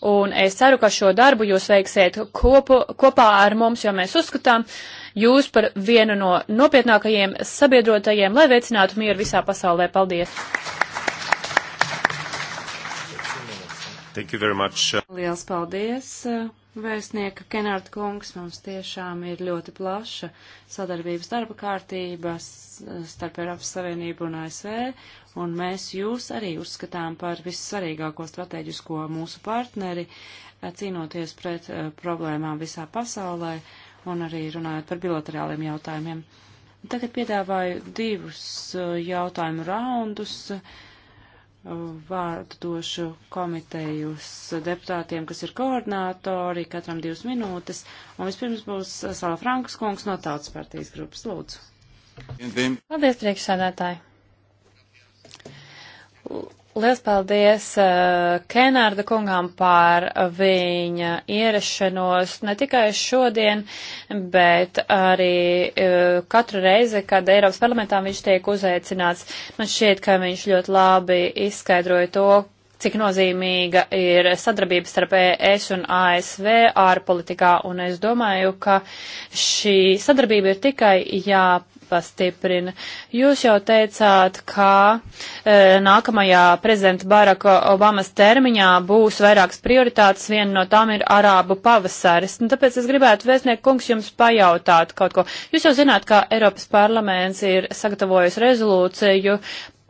Un es ceru, ka šo darbu jūs veiksiet kopu, kopā ar mums, jo mēs uzskatām jūs par vienu no nopietnākajiem sabiedrotajiem, lai veicinātu mieru visā pasaulē. Paldies! Liels paldies! Uh, vēstnieka Kenārda kungs mums tiešām ir ļoti plaša sadarbības darba kārtības starp Eiropas Savienību un ASV, un mēs jūs arī uzskatām par vissvarīgāko strateģisko mūsu partneri, eh, cīnoties pret uh, problēmām visā pasaulē un arī runājot par bilaterāliem jautājumiem. Tagad piedāvāju divus uh, jautājumu raundus. Uh, vārdu došu komitejus deputātiem, kas ir koordinātori, katram divas minūtes. Un vispirms būs Sala Frankas kungs no Tautas partijas grupas. Lūdzu. Paldies, priekšsādātāji! Liels paldies uh, Kenārda kungam par viņa ierašanos ne tikai šodien, bet arī uh, katru reizi, kad Eiropas parlamentā viņš tiek uzaicināts. Man šķiet, ka viņš ļoti labi izskaidroja to, cik nozīmīga ir sadarbība starp ES un ASV ārpolitikā, un es domāju, ka šī sadarbība ir tikai jāpastiprina. Jūs jau teicāt, ka e, nākamajā prezidenta Baraka Obamas termiņā būs vairākas prioritātes, viena no tām ir arābu pavasaris. Un nu, tāpēc es gribētu, vēstnieku kungs, jums pajautāt kaut ko. Jūs jau zināt, ka Eiropas parlaments ir sagatavojis rezolūciju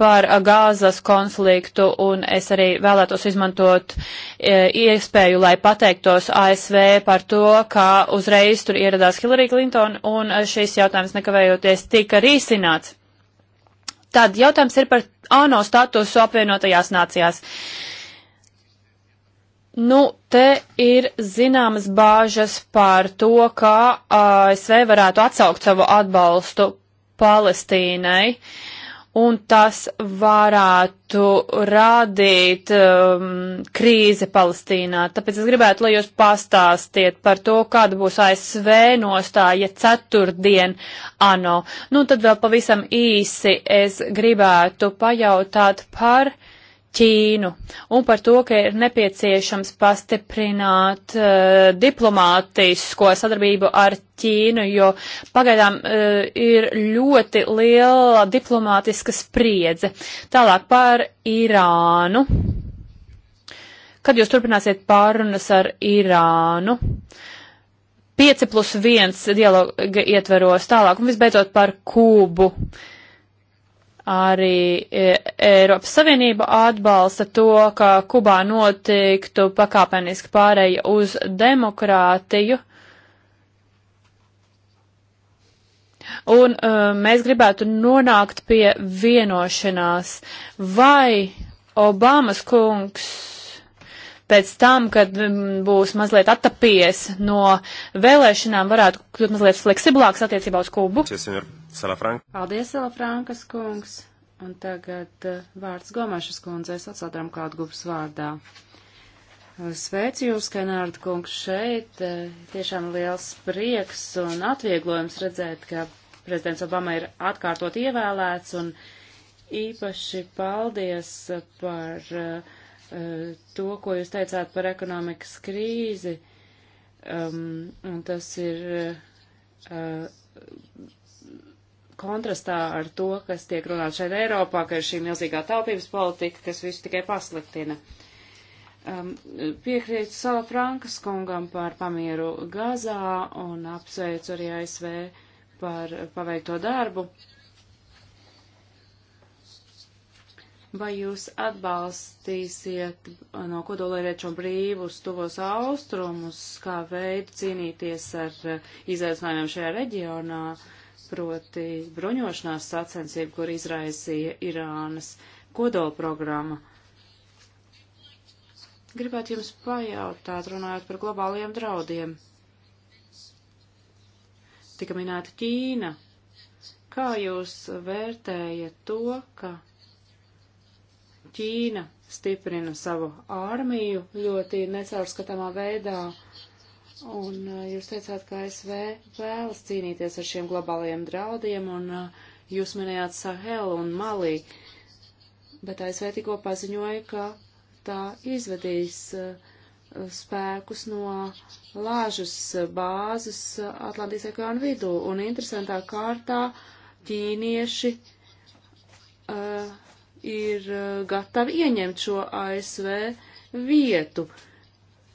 par eh, gāzas konfliktu, un es arī vēlētos izmantot e, iespēju, lai pateiktos ASV par to, ka uzreiz tur ieradās Hillary Clinton, un eh, šīs jautājums nekavējoties tika risināts. Tad jautājums ir par ANO statusu apvienotajās nācijās. Nu, te ir zināmas bāžas par to, ka ASV varētu atsaukt savu atbalstu Palestīnai. Uh, un tas varētu radīt um, krīzi Palestīnā. Tāpēc es gribētu, lai jūs pastāstiet par to, kāda būs ASV nostāja ceturtdien ANO. Nu, tad vēl pavisam īsi es gribētu pajautāt par uh, Ķīnu un par to, ka ir nepieciešams pastiprināt uh, diplomātisko sadarbību ar Ķīnu, jo pagaidām uh, ir ļoti liela diplomātiska spriedze. Tālāk par Irānu. Kad jūs turpināsiet pārunas ar Irānu? 5 plus 1 dialoga ietveros tālāk un visbeidzot par Kūbu. Uh, Arī e, Eiropas Savienība atbalsta to, ka Kubā notiktu pakāpeniski pāreja uz demokrātiju. Un uh, mēs gribētu nonākt pie vienošanās, vai Obamas kungs pēc tam, kad būs mazliet attapies no vēlēšanām, varētu kļūt mazliet fleksiblāks attiecībā uz Kubu. Česien. Salafranka. Paldies, Salafrankas kungs. Un tagad uh, vārds Gomašas kundzei sociāldarām kādu grupas vārdā. Sveicu jūs, Kenārda kungs, šeit. Uh, tiešām liels prieks un atvieglojums redzēt, ka prezidents Obama ir atkārtot ievēlēts un īpaši paldies par uh, to, ko jūs teicāt par ekonomikas krīzi. Um, un tas ir uh, kontrastā ar to, kas tiek runāts šeit Eiropā, ka ir šī milzīgā taupības politika, kas visu tikai pasliktina. Um, piekrītu Sala Frankas kungam par pamieru Gazā un apsveicu arī ASV par paveikto darbu. Vai jūs atbalstīsiet no kodolierēču brīvus tuvos austrumus, kā veidu cīnīties ar uh, izaicinājumiem šajā reģionā? Uh, proti bruņošanās sacensība, kur izraisīja Irānas kodolprogramma. Gribētu jums pajautāt, runājot par globāliem draudiem. Tika minēta Ķīna. Kā jūs vērtējat to, ka Ķīna stiprina savu armiju ļoti necaurskatāmā veidā? Uh, Un uh, jūs teicāt, ka ASV vēlas cīnīties ar šiem globālajiem draudiem, un uh, jūs minējāt Sahelu un Malī. Bet ASV tikko paziņoja, ka tā izvedīs uh, spēkus no lāžas bāzes Atlantijas okeāna vidū. Un interesantā kārtā ķīnieši uh, ir gatavi ieņemt šo ASV vietu. Uh,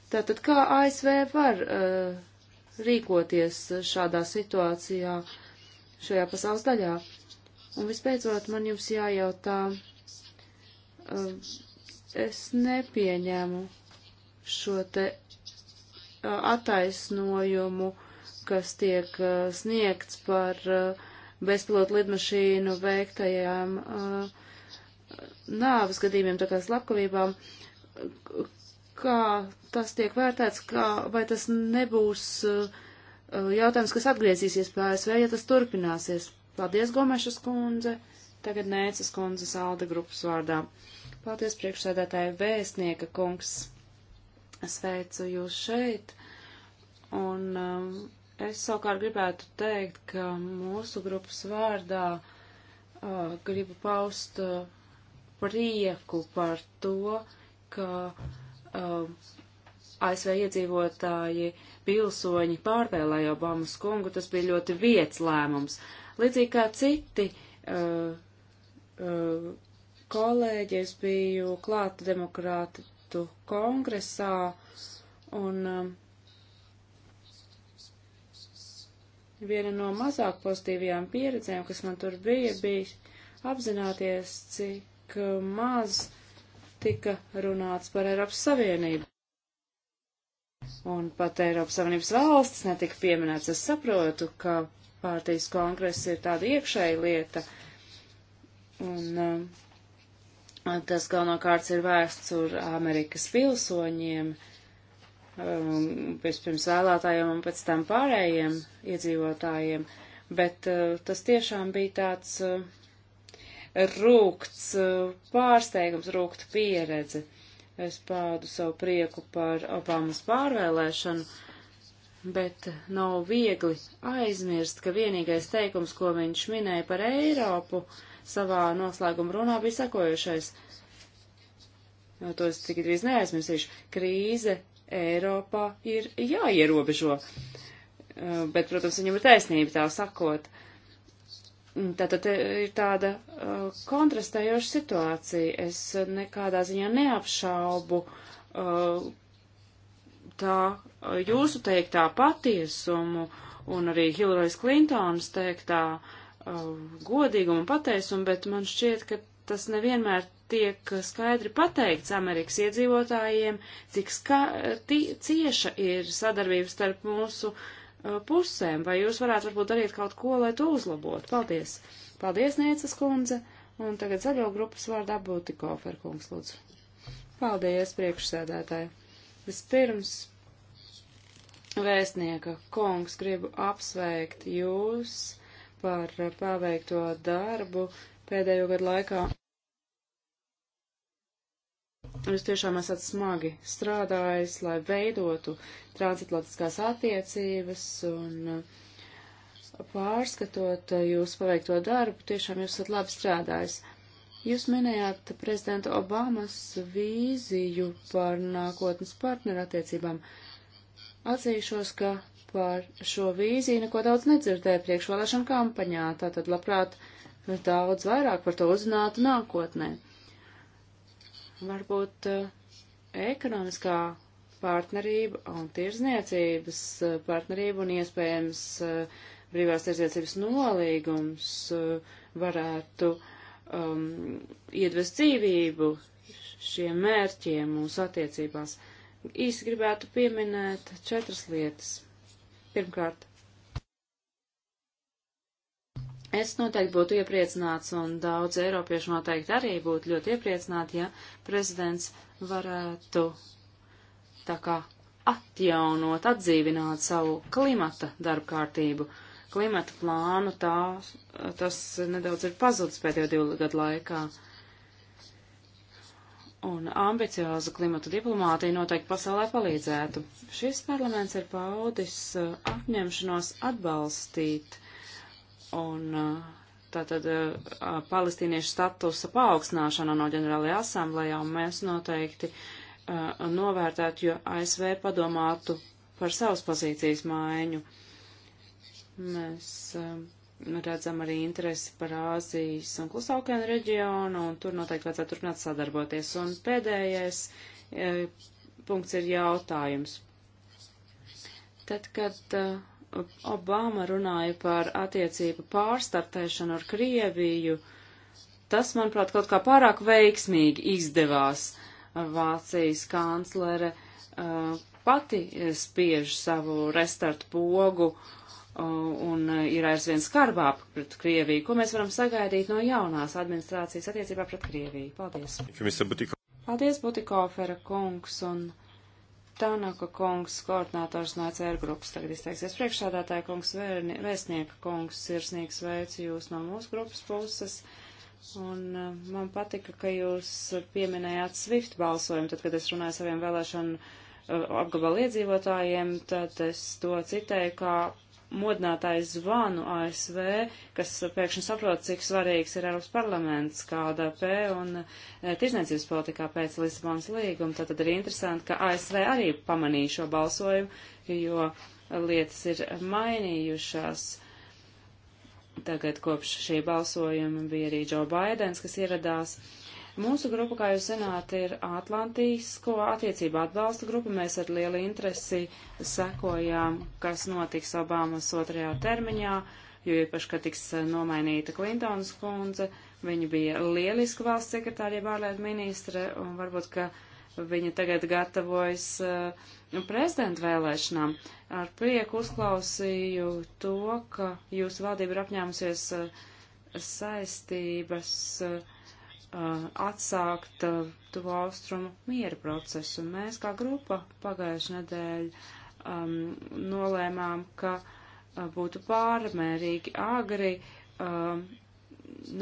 Tātad kā ASV var uh, rīkoties šādā situācijā šajā pasaules daļā? Un vispēcot, man jums jājautā, uh, es nepieņēmu šo te uh, attaisnojumu, kas tiek uh, sniegts par uh, bezpilotu lidmašīnu veiktajām uh, nāvas gadījumiem, tā kā slepkavībām kā tas tiek vērtēts, kā, vai tas nebūs uh, jautājums, kas atgriezīsies pie ASV, ja tas turpināsies. Paldies, Gomešas kundze, tagad Nēcas kundze salda grupas vārdā. Paldies, priekšsēdētāja vēstnieka kungs. Sveicu jūs šeit. Un um, es savukārt gribētu teikt, ka mūsu grupas vārdā uh, gribu paust uh, prieku par to, ka uh, uh, ASV iedzīvotāji, pilsoņi pārvēlēja Obamas kungu, tas bija ļoti vietas lēmums. Līdzīgi kā citi uh, uh, kolēģi, es biju klāta demokrātu kongresā un um, viena no mazāk pozitīvajām pieredzēm, kas man tur bija, bija apzināties, cik maz uh, tika runāts par Eiropas Savienību. Un pat Eiropas Savienības valstis netika pieminēts. Es saprotu, ka pārtīs kongress ir tāda iekšēja lieta. Un uh, tas galvenokārt ir vērsts uz Amerikas pilsoņiem, um, vispirms vēlētājiem un pēc tam pārējiem iedzīvotājiem. Bet uh, tas tiešām bija tāds uh, rūkts eh, pārsteigums, rūkta pieredze. Es pādu savu prieku par Obamas pārvēlēšanu, bet nav viegli aizmirst, ka vienīgais teikums, ko viņš minēja par Eiropu savā noslēguma runā, bija sekojošais. To es tik drīz neaizmirsīšu. Krīze Eiropā ir jāierobežo. Eh, bet, protams, viņam ir taisnība tā sakot. Uh, Tātad e, ir tāda e, kontrastējoša situācija. Es nekādā ziņā neapšaubu e, tā jūsu teiktā patiesumu un arī Hillary's Clintons teiktā godīgumu un pateisumu, bet man šķiet, ka tas nevienmēr tiek skaidri pateikts Amerikas iedzīvotājiem, cik ska, tī, cieša ir sadarbība starp mūsu uh, Uh, pusēm, vai jūs varētu varbūt darīt kaut ko, lai to uzlabotu? Paldies! Paldies, Niecas kundze! Un tagad zaļo grupas vārdā būtu Kofer kungs, lūdzu. Paldies, priekšsēdētāji! Vispirms vēstnieka kungs gribu apsveikt jūs par paveikto darbu pēdējo gadu laikā. Jūs tiešām esat smagi strādājis, lai veidotu transatlantiskās attiecības un uh, pārskatot uh, jūsu paveikto darbu, tiešām jūs esat labi strādājis. Jūs minējāt prezidenta Obamas vīziju par nākotnes partneru attiecībām. Atzīšos, ka par šo vīziju neko daudz nedzirdēju priekšvēlēšana kampaņā, tātad labprāt daudz vairāk par to uzzinātu nākotnē. Varbūt eh, ekonomiskā partnerība un tirzniecības eh, partnerība un iespējams eh, brīvās tirzniecības nolīgums varētu um, iedvest dzīvību šiem mērķiem mūsu attiecībās. Īsi gribētu pieminēt četras lietas. Pirmkārt, Es noteikti būtu iepriecināts, un daudz eiropiešu noteikti arī būtu ļoti iepriecināti, ja prezidents varētu tā kā atjaunot, atdzīvināt savu klimata darbkārtību, klimata plānu, tā, tas nedaudz ir pazudis pēdējo divu gadu laikā. Un ambicioza klimata diplomātija noteikti pasaulē palīdzētu. Šis parlaments ir paudis uh, apņemšanos atbalstīt Un uh, tātad uh, palestīniešu statusa paaugstināšana no ģenerālajā asamblējā, un mēs noteikti uh, novērtētu, jo ASV padomātu par savas pozīcijas maiņu. Mēs um, redzam arī interesi par Āzijas un Klusaukienu reģionu, un tur noteikti vajadzētu turpināt sadarboties. Un pēdējais e, punkts ir jautājums. Tad, kad uh, Obama runāja par attiecību pārstartēšanu ar Krieviju, tas, manuprāt, kaut kā pārāk veiksmīgi izdevās. Vācijas kanclere uh, pati spiež savu restartu pogu uh, un ir aizvien skarbāk pret Krieviju. Ko mēs varam sagaidīt no jaunās administrācijas attiecībā pret Krieviju? Paldies. Paldies, Butikofera kungs. Un Tanaka kungs, koordinātors no ACR e grupas, tagad izteiksies priekšsādātāja kungs, vērni, vēstnieka kungs, sirsnīgs veicu jūs no mūsu grupas puses. Un eh, man patika, ka jūs pieminējāt SWIFT balsojumu, tad, kad es runāju saviem vēlēšanu eh, apgabalu iedzīvotājiem, tad es to citēju kā modinātāju zvanu ASV, kas pēkšņi saprot, cik svarīgs ir Eiropas parlaments KDP un e, tirzniecības politikā pēc Lisabonas līguma. Tad, tad ir interesanti, ka ASV arī pamanīja šo balsojumu, jo lietas ir mainījušās. Tagad kopš šī balsojuma bija arī Džo Baidens, kas ieradās. Uh, Mūsu grupa, kā jūs zināt, ir Atlantīsko attiecību atbalsta grupa. Mēs ar lielu interesi sekojām, kas notiks Obamas otrajā termiņā, jo īpaši, kad tiks nomainīta Klintons kundze, viņa bija lieliska valsts sekretāra, jeb ārlietu ministre, un varbūt, ka viņa tagad gatavojas uh, prezidenta vēlēšanām. Ar prieku uzklausīju to, ka jūsu valdība ir apņēmusies uh, saistības. Uh, Uh, atsākt uh, tuvo austrumu miera procesu. Mēs kā grupa pagājušajā nedēļā um, nolēmām, ka uh, būtu pārmērīgi agri um,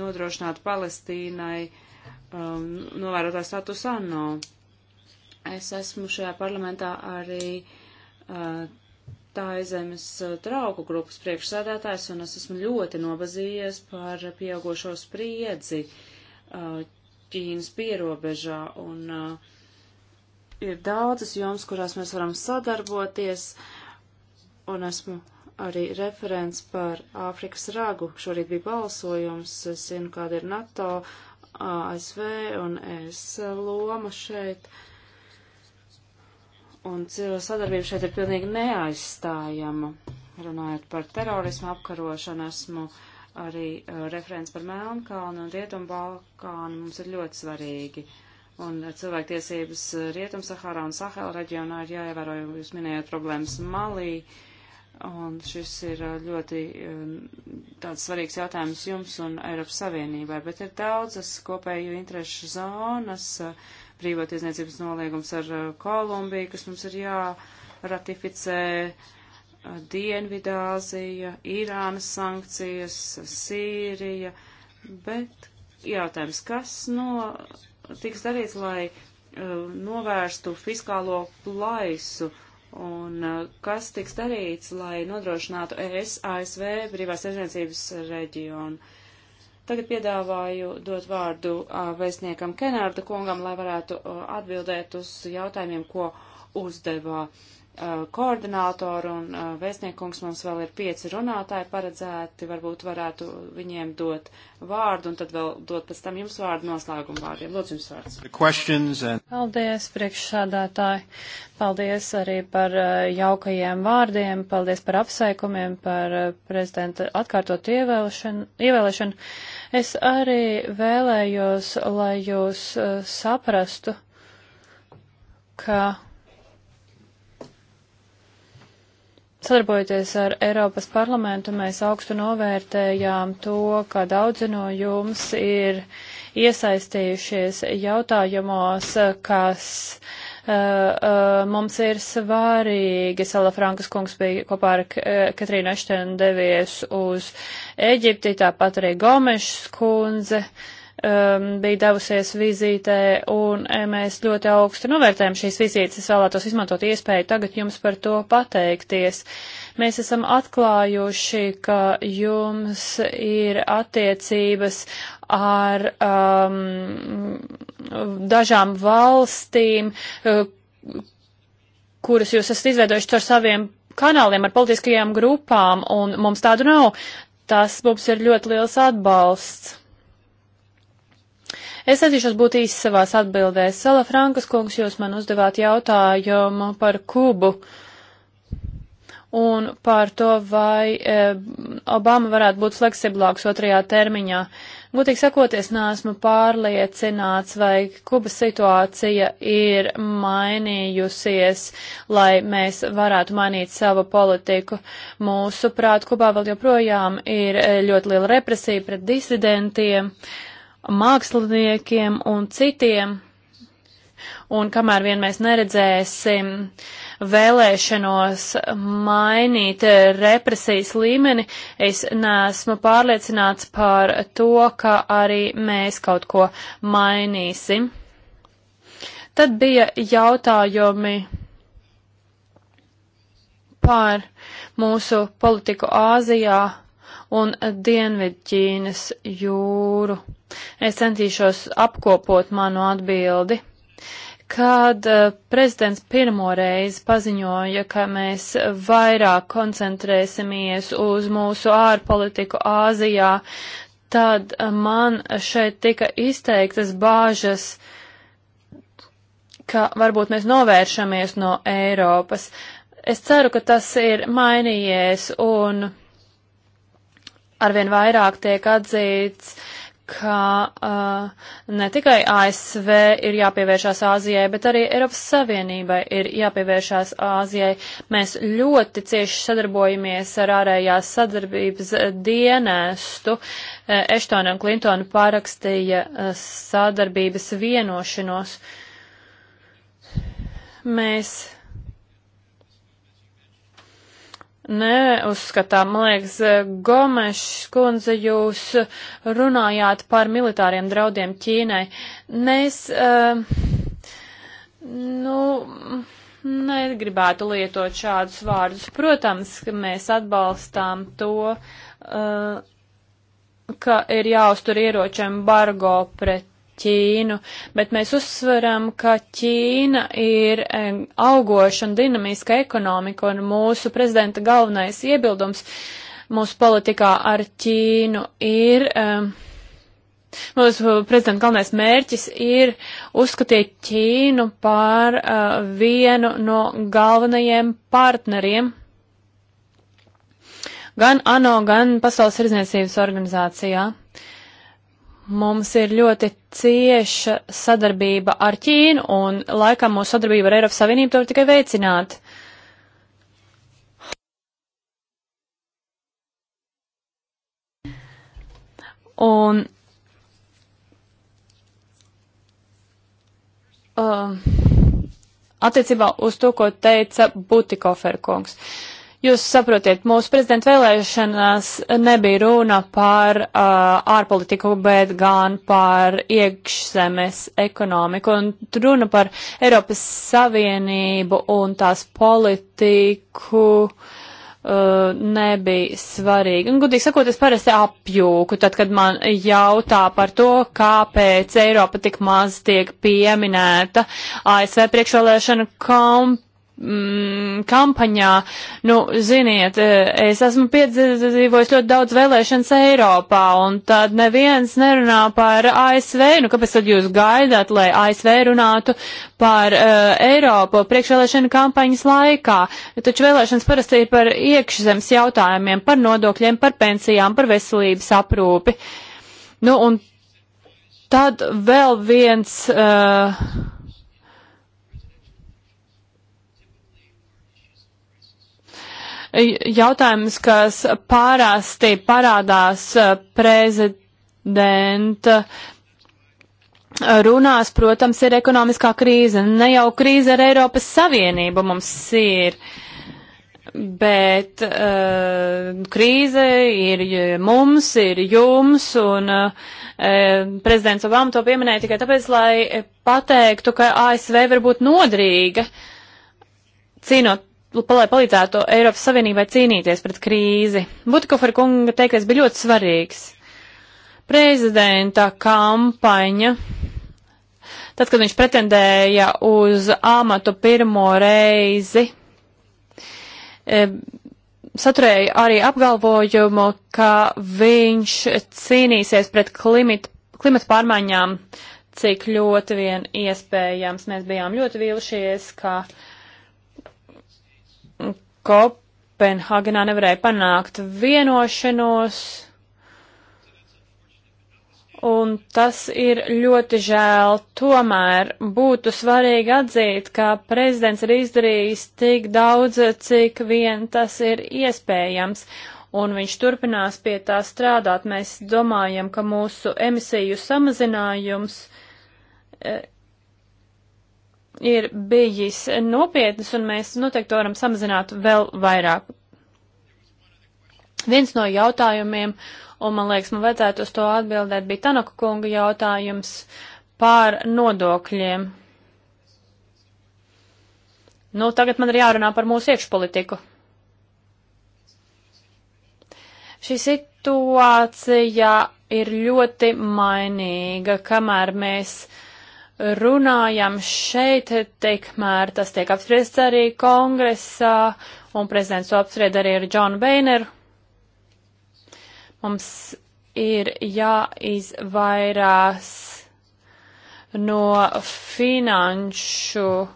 nodrošināt Palestīnai um, novērotā status anno. Es esmu šajā parlamentā arī uh, tā izemes uh, trauku grupas priekšsēdētājs, un es esmu ļoti nobazījies par pieaugošo spriedzi uh, Ķīnas pierobežā, un uh, ir daudzas joms, kurās mēs varam sadarboties, un esmu arī referents par Āfrikas ragu. Šorīt bija balsojums, es zinu, kāda ir NATO, ASV un ES loma šeit un sadarbība šeit ir pilnīgi neaizstājama. Runājot par terorismu apkarošanu, esmu arī uh, referents par Melnkalnu un Rietumu Balkānu mums ir ļoti svarīgi. Un uh, cilvēktiesības uh, Rietumu Sahārā un Sahela reģionā ir jāievēro, jūs minējāt problēmas Malī, un šis ir ļoti tāds svarīgs jautājums jums un Eiropas Savienībai, bet ir daudzas kopēju interešu zonas, brīvotiesniecības noliegums ar Kolumbiju, kas mums ir jāratificē. ratificē Dienvidāzija, Irānas sankcijas, Sīrija, bet jautājums, kas no, tiks darīts, lai uh, novērstu fiskālo plaisu un uh, kas tiks darīts, lai nodrošinātu ES, ASV brīvās aizniecības reģionu. Tagad piedāvāju dot vārdu uh, vēstniekam Kenārda kungam, lai varētu uh, atbildēt uz jautājumiem, ko uzdevā Eh, koordinātoru un eh, vēstniekungs mums vēl ir pieci runātāji paredzēti, varbūt varētu viņiem dot vārdu un tad vēl dot pēc tam jums vārdu noslēguma vārdiem. Lūdzu jums vārds. And... Paldies, priekšsādātāji. Paldies arī par eh, jaukajiem vārdiem, paldies par apsveikumiem, par prezidenta atkārtotu ievēlēšanu. ievēlēšanu. Es arī vēlējos, lai jūs saprastu, ka Sadarbojoties ar Eiropas parlamentu, mēs augstu novērtējām to, ka daudzi no jums ir iesaistījušies jautājumos, kas uh, uh, mums ir svarīgi. Sala Frankas kungs bija kopā ar eh, Katrīnu Eštenu devies uz Eģipti, tāpat arī Gomešs kundze. Uh, um, bija devusies vizītē, un e, mēs ļoti augstu novērtējam šīs vizītes. Es vēlētos izmantot iespēju tagad jums par to pateikties. Mēs esam atklājuši, ka jums ir attiecības ar um, dažām valstīm, e, kuras jūs esat izveidojuši ar saviem kanāliem, ar politiskajām grupām, un mums tādu nav. Tas mums ir ļoti liels atbalsts. Es centīšos būt īsi savās atbildēs. Sala Frankas kungs, jūs man uzdevāt jautājumu par Kubu un par to, vai e, Obama varētu būt fleksiblāks otrajā termiņā. Gutīgi sakoties, neesmu pārliecināts, vai Kubas situācija ir mainījusies, lai mēs varētu mainīt savu politiku. Mūsuprāt, Kubā vēl joprojām ir e, ļoti liela represija pret disidentiem. E, māksliniekiem un citiem. Un kamēr vien mēs neredzēsim vēlēšanos mainīt represijas līmeni, es neesmu pārliecināts par to, ka arī mēs kaut ko mainīsim. Tad bija jautājumi par mūsu politiku Āzijā un Dienvidķīnas jūru. Es centīšos apkopot manu atbildi. Kad eh, prezidents pirmo reizi paziņoja, ka mēs vairāk koncentrēsimies uz mūsu ārpolitiku Āzijā, tad eh, man šeit tika izteiktas bāžas, ka varbūt mēs novēršamies no Eiropas. Es ceru, ka tas ir mainījies un arvien vairāk tiek atzīts, ka uh, ne tikai ASV ir jāpievēršās Āzijai, bet arī Eiropas Savienībai ir jāpievēršās Āzijai. Mēs ļoti cieši sadarbojamies ar ārējās sadarbības dienestu. Eh, Eštona un Klintona pārakstīja eh, sadarbības vienošanos. Mēs Nē, uzskatām, man liekas, Gomešs kundze, jūs runājāt par militāriem draudiem Ķīnai. Mēs, uh, nu, negribētu lietot šādus vārdus. Protams, ka mēs atbalstām to, uh, ka ir jāuztur ieroču embargo pret Ķīnu, bet mēs uzsveram, ka Ķīna ir augoša un dinamiska ekonomika, un mūsu prezidenta galvenais iebildums mūsu politikā ar Ķīnu ir, mūsu prezidenta galvenais mērķis ir uzskatīt Ķīnu par eh, vienu no galvenajiem partneriem gan ANO, gan Pasaules tirdzniecības organizācijā. Mums ir ļoti cieša sadarbība ar Ķīnu, un laikam mūsu sadarbība ar Eiropas Savienību to var tikai veicināt. Un uh, attiecībā uz to, ko teica Butikoferkungs. Uh, Jūs saprotiet, mūsu prezidenta vēlēšanās nebija runa par uh, ārpolitiku, bet gan par iekšzemes ekonomiku. Un runa par Eiropas Savienību un tās politiku uh, Uh, nebija svarīgi. Un, gudīgi sakot, es parasti apjūku, tad, kad man jautā par to, kāpēc Eiropa tik maz tiek pieminēta ASV priekšvēlēšana kamp mm, kampaņā. Nu, ziniet, eh, es esmu piedzīvojis ļoti daudz vēlēšanas Eiropā, un tad neviens nerunā par ASV. Nu, kāpēc tad jūs gaidāt, lai ASV runātu par uh, Eiropu priekšvēlēšana kampaņas laikā? Taču vēlēšanas parasti ir par iekšzemes jautājumiem, par nodokļiem, par pensijām, par veselības aprūpi. Nu, un tad vēl viens. Uh, jautājums, kas pārāstī parādās eh, prezidenta eh, runās, protams, ir ekonomiskā krīze. Ne jau krīze ar Eiropas Savienību mums ir. Bet uh, krīze ir mums, ir jums, un uh, prezidents Obama to pieminēja tikai tāpēc, lai pateiktu, ka ASV var būt nodrīga cīnot lai palīdzētu Eiropas Savienībai cīnīties pret krīzi. Butikofera kunga teiktais bija ļoti svarīgs. Prezidenta kampaņa, tad, kad viņš pretendēja uz amatu pirmo reizi, e, saturēja arī apgalvojumu, ka viņš cīnīsies pret klimit, klimata pārmaiņām, cik ļoti vien iespējams. Mēs bijām ļoti vīlušies, ka uh, Kopenhagenā nevarēja panākt vienošanos, un tas ir ļoti žēl. Tomēr būtu svarīgi atzīt, ka prezidents ir izdarījis tik daudz, cik vien tas ir iespējams, un viņš turpinās pie tā strādāt. Mēs domājam, ka mūsu emisiju samazinājums eh, ir bijis nopietnas, un mēs noteikti to varam samazināt vēl vairāk. Viens no jautājumiem, un man liekas, man vajadzētu uz to atbildēt, bija Tanaka kunga jautājums par nodokļiem. Nu, tagad man ir jārunā par mūsu iekšpolitiku. Šī situācija ir ļoti mainīga, kamēr mēs uh, runājam šeit, tikmēr tas tiek apspriests arī kongresā, un prezidents to apspried arī ar Džonu Beineru. Mums ir jāizvairās no finanšu uh,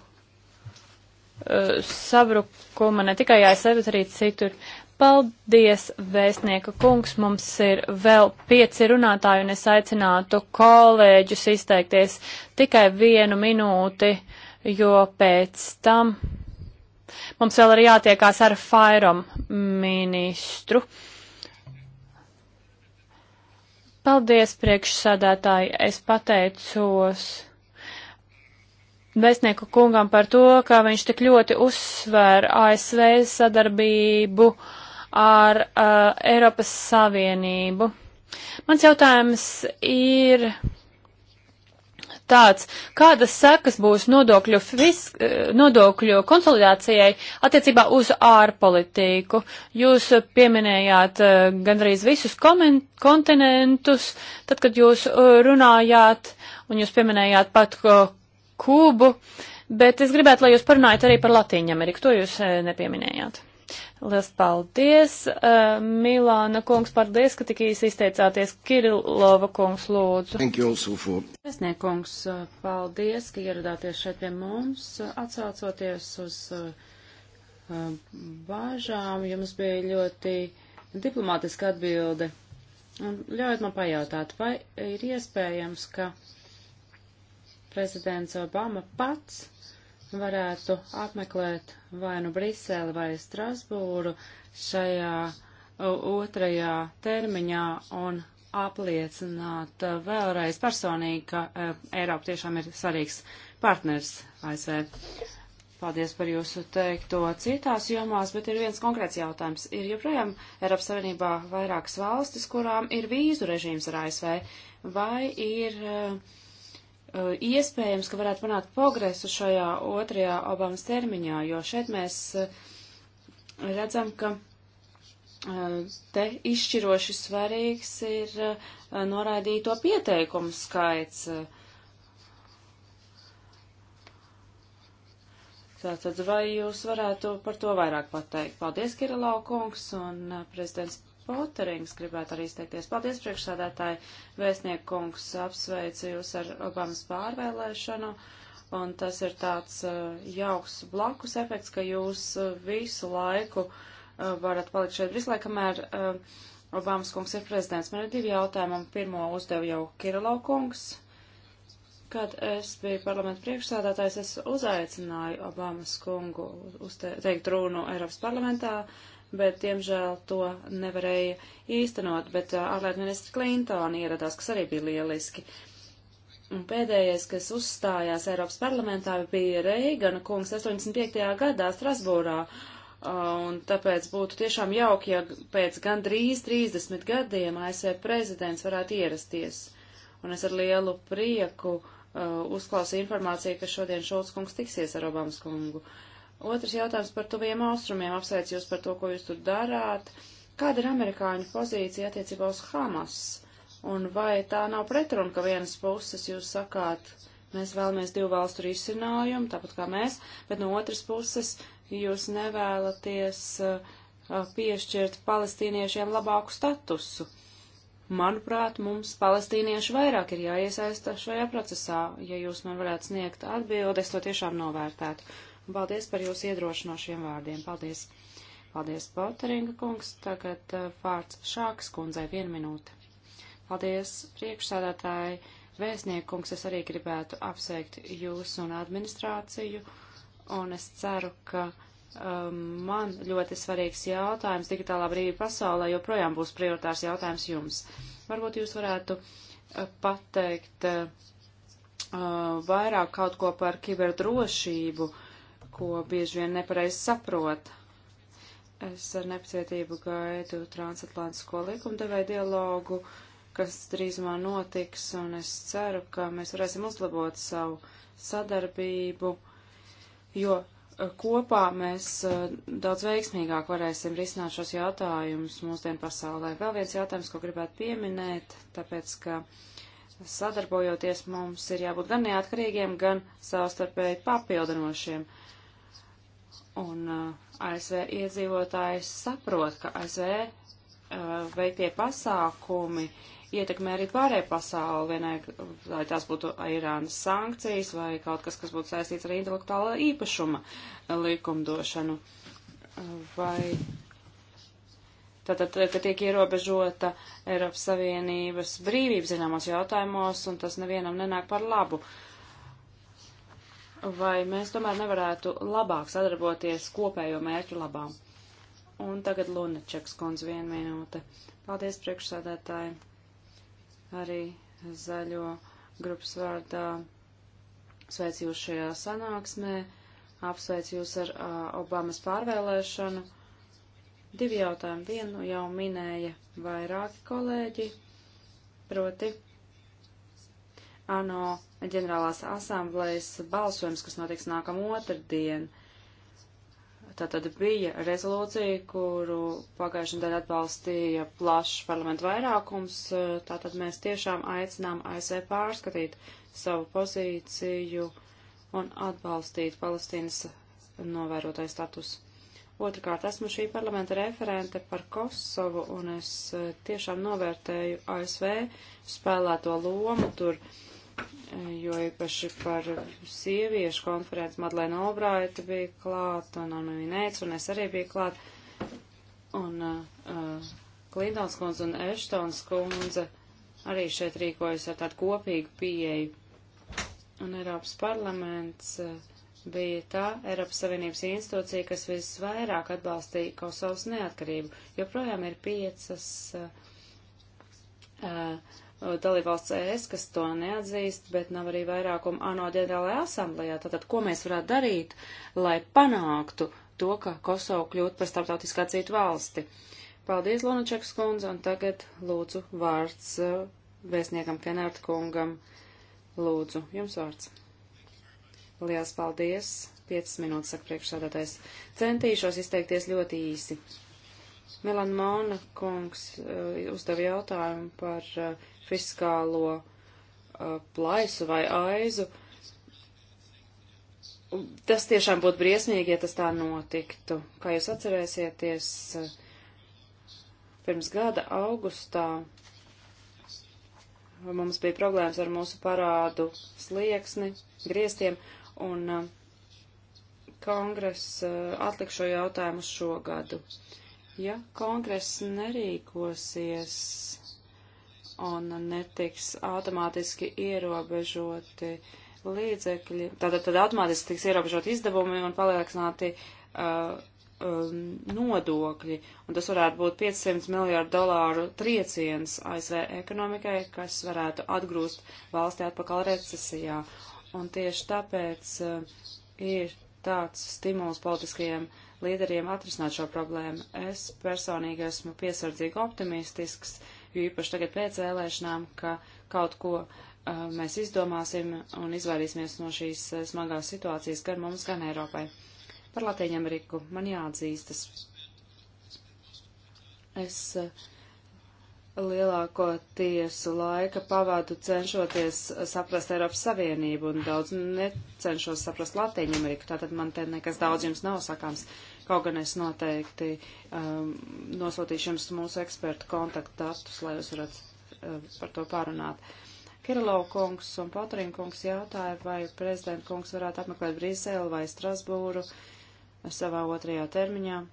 sabrukuma ne tikai ASV, bet arī citur. Uh, Paldies, vēstnieka kungs. Mums ir vēl pieci runātāji, un es aicinātu kolēģus izteikties tikai vienu minūti, jo pēc tam mums vēl ir jātiekās ar Fairom ministru. Paldies, priekšsādātāji. Es pateicos vēstnieku kungam par to, ka viņš tik ļoti uzsver ASV sadarbību. Uh, ar uh, Eiropas Savienību. Mans jautājums ir tāds, kādas sekas būs nodokļu, fisk, nodokļu konsolidācijai attiecībā uz ārpolitiku? Jūs pieminējāt uh, gandrīz visus kontinentus, tad, kad jūs uh, runājāt, un jūs pieminējāt pat uh, Kubu, bet es gribētu, lai jūs parunājat arī par Latīņu Ameriku, to jūs nepieminējāt. Liels paldies, uh, Milāna kungs, paldies, ka tik īsi izteicāties. Kirilova kungs, lūdzu. For... Esnie kungs, eh, paldies, ka ieradāties šeit pie mums, atsaucoties uz uh, eh, bāžām. Jums bija ļoti diplomātiska atbilde. Un ļaujiet man pajautāt, vai ir iespējams, ka prezidents Obama pats varētu apmeklēt vai nu Briseli vai Strasbūru šajā otrajā termiņā un apliecināt uh, vēlreiz personīgi, ka uh, Eiropa tiešām ir svarīgs partners ASV. Paldies par jūsu teikto citās jomās, bet ir viens konkrēts jautājums. Ir joprojām Eiropas Savienībā vairākas valstis, kurām ir vīzu režīms ar ASV, vai ir uh, Eh, iespējams, ka varētu panākt progresu šajā otrajā Obamas termiņā, jo šeit mēs eh, redzam, ka eh, te izšķiroši svarīgs ir noraidīto pieteikumu skaits. Tātad vai jūs varētu par to vairāk pateikt? Paldies, Kirilau kungs un prezidents Poterings gribētu arī izteikties. Paldies, priekšsādātāji. Vēstnieku kungs apsveicu jūs ar Obamas pārvēlēšanu. Un tas ir tāds uh, jauks blakus efekts, ka jūs uh, visu laiku uh, varat palikt šeit vislai, kamēr uh, Obamas kungs ir prezidents. Man ir divi jautājumi. Pirmo uzdev jau Kirilo kungs. Kad es biju parlamenta priekšsādātājs, es uzaicināju Obamas kungu uzteikt runu Eiropas parlamentā. Uh, bet, diemžēl, to nevarēja īstenot, bet ārlietu ministra Klintona ieradās, kas arī bija lieliski. Un pēdējais, kas uzstājās Eiropas parlamentā, bija Reigana kungs 85. gadā Strasbūrā, un tāpēc būtu tiešām jauki, ja pēc gandrīz 30 gadiem ASV prezidents varētu ierasties. Un es ar lielu prieku uh, uzklausīju informāciju, ka šodien Šulc kungs tiksies ar Obamas kungu. Uh, Otrs jautājums par tuviem austrumiem. Apsveicu jūs par to, ko jūs tur darāt. Kāda ir amerikāņu pozīcija attiecībā uz Hamas? Un vai tā nav pretruna, ka vienas puses jūs sakāt, mēs vēlamies divu valstu risinājumu, tāpat kā mēs, bet no otras puses jūs nevēlaties uh, uh piešķirt palestīniešiem labāku statusu. Manuprāt, mums palestīnieši vairāk ir jāiesaista šajā procesā. Ja jūs man varētu sniegt atbildi, es to tiešām novērtētu. Paldies par jūsu iedrošinošiem vārdiem. Paldies. Paldies, Poteringa kungs. Tagad uh, vārds Šāks kundzei vienu minūti. Paldies, priekšsādātāji. Vēstniekungs, es arī gribētu apsveikt jūs un administrāciju, un es ceru, ka um, man ļoti svarīgs jautājums digitālā brīvī pasaulē joprojām būs prioritārs jautājums jums. Varbūt jūs varētu uh, pateikt uh, uh vairāk kaut ko par kiberdrošību. Uh, ko bieži vien nepareiz saprot. Es ar nepacietību gaidu transatlantisko likumdevēju dialogu, kas drīzumā notiks, un es ceru, ka mēs varēsim uzlabot savu sadarbību, jo e, kopā mēs e, daudz veiksmīgāk varēsim risināt šos jautājumus mūsdienu pasaulē. Vēl viens jautājums, ko gribētu pieminēt, tāpēc, ka sadarbojoties mums ir jābūt gan neatkarīgiem, gan savstarpēji papildinošiem. Uh, Un uh, ASV iedzīvotājs saprot, ka ASV uh, veiktie pasākumi ietekmē arī pārējā pasauli, vienāk, lai tās būtu Irānas sankcijas vai kaut kas, kas būtu saistīts ar intelektuālā īpašuma uh, likumdošanu. Vai tātad, ka tiek ierobežota Eiropas Savienības brīvība zināmos jautājumos, un tas nevienam nenāk par labu. Uh, vai mēs tomēr nevarētu labāk sadarboties kopējo mērķu labām. Un tagad Lunačeks kundze vienu minūte. Paldies priekšsādātāji. Arī zaļo grupas vārdā sveicu jūs šajā sanāksmē, apsveicu jūs ar uh, Obamas pārvēlēšanu. Divi jautājumi. Vienu jau minēja vairāki kolēģi, proti ANO ģenerālās asamblējas balsojums, kas notiks nākamā otrdien. Tātad bija rezolūcija, kuru pagājušajā nedēļā atbalstīja plašs parlamentu vairākums. Tātad mēs tiešām aicinām ASV e pārskatīt savu pozīciju un atbalstīt Palestīnas novērotāju statusu. Otrakārt, esmu šī parlamenta referente par Kosovu, un es tiešām novērtēju ASV spēlēto lomu tur. Uh, jo īpaši par sieviešu konferenci Madlēna Olbraita bija klāt, un Anna Vinēts, un es arī biju klāt, un uh, uh, Klintons kundze un Eštons kundze arī šeit rīkojas ar tādu kopīgu pieeju. Un Eiropas parlaments uh, bija tā Eiropas Savienības institūcija, kas visvairāk atbalstīja Kosovas neatkarību. Joprojām ir piecas uh, uh, Uh, dalībvalsts ES, kas to neatzīst, bet nav arī vairākuma ANO ģenerālajā asamblējā. Tātad, ko mēs varētu darīt, lai panāktu to, ka Kosovo kļūtu par starptautiskā citu valsti? Paldies, Lunačeks kundze, un tagad lūdzu vārds uh, vēstniekam Kenārta kungam. Lūdzu, jums vārds. Lielas paldies. 5 minūtes, saka priekšsādātais. Centīšos izteikties ļoti īsi. Melan Mona kungs uh, uzdeva jautājumu par uh, fiskālo uh, plaisu vai aizu. Tas tiešām būtu briesmīgi, ja tas tā notiktu. Kā jūs atcerēsieties, uh, pirms gada augustā mums bija problēmas ar mūsu parādu slieksni, griestiem, un uh, kongress uh, atlik šo jautājumu uz šo gadu. Ja kongress nerīkosies un netiks automātiski ierobežoti līdzekļi. Tātad tad automātiski tiks ierobežot izdevumi un palielināti uh, um, nodokļi. Un tas varētu būt 500 miljārdu dolāru trieciens ASV ekonomikai, kas varētu atgrūst valsti atpakaļ recesijā. Un tieši tāpēc uh, ir tāds stimuls politiskajiem līderiem atrisināt šo problēmu. Es personīgi esmu piesardzīgi optimistisks. Uh, jo īpaši tagad pēc vēlēšanām, ka kaut ko uh, mēs izdomāsim un izvairīsimies no šīs uh, smagās situācijas gan mums, gan Eiropai. Par Latīņu Ameriku man jāatzīstas. Es uh, lielāko tiesu laika pavadu cenšoties saprast Eiropas Savienību un daudz necenšos saprast Latīņu Ameriku, tātad man te nekas daudz jums nav sakāms, kaut gan es noteikti um, nosūtīšu jums mūsu ekspertu kontaktdatus, lai jūs varat uh, par to pārunāt. Kirilov kungs un Patrīna kungs jautāja, vai prezidenta kungs varētu apmeklēt Brīseli vai Strasbūru savā otrajā termiņā.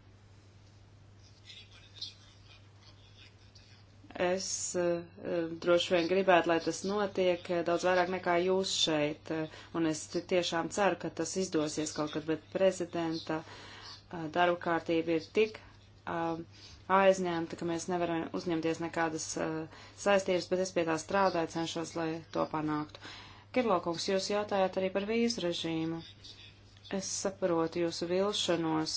Es eh, droši vien gribētu, lai tas notiek eh, daudz vairāk nekā jūs šeit, eh, un es tiešām ceru, ka tas izdosies kaut kad, bet prezidenta darba kārtība ir tik aizņemta, ka mēs nevaram uzņemties nekādas saistības, bet es pie tā strādāju, cenšos, lai to panāktu. Kirlokungs, jūs jautājāt arī par vīzu režīmu. Es saprotu jūsu vilšanos,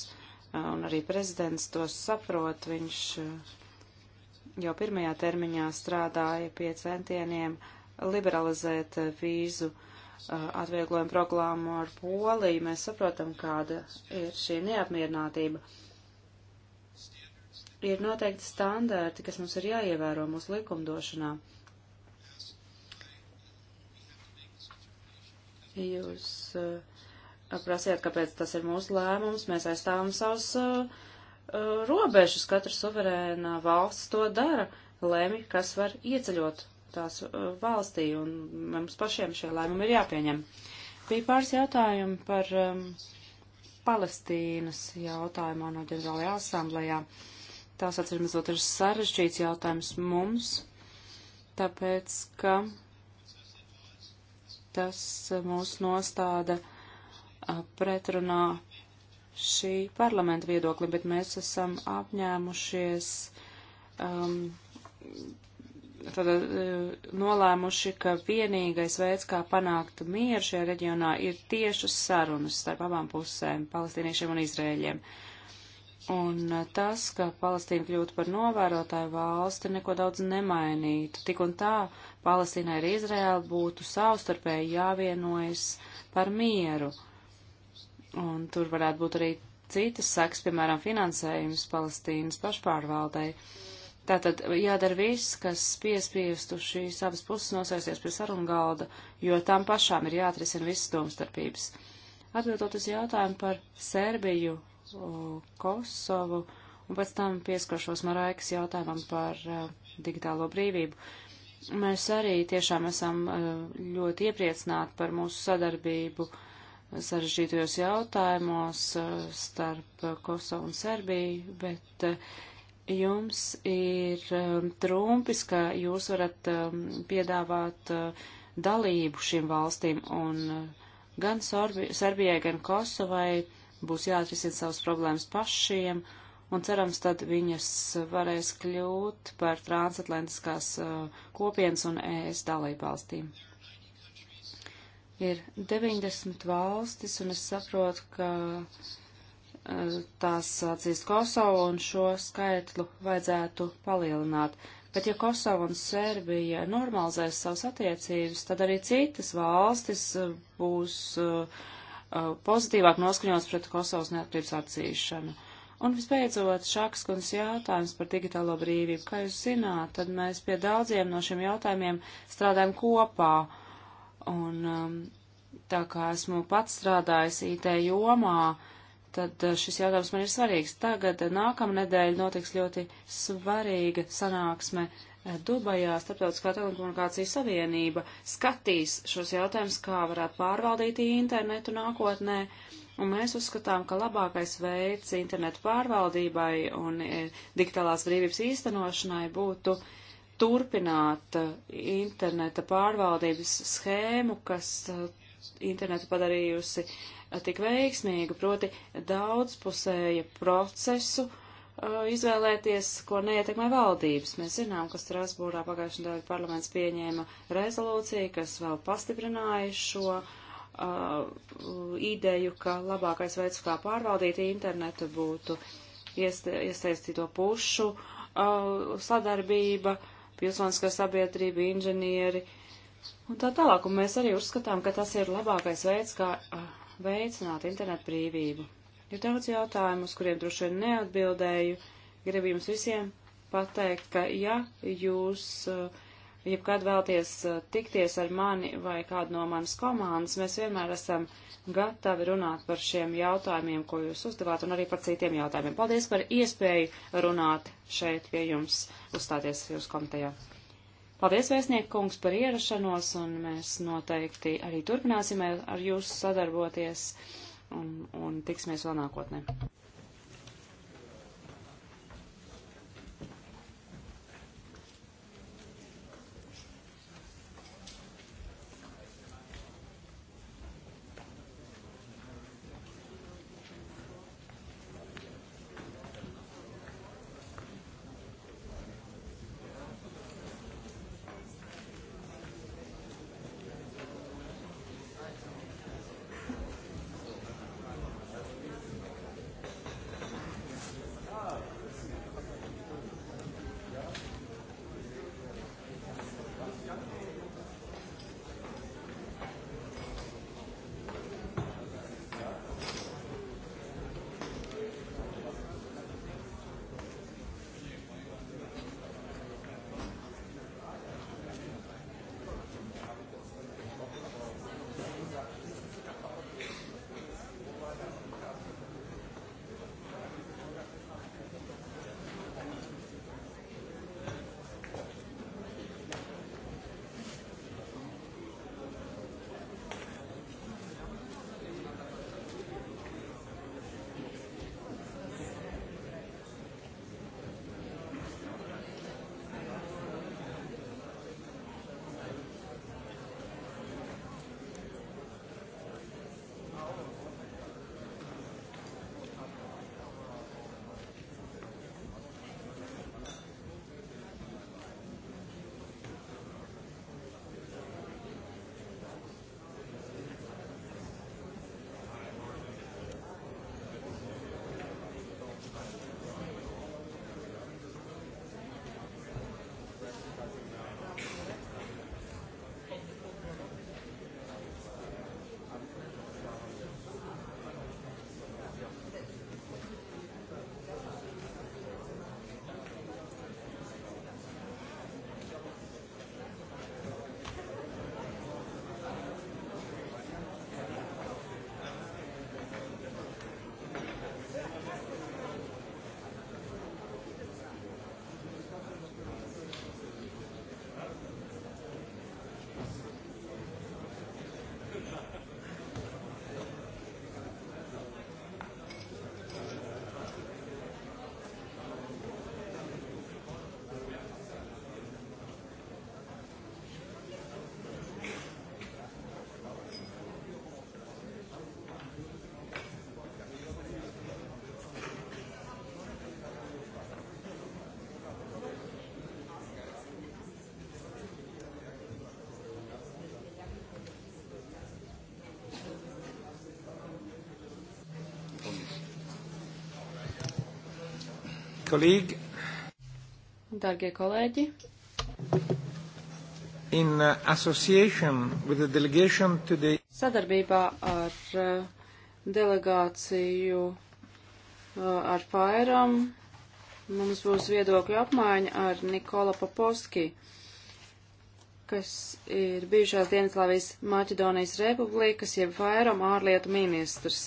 un arī prezidents to saprot, viņš jau pirmajā termiņā strādāja pie centieniem liberalizēt eh, vīzu eh, atvieglojumu programmu ar Poliju. Mēs saprotam, kāda ir šī neapmierinātība. Ir noteikti standarti, kas mums ir jāievēro mūsu likumdošanā. Jūs uh, eh, prasiet, kāpēc tas ir mūsu lēmums, mēs aizstāvam savus uh, Uh, robežas. Katra suverēnā valsts to dara, lēmi, kas var ieceļot tās uh, valstī, un mums pašiem šie lēmumi ir jāpieņem. Bija pāris jautājumi par um, Palestīnas jautājumā no ģenerālajā asamblējā. Tās atcīmredzot ir sarežģīts jautājums mums, tāpēc, ka tas mūs nostāda uh, pretrunā šī parlamenta viedokli, bet mēs esam apņēmušies, um, tad, uh, nolēmuši, ka vienīgais veids, kā panākt mieru šajā reģionā, ir tiešas sarunas starp abām pusēm - palestīniešiem un izrēļiem. Un uh, tas, ka Palestīna kļūtu par novērotāju valsti, neko daudz nemainītu. Tik un tā Palestīnai ar Izraēlu būtu savstarpēji jāvienojas par mieru. Uh, Un tur varētu būt arī citas saks, piemēram, finansējums Palestīnas pašpārvaldei. Tātad jādara viss, kas piespiestu šīs abas puses nosēsties pie sarunu galda, jo tām pašām ir jāatrisina visas domstarpības. Atbildot uz jautājumu par Serbiju, Kosovu un pēc tam pieskaršos Maraikas jautājumam par uh, digitālo brīvību. Mēs arī tiešām esam uh, ļoti iepriecināti par mūsu sadarbību uh, sarežģītajos jautājumos eh, starp Kosovu un Serbiju, bet eh, jums ir eh, trumpis, ka jūs varat piedāvāt dalību šīm valstīm, un gan Serbijai, gan Kosovai būs jāatrisina savas problēmas pašiem, un cerams, tad viņas varēs kļūt par transatlantiskās kopienas un ES dalību valstīm. Ir 90 valstis, un es saprotu, ka eh, tās atzīst Kosovu, un šo skaitlu vajadzētu palielināt. Bet ja Kosova un Serbija normalizēs savas attiecības, tad arī citas valstis eh, būs uh, pozitīvāk noskaņots pret Kosovas neatkarības atzīšanu. Un visbeidzot, Šaks kundas jautājums par digitālo brīvību. Kā jūs zināt, tad mēs pie daudziem no šiem jautājumiem strādājam kopā. Un um, tā kā esmu pats strādājis IT jomā, tad uh, šis jautājums man ir svarīgs. Tagad uh, nākamnedēļ notiks ļoti svarīga sanāksme uh, Dubajā Starptautiskā telekomunikācijas savienība skatīs šos jautājumus, kā varētu pārvaldīt internetu nākotnē, un mēs uzskatām, ka labākais veids internetu pārvaldībai un digitālās brīvības īstenošanai būtu uh, turpināt uh, interneta pārvaldības schēmu, kas uh, internetu padarījusi uh, tik veiksmīgu, proti daudzpusēja procesu uh, izvēlēties, ko neietekmē valdības. Mēs zinām, ka Strasbūrā pagājušajā nedēļā parlaments pieņēma rezolūciju, kas vēl pastiprināja šo uh, ideju, ka labākais veids, kā pārvaldīt internetu, būtu iesaistīto pušu uh, sadarbība, uh, pilsoniskā sabiedrība, inženieri un tā tālāk. Un mēs arī uzskatām, ka tas ir labākais veids, kā veicināt internetu brīvību. Ir daudz jautājumu, uz kuriem droši vien neatbildēju. Gribu jums visiem pateikt, ka ja jūs uh, jebkad vēlties eh, tikties ar mani vai kādu no manas komandas, mēs vienmēr esam gatavi runāt par šiem jautājumiem, ko jūs uzdevāt, un arī par citiem jautājumiem. Paldies par iespēju runāt šeit pie jums, uzstāties jūs komitejā. Paldies, vēstnieku kungs, par ierašanos, un mēs noteikti arī turpināsim ar jūs sadarboties, un, un tiksimies vēl nākotnē. colleague. Dargie kolēģi. In association with the delegation to the Sadarbībā ar eh, delegāciju eh, ar Pairam mums būs viedokļu apmaiņa ar Nikola Popovski, kas ir bijušās Dienaslāvijas Maķedonijas Republikas, jeb Pairam ārlietu ministrs.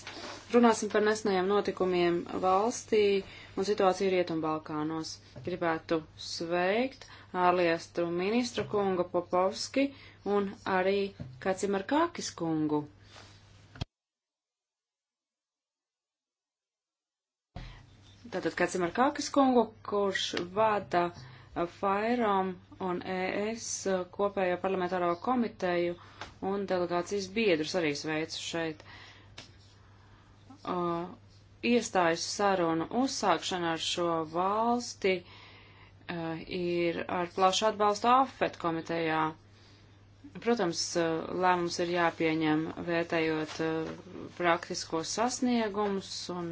Runāsim par nesnējiem notikumiem valstī, uh, un situācija Rietumbalkānos. Gribētu sveikt ārliestu ministru kungu Popovski un arī Kacimarkākis kungu. Tātad Kacimarkākis kungu, kurš vada Fairom un ES kopējo parlamentāro komiteju un delegācijas biedrus arī sveicu šeit. Uh, iestājas sarunu uzsākšana ar šo valsti uh, ir ar plašu atbalstu AFET komitejā. Protams, eh, lēmums ir jāpieņem vērtējot eh, praktiskos sasniegumus un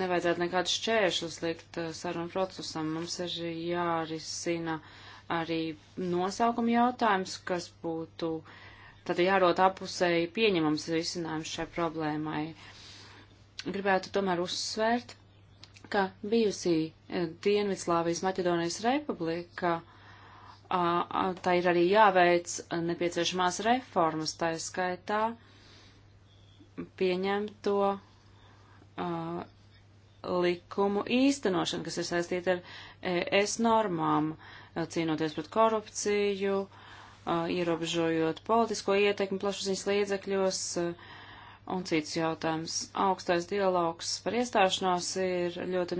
nevajadzētu nekādus šķēršļus likt sarunu procesam. Mums ir jārisina arī nosaukuma jautājums, kas būtu tad jārot apusēji pieņemams risinājums šai problēmai. Uh, gribētu tomēr uzsvērt, ka bijusī e, Dienvidslāvijas Maķedonijas republika, tā ir arī jāveic nepieciešamās reformas, tā ir skaitā pieņemto uh, likumu īstenošanu, kas ir saistīta ar e, ES normām, cīnoties pret korupciju, uh, ierobežojot politisko ietekmi plašsaziņas līdzekļos, uh, un cits jautājums. Augstais dialogs par iestāšanos ir ļoti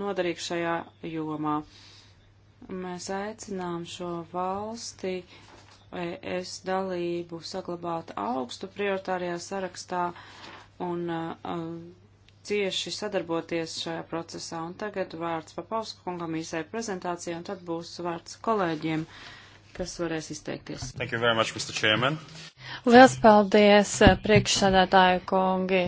noderīgs šajā jomā. Mēs aicinām šo valsti es dalību saglabāt augstu prioritārajā sarakstā un uh, cieši sadarboties šajā procesā. Un tagad vārds pa Pauskungam īsai prezentācijai, un tad būs vārds kolēģiem. Uh, kas varēs izteikties. Thank you very much, Mr. Chairman. Liels paldies, eh, priekšsādātāju kungi.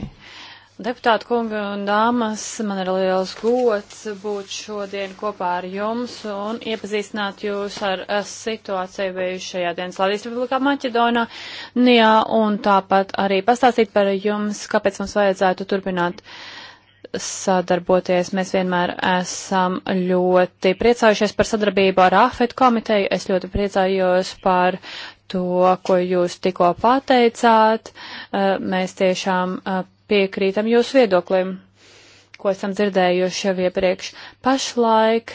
Deputāti kungi un dāmas, man ir liels gods būt šodien kopā ar jums un iepazīstināt jūs ar eh, situāciju bijušajā Dienaslavijas republikā Maķedonā, Nijā un tāpat arī pastāstīt par jums, kāpēc mums vajadzētu turpināt uh, sadarboties. Mēs vienmēr esam ļoti priecājušies par sadarbību ar AFET komiteju. Es ļoti priecājos par to, ko jūs tikko pateicāt. Eh, mēs tiešām eh, piekrītam jūsu viedoklim, ko esam dzirdējuši jau iepriekš. Pašlaik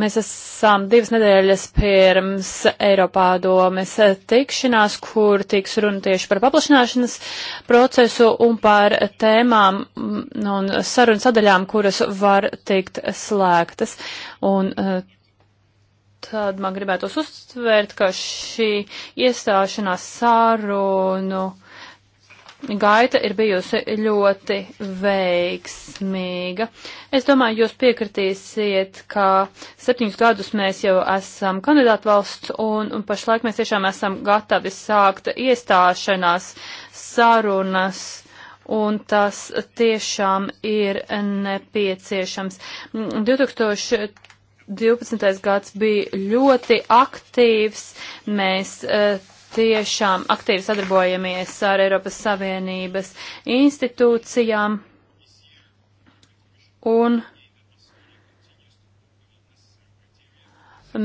Mēs esam divas nedēļas pirms Eiropā domes tikšanās, kur tiks runa tieši par paplašināšanas procesu un par tēmām mm, un sarunu sadaļām, kuras var tikt slēgtas. Un eh, tad man gribētos uztvērt, ka šī iestāšanās sarunu gaita ir bijusi ļoti veiksmīga. Es domāju, jūs piekritīsiet, ka septiņus gadus mēs jau esam kandidātu valsts un, un pašlaik mēs tiešām esam gatavi sākt iestāšanās sarunas. Un tas tiešām ir nepieciešams. 2012. gads bija ļoti aktīvs. Mēs eh, tiešām aktīvi sadarbojamies ar Eiropas Savienības institūcijām un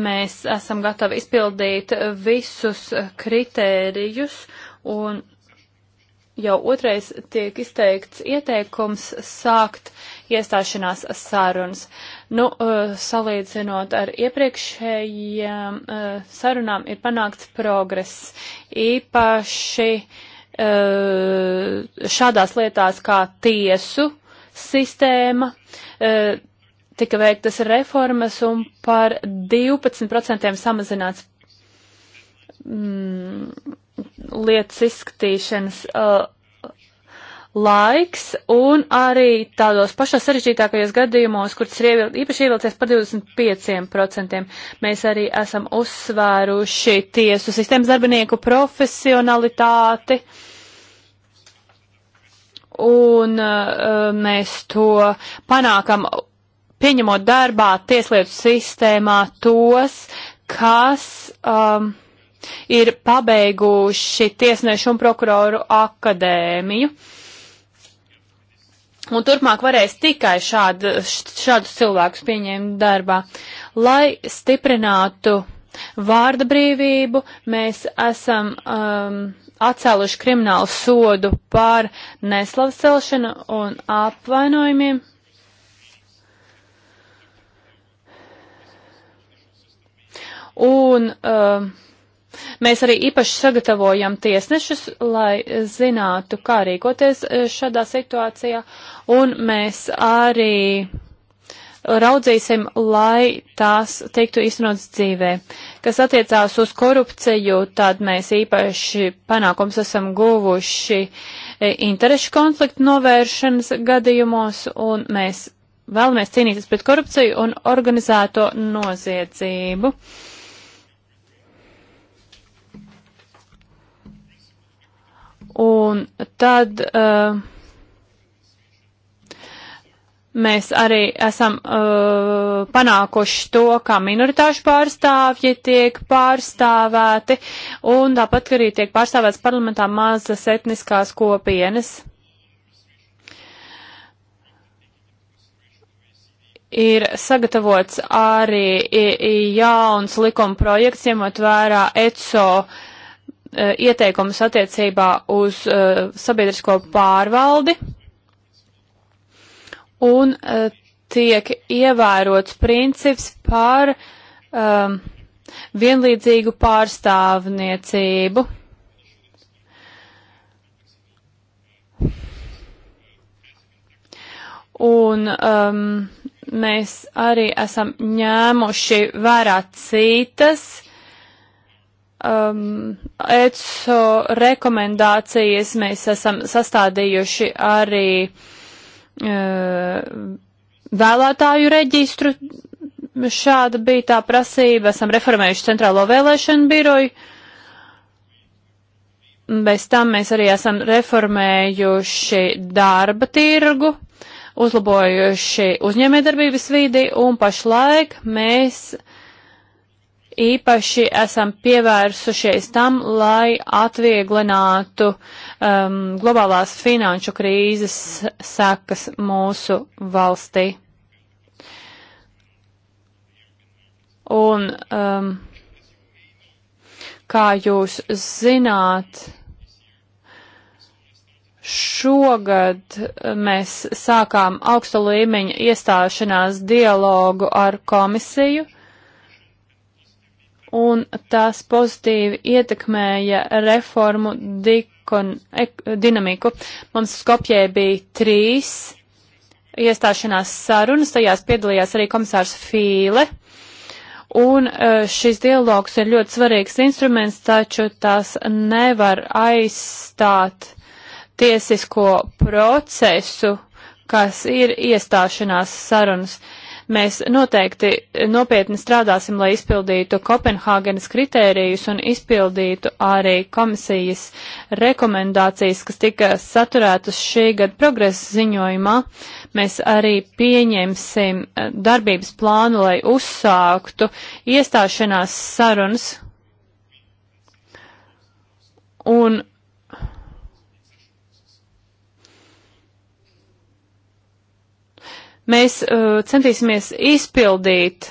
mēs esam gatavi izpildīt visus kritērijus un jau otrais tiek izteikts ieteikums sākt iestāšanās sarunas. Nu, uh, salīdzinot ar iepriekšējām uh, sarunām, ir panākts progress. Īpaši uh, šādās lietās kā tiesu sistēma tika veiktas reformas un par 12% samazināts mm, lietas izskatīšanas uh, laiks un arī tādos pašos sarežģītākajos gadījumos, kur tas ir ievil, īpaši ievilcies par 25%. Mēs arī esam uzsvēruši tiesu sistēmas darbinieku profesionalitāti. Un uh, mēs to panākam, pieņemot darbā tieslietu sistēmā tos, kas. Um, ir pabeiguši tiesnešu un prokuroru akadēmiju. Uh, Un turpmāk varēs tikai šādu, šādus cilvēkus pieņemt darbā. Lai stiprinātu vārda brīvību, mēs esam um, atcēluši kriminālu sodu par neslavas celšanu un apvainojumiem. Un um, Mēs arī īpaši sagatavojam tiesnešus, lai zinātu, kā rīkoties e, šādā situācijā, un mēs arī raudzīsim, lai tās tiktu īstenotas dzīvē. Kas attiecās uz korupciju, tad mēs īpaši panākums esam guvuši e, interešu konfliktu novēršanas gadījumos, un mēs vēlamies cīnīties pret korupciju un organizēto noziedzību. Uh, Un tad uh, mēs arī esam uh, panākuši to, kā minoritāšu pārstāvji tiek pārstāvēti, un tāpat arī tiek pārstāvēts parlamentā mazas etniskās kopienas. ir sagatavots arī jauns likuma projekts, ņemot vērā ECO Eh, ieteikumus attiecībā uz uh, sabiedrisko pārvaldi un uh, tiek ievērots princips par um, vienlīdzīgu pārstāvniecību. Un um, mēs arī esam ņēmuši vērā citas um, ECO rekomendācijas mēs esam sastādījuši arī uh, vēlētāju reģistru. Šāda bija tā prasība. Esam reformējuši Centrālo vēlēšanu biroju. Bez tam mēs arī esam reformējuši darba tirgu, uzlabojuši uzņēmējdarbības vidi un pašlaik mēs īpaši esam pievērsušies tam, lai atvieglinātu um, globālās finanšu krīzes sekas mūsu valstī. Un, um, kā jūs zināt, Šogad mēs sākām augsta līmeņa iestāšanās dialogu ar komisiju, un tās pozitīvi ietekmēja reformu dikon, ek, dinamiku. Mums Skopjē bija trīs iestāšanās sarunas, tajās piedalījās arī komisārs Fīle. Un e, šis dialogs ir ļoti svarīgs instruments, taču tas nevar aizstāt tiesisko procesu, kas ir iestāšanās sarunas. Uh, Mēs noteikti nopietni strādāsim, lai izpildītu Kopenhāgenes kritērijus un izpildītu arī komisijas rekomendācijas, kas tika saturētas šī gada progresa ziņojumā. Mēs arī pieņemsim eh, darbības plānu, lai uzsāktu iestāšanās sarunas. Un Mēs uh, centīsimies izpildīt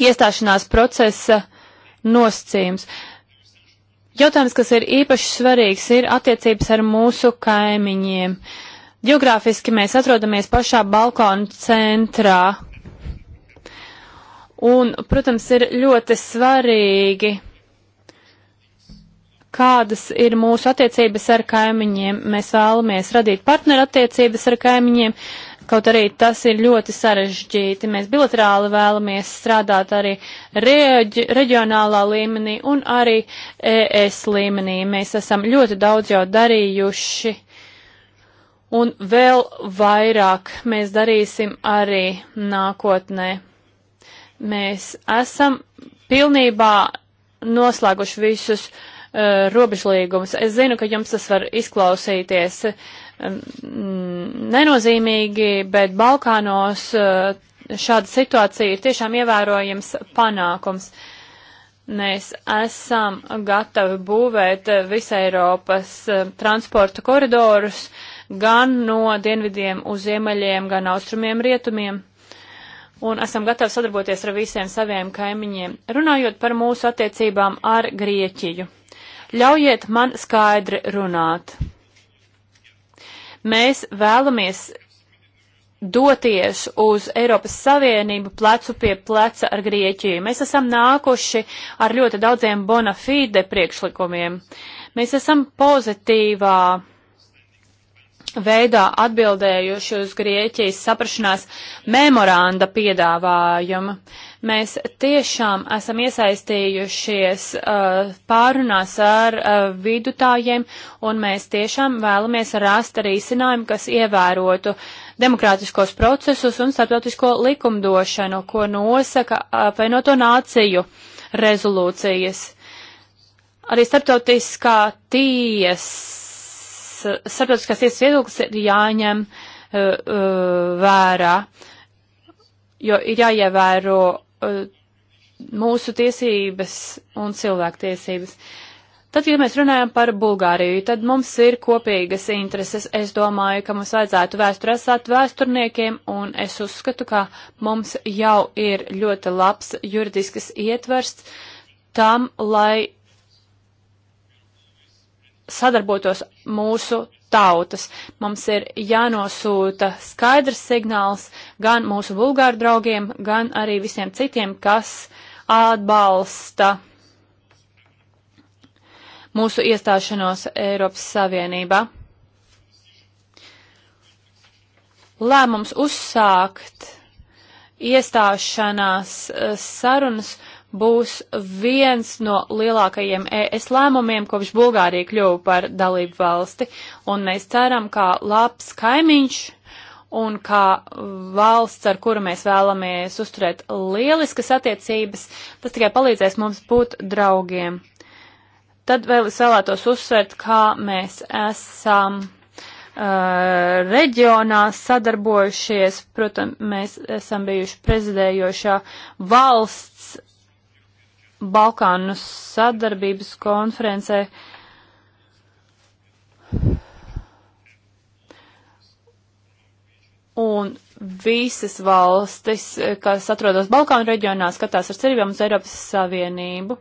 iestāšanās procesa nosacījums. Jautājums, kas ir īpaši svarīgs, ir attiecības ar mūsu kaimiņiem. Geogrāfiski mēs atrodamies pašā balkona centrā. Un, protams, ir ļoti svarīgi, kādas ir mūsu attiecības ar kaimiņiem. Mēs vēlamies radīt partnerattiecības ar kaimiņiem, uh, Kaut arī tas ir ļoti sarežģīti. Mēs bilaterāli vēlamies strādāt arī reģi, reģionālā līmenī un arī ES līmenī. Mēs esam ļoti daudz jau darījuši. Un vēl vairāk mēs darīsim arī nākotnē. Mēs esam pilnībā noslēguši visus uh, robežlīgumus. Es zinu, ka jums tas var izklausīties uh, nenozīmīgi, bet Balkānos e, šāda situācija ir tiešām ievērojams panākums. Mēs esam gatavi būvēt visai Eiropas e, transporta koridorus gan no dienvidiem uz ziemeļiem, gan austrumiem rietumiem. Un esam gatavi sadarboties ar visiem saviem kaimiņiem. Runājot par mūsu attiecībām ar Grieķiju. Ļaujiet man skaidri runāt. Mēs vēlamies doties uz Eiropas Savienību plecu pie pleca ar Grieķiju. Mēs esam nākuši ar ļoti daudziem bona fide priekšlikumiem. Mēs esam pozitīvā veidā atbildējuši uz Grieķijas saprašanās memoranda piedāvājumu. Mēs tiešām esam iesaistījušies uh, pārunās ar uh, vidutājiem, un mēs tiešām vēlamies rast risinājumu, kas ievērotu demokrātiskos procesus un starptautisko likumdošanu, ko nosaka apvienoto nāciju rezolūcijas. Arī starptautiskā tiesa starptautiskās tiesas viedoklis ir jāņem eh, eh, vērā, jo ir jāievēro eh, mūsu tiesības un cilvēktiesības. Tad, ja mēs runājam par Bulgāriju, tad mums ir kopīgas intereses. Es domāju, ka mums vajadzētu vēsturi esāt vēsturniekiem, un es uzskatu, ka mums jau ir ļoti labs juridiskas ietversts tam, lai sadarbotos mūsu tautas. Mums ir jānosūta skaidrs signāls gan mūsu bulgāru draugiem, gan arī visiem citiem, kas atbalsta mūsu iestāšanos Eiropas Savienībā. Lēmums uzsākt iestāšanās eh, sarunas uh, būs viens no lielākajiem ES lēmumiem, kopš Bulgārija kļuva par dalību valsti, un mēs ceram, kā labs kaimiņš un kā valsts, ar kuru mēs vēlamies uzturēt lieliskas attiecības, tas tikai palīdzēs mums būt draugiem. Tad vēl es vēlētos uzsvērt, kā mēs esam uh, reģionā sadarbojušies. Protams, mēs esam bijuši prezidējošā valsts Balkānu sadarbības konferencē. Un visas valstis, kas atrodas Balkānu reģionā, skatās ar cerībām uz Eiropas Savienību.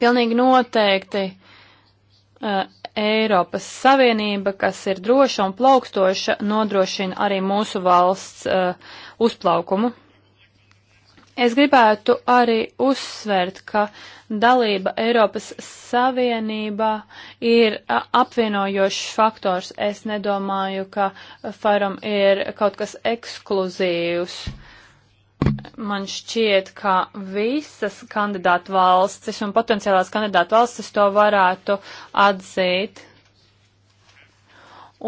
Pilnīgi noteikti uh, Eiropas Savienība, kas ir droša un plaukstoša, nodrošina arī mūsu valsts uh, uzplaukumu. Es gribētu arī uzsvērt, ka dalība Eiropas Savienībā ir eh, apvienojošs faktors. Es nedomāju, ka Faram ir kaut kas ekskluzīvs man šķiet, ka visas kandidātu valstis un potenciālās kandidātu valstis to varētu atzīt.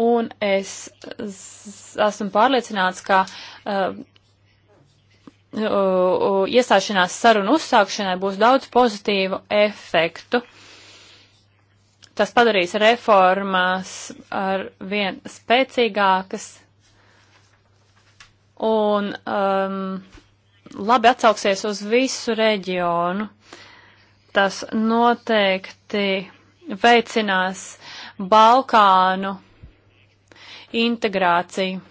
Un es esmu pārliecināts, ka uh, uh, iestāšanās sarunu uzsākšanai būs daudz pozitīvu efektu. Tas padarīs reformas ar vien spēcīgākas un um, labi atsauksies uz visu reģionu. Tas noteikti veicinās Balkānu integrāciju.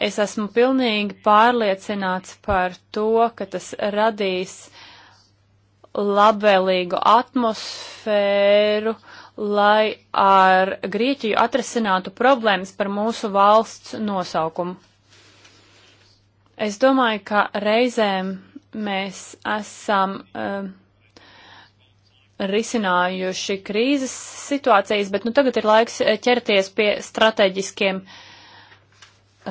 Es esmu pilnīgi pārliecināts par to, ka tas radīs labvēlīgu atmosfēru, lai ar Grieķiju atrisinātu problēmas par mūsu valsts nosaukumu. Es domāju, ka reizēm mēs esam uh, risinājuši krīzes situācijas, bet nu tagad ir laiks eh, ķerties pie strateģiskiem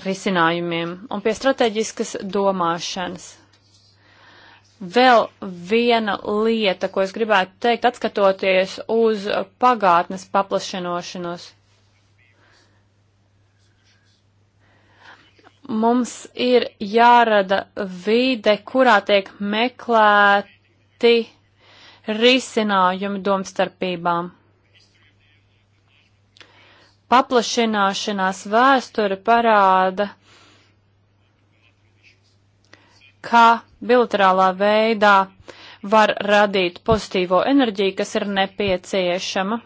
risinājumiem un pie strateģiskas domāšanas. Vēl viena lieta, ko es gribētu teikt, atskatoties uz pagātnes paplašinošanos. Mums ir jārada vide, kurā tiek meklēti risinājumi domstarpībām. Paplašināšanās vēsture parāda, kā bilaterālā veidā var radīt pozitīvo enerģiju, kas ir nepieciešama.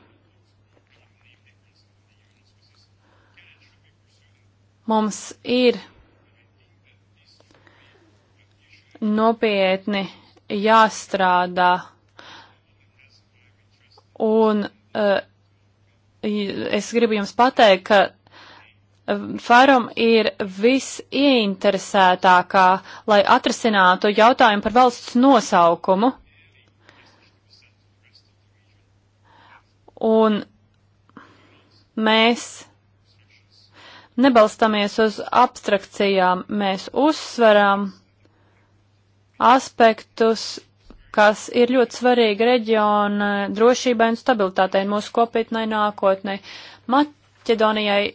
Mums ir nopietni jāstrādā. Un uh, es gribu jums pateikt, ka eh, Fārum ir visieinteresētākā, lai atrisinātu jautājumu par valsts nosaukumu. Un mēs nebalstamies uz abstrakcijām, mēs uzsveram aspektus, kas ir ļoti svarīgi reģiona drošībai un stabilitātei mūsu kopietnai nākotnei. Maķedonijai,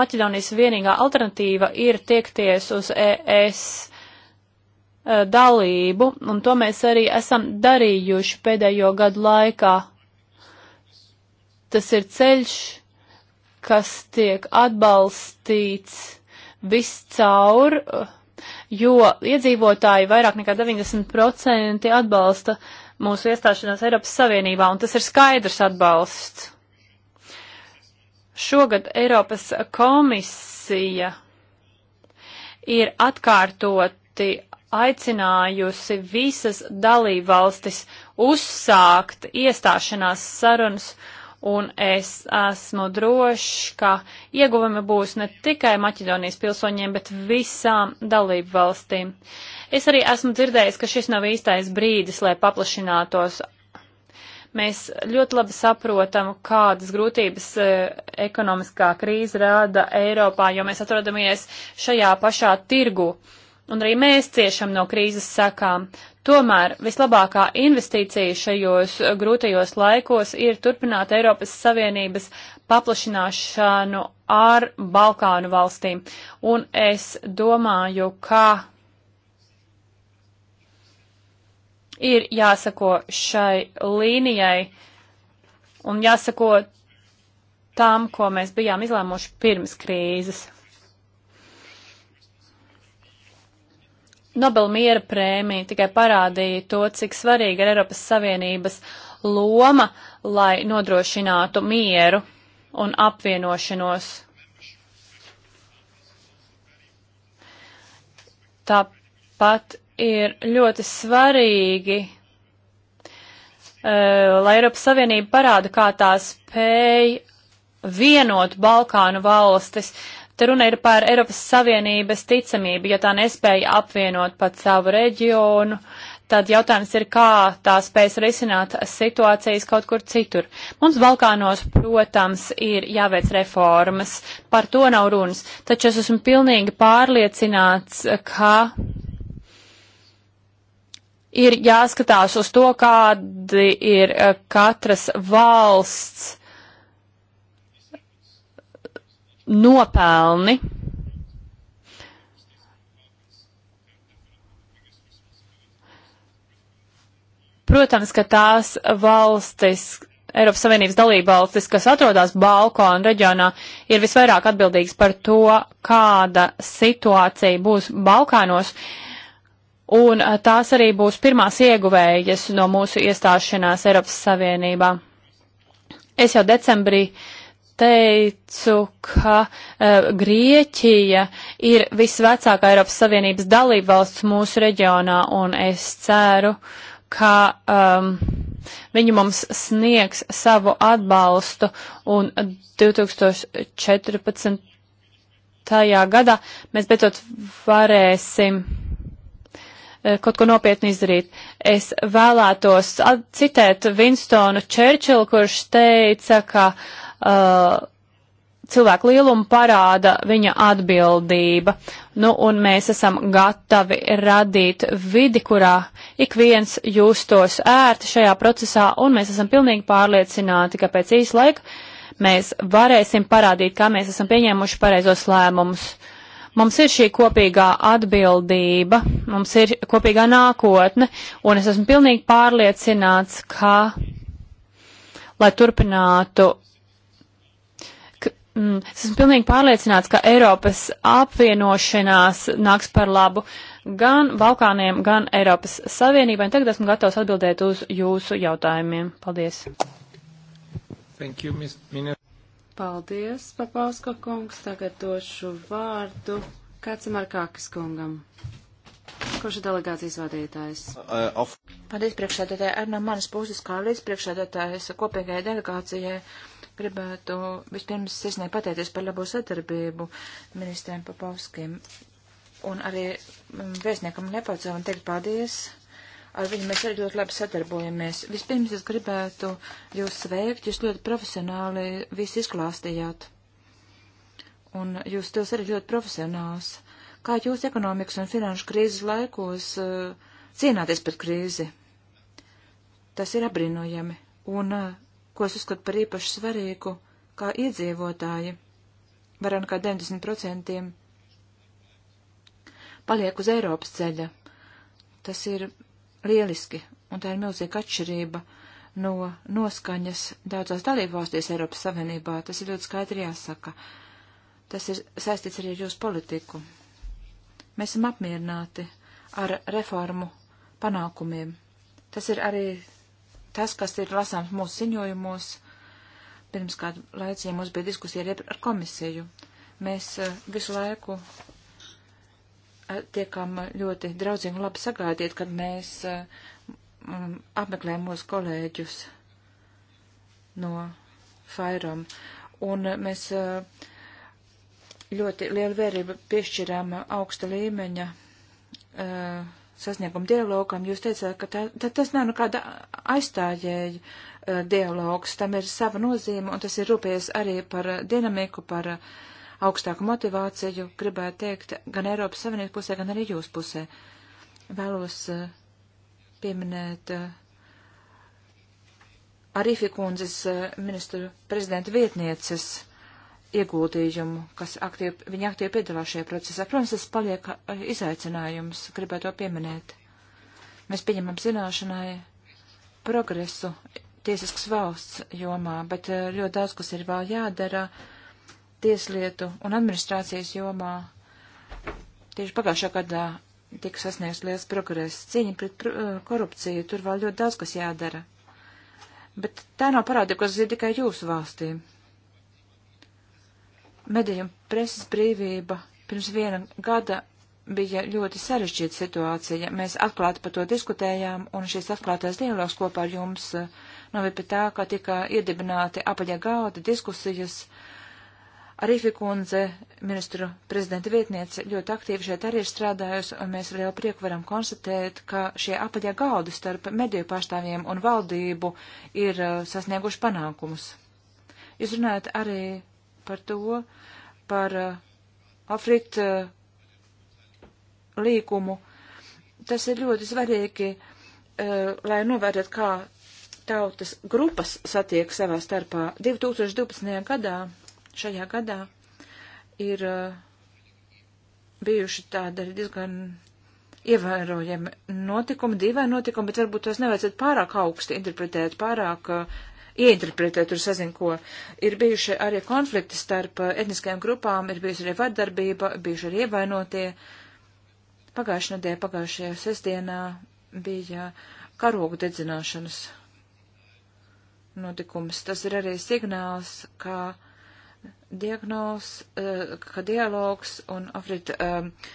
Maķedonijas vienīgā alternatīva ir tiekties uz ES eh, dalību, un to mēs arī esam darījuši pēdējo gadu laikā. Tas ir ceļš, kas tiek atbalstīts viscaur. Uh, jo iedzīvotāji vairāk nekā 90% atbalsta mūsu iestāšanās Eiropas Savienībā, un tas ir skaidrs atbalsts. Šogad Eiropas komisija ir atkārtoti aicinājusi visas dalībvalstis uzsākt iestāšanās sarunas un es esmu drošs, ka ieguvumi būs ne tikai Maķedonijas pilsoņiem, bet visām dalību valstīm. Es arī esmu dzirdējis, ka šis nav īstais brīdis, lai paplašinātos. Mēs ļoti labi saprotam, kādas grūtības e, ekonomiskā krīze rada Eiropā, jo mēs atrodamies šajā pašā tirgu. Uh, un arī mēs ciešam no krīzes sakām. Tomēr vislabākā investīcija šajos eh, grūtajos laikos ir turpināt Eiropas Savienības paplašināšanu ar Balkānu valstīm. Un es domāju, ka ir jāsako šai līnijai un jāsako tām, ko mēs bijām izlēmuši pirms krīzes. Nobel miera prēmija tikai parādīja to, cik svarīga ir Eiropas Savienības loma, lai nodrošinātu mieru un apvienošanos. Tāpat ir ļoti svarīgi, uh, lai Eiropas Savienība parāda, kā tā spēj vienot Balkānu valstis, uh, Te runa ir par Eiropas Savienības ticamību, ja tā nespēja apvienot pat savu reģionu, tad jautājums ir, kā tā spēs risināt situācijas kaut kur citur. Mums Balkānos, protams, ir jāveic reformas, par to nav runas, taču es esmu pilnīgi pārliecināts, ka ir jāskatās uz to, kādi ir eh, katras valsts nopelni. Protams, ka tās valstis, Eiropas Savienības dalībvalstis, kas atrodas Balkānu reģionā, ir visvairāk atbildīgs par to, kāda situācija būs Balkānos, un tās arī būs pirmās ieguvējas no mūsu iestāšanās Eiropas Savienībā. Es jau decembrī uh, teicu, ka uh, Grieķija ir visvecākā Eiropas Savienības dalībvalsts mūsu reģionā, un es ceru, ka um, viņi mums sniegs savu atbalstu, un 2014. gadā mēs beidzot varēsim e, kaut ko nopietni izdarīt. Es vēlētos citēt Winstonu Čērčilu, kurš teica, ka uh, uh, cilvēku lielumu parāda viņa atbildība. Nu, un mēs esam gatavi radīt vidi, kurā ik viens justos ērti šajā procesā, un mēs esam pilnīgi pārliecināti, ka pēc īsa laika mēs varēsim parādīt, kā mēs esam pieņēmuši pareizos lēmumus. Mums ir šī kopīgā atbildība, mums ir kopīgā nākotne, un es esmu pilnīgi pārliecināts, ka, lai turpinātu Mm, es esmu pilnīgi pārliecināts, ka Eiropas apvienošanās nāks par labu gan Balkāniem, gan Eiropas Savienībai. Tagad esmu gatavs atbildēt uz jūsu jautājumiem. Paldies! Thank you, Ms. Minē. Paldies, Papauska kungs. Tagad došu vārdu Kacimarkākas kungam. Kurš ir delegācijas vadītājs? Uh, of. Paldies, priekšsēdētāji. Ar no manas puses kā līdz priekšsēdētājs kopīgajai delegācijai Gribētu vispirms sirsnē pateikties par labo sadarbību ministriem Papavskim un arī mm, vēstniekam Nepaucovam teikt paldies. Ar viņu mēs arī ļoti labi sadarbojamies. Vispirms es gribētu jūs sveikt, jūs ļoti profesionāli visu izklāstījāt. Un jūs tos arī ļoti profesionāls. Kā jūs ekonomikas un finanšu krīzes laikos uh, cīnāties pret krīzi? Tas ir apbrīnojami. Un uh, ko es uzskatu par īpaši svarīgu, kā iedzīvotāji, varam kā 90% paliek uz Eiropas ceļa. Tas ir lieliski, un tā ir milzīga atšķirība no noskaņas daudzās dalībvalstīs Eiropas Savienībā. Tas ir ļoti skaidri jāsaka. Tas ir saistīts arī ar jūsu politiku. Mēs esam apmierināti ar reformu panākumiem. Tas ir arī tas, kas ir lasāms mūsu ziņojumos. Pirms kādu laicību ja mums bija diskusija ar komisiju. Mēs eh, visu laiku eh, tiekam ļoti draudzīgi un labi sagaidiet, kad mēs eh, apmeklējam mūsu kolēģus no Fairam. Un mēs ļoti lielu vērību piešķirām augsta līmeņa uh, sasniegumu dialogam, jūs teicāt, ka tā, tā, tas nav nekāda nu aizstājēja uh, dialogs, tam ir sava nozīme, un tas ir rūpējies arī par uh, dinamiku, par uh, augstāku motivāciju, gribētu teikt, gan Eiropas Savienības pusē, gan arī jūs pusē. Vēlos uh, pieminēt uh, Arifi kundzes uh, ministru prezidenta vietnieces ieguldījumu, kas aktīvi, viņi aktīvi piedalās šajā procesā. Protams, tas paliek eh, izaicinājums, gribētu to pieminēt. Mēs pieņemam zināšanai progresu tiesiskas valsts jomā, bet eh, ļoti daudz, kas ir vēl jādara tieslietu un administrācijas jomā. Tieši pagājušā gadā tika sasniegts liels progress. Cīņa pret pr eh, korupciju, tur vēl ļoti daudz, kas jādara. Bet tā nav parādība, kas ir tikai jūsu valstīm mediju preses brīvība pirms viena gada bija ļoti sarežģīta situācija. Mēs atklāti par to diskutējām, un šis atklātais dialogs kopā ar jums eh, noved pie tā, ka tika iedibināti apaļa gauda diskusijas. Arifi kundze, ministru prezidenta vietniece, ļoti aktīvi šeit arī ir strādājusi, un mēs ar lielu prieku varam konstatēt, ka šie apaļā galdi starp mediju pārstāvjiem un valdību ir uh, sasnieguši panākumus. Jūs runājat arī par to, par uh, Afrikt uh, līkumu. Tas ir ļoti svarīgi, uh, lai novērtētu, kā tautas grupas satiek savā starpā. 2012. gadā, šajā gadā, ir uh, bijuši tādi arī diezgan ievērojami notikumi, divi notikumi, bet varbūt tos nevajadzētu pārāk augsti interpretēt, pārāk uh, ieinterpretēt, tur sazin, ko ir bijuši arī konflikti starp eh, etniskajām grupām, ir bijusi arī vardarbība, bijuši arī ievainotie. Pagājušajā nedēļā, pagājušajā sestdienā bija karogu dedzināšanas notikums. Tas ir arī signāls, ka diagnoz, eh, ka dialogs un Afrika. Um, eh,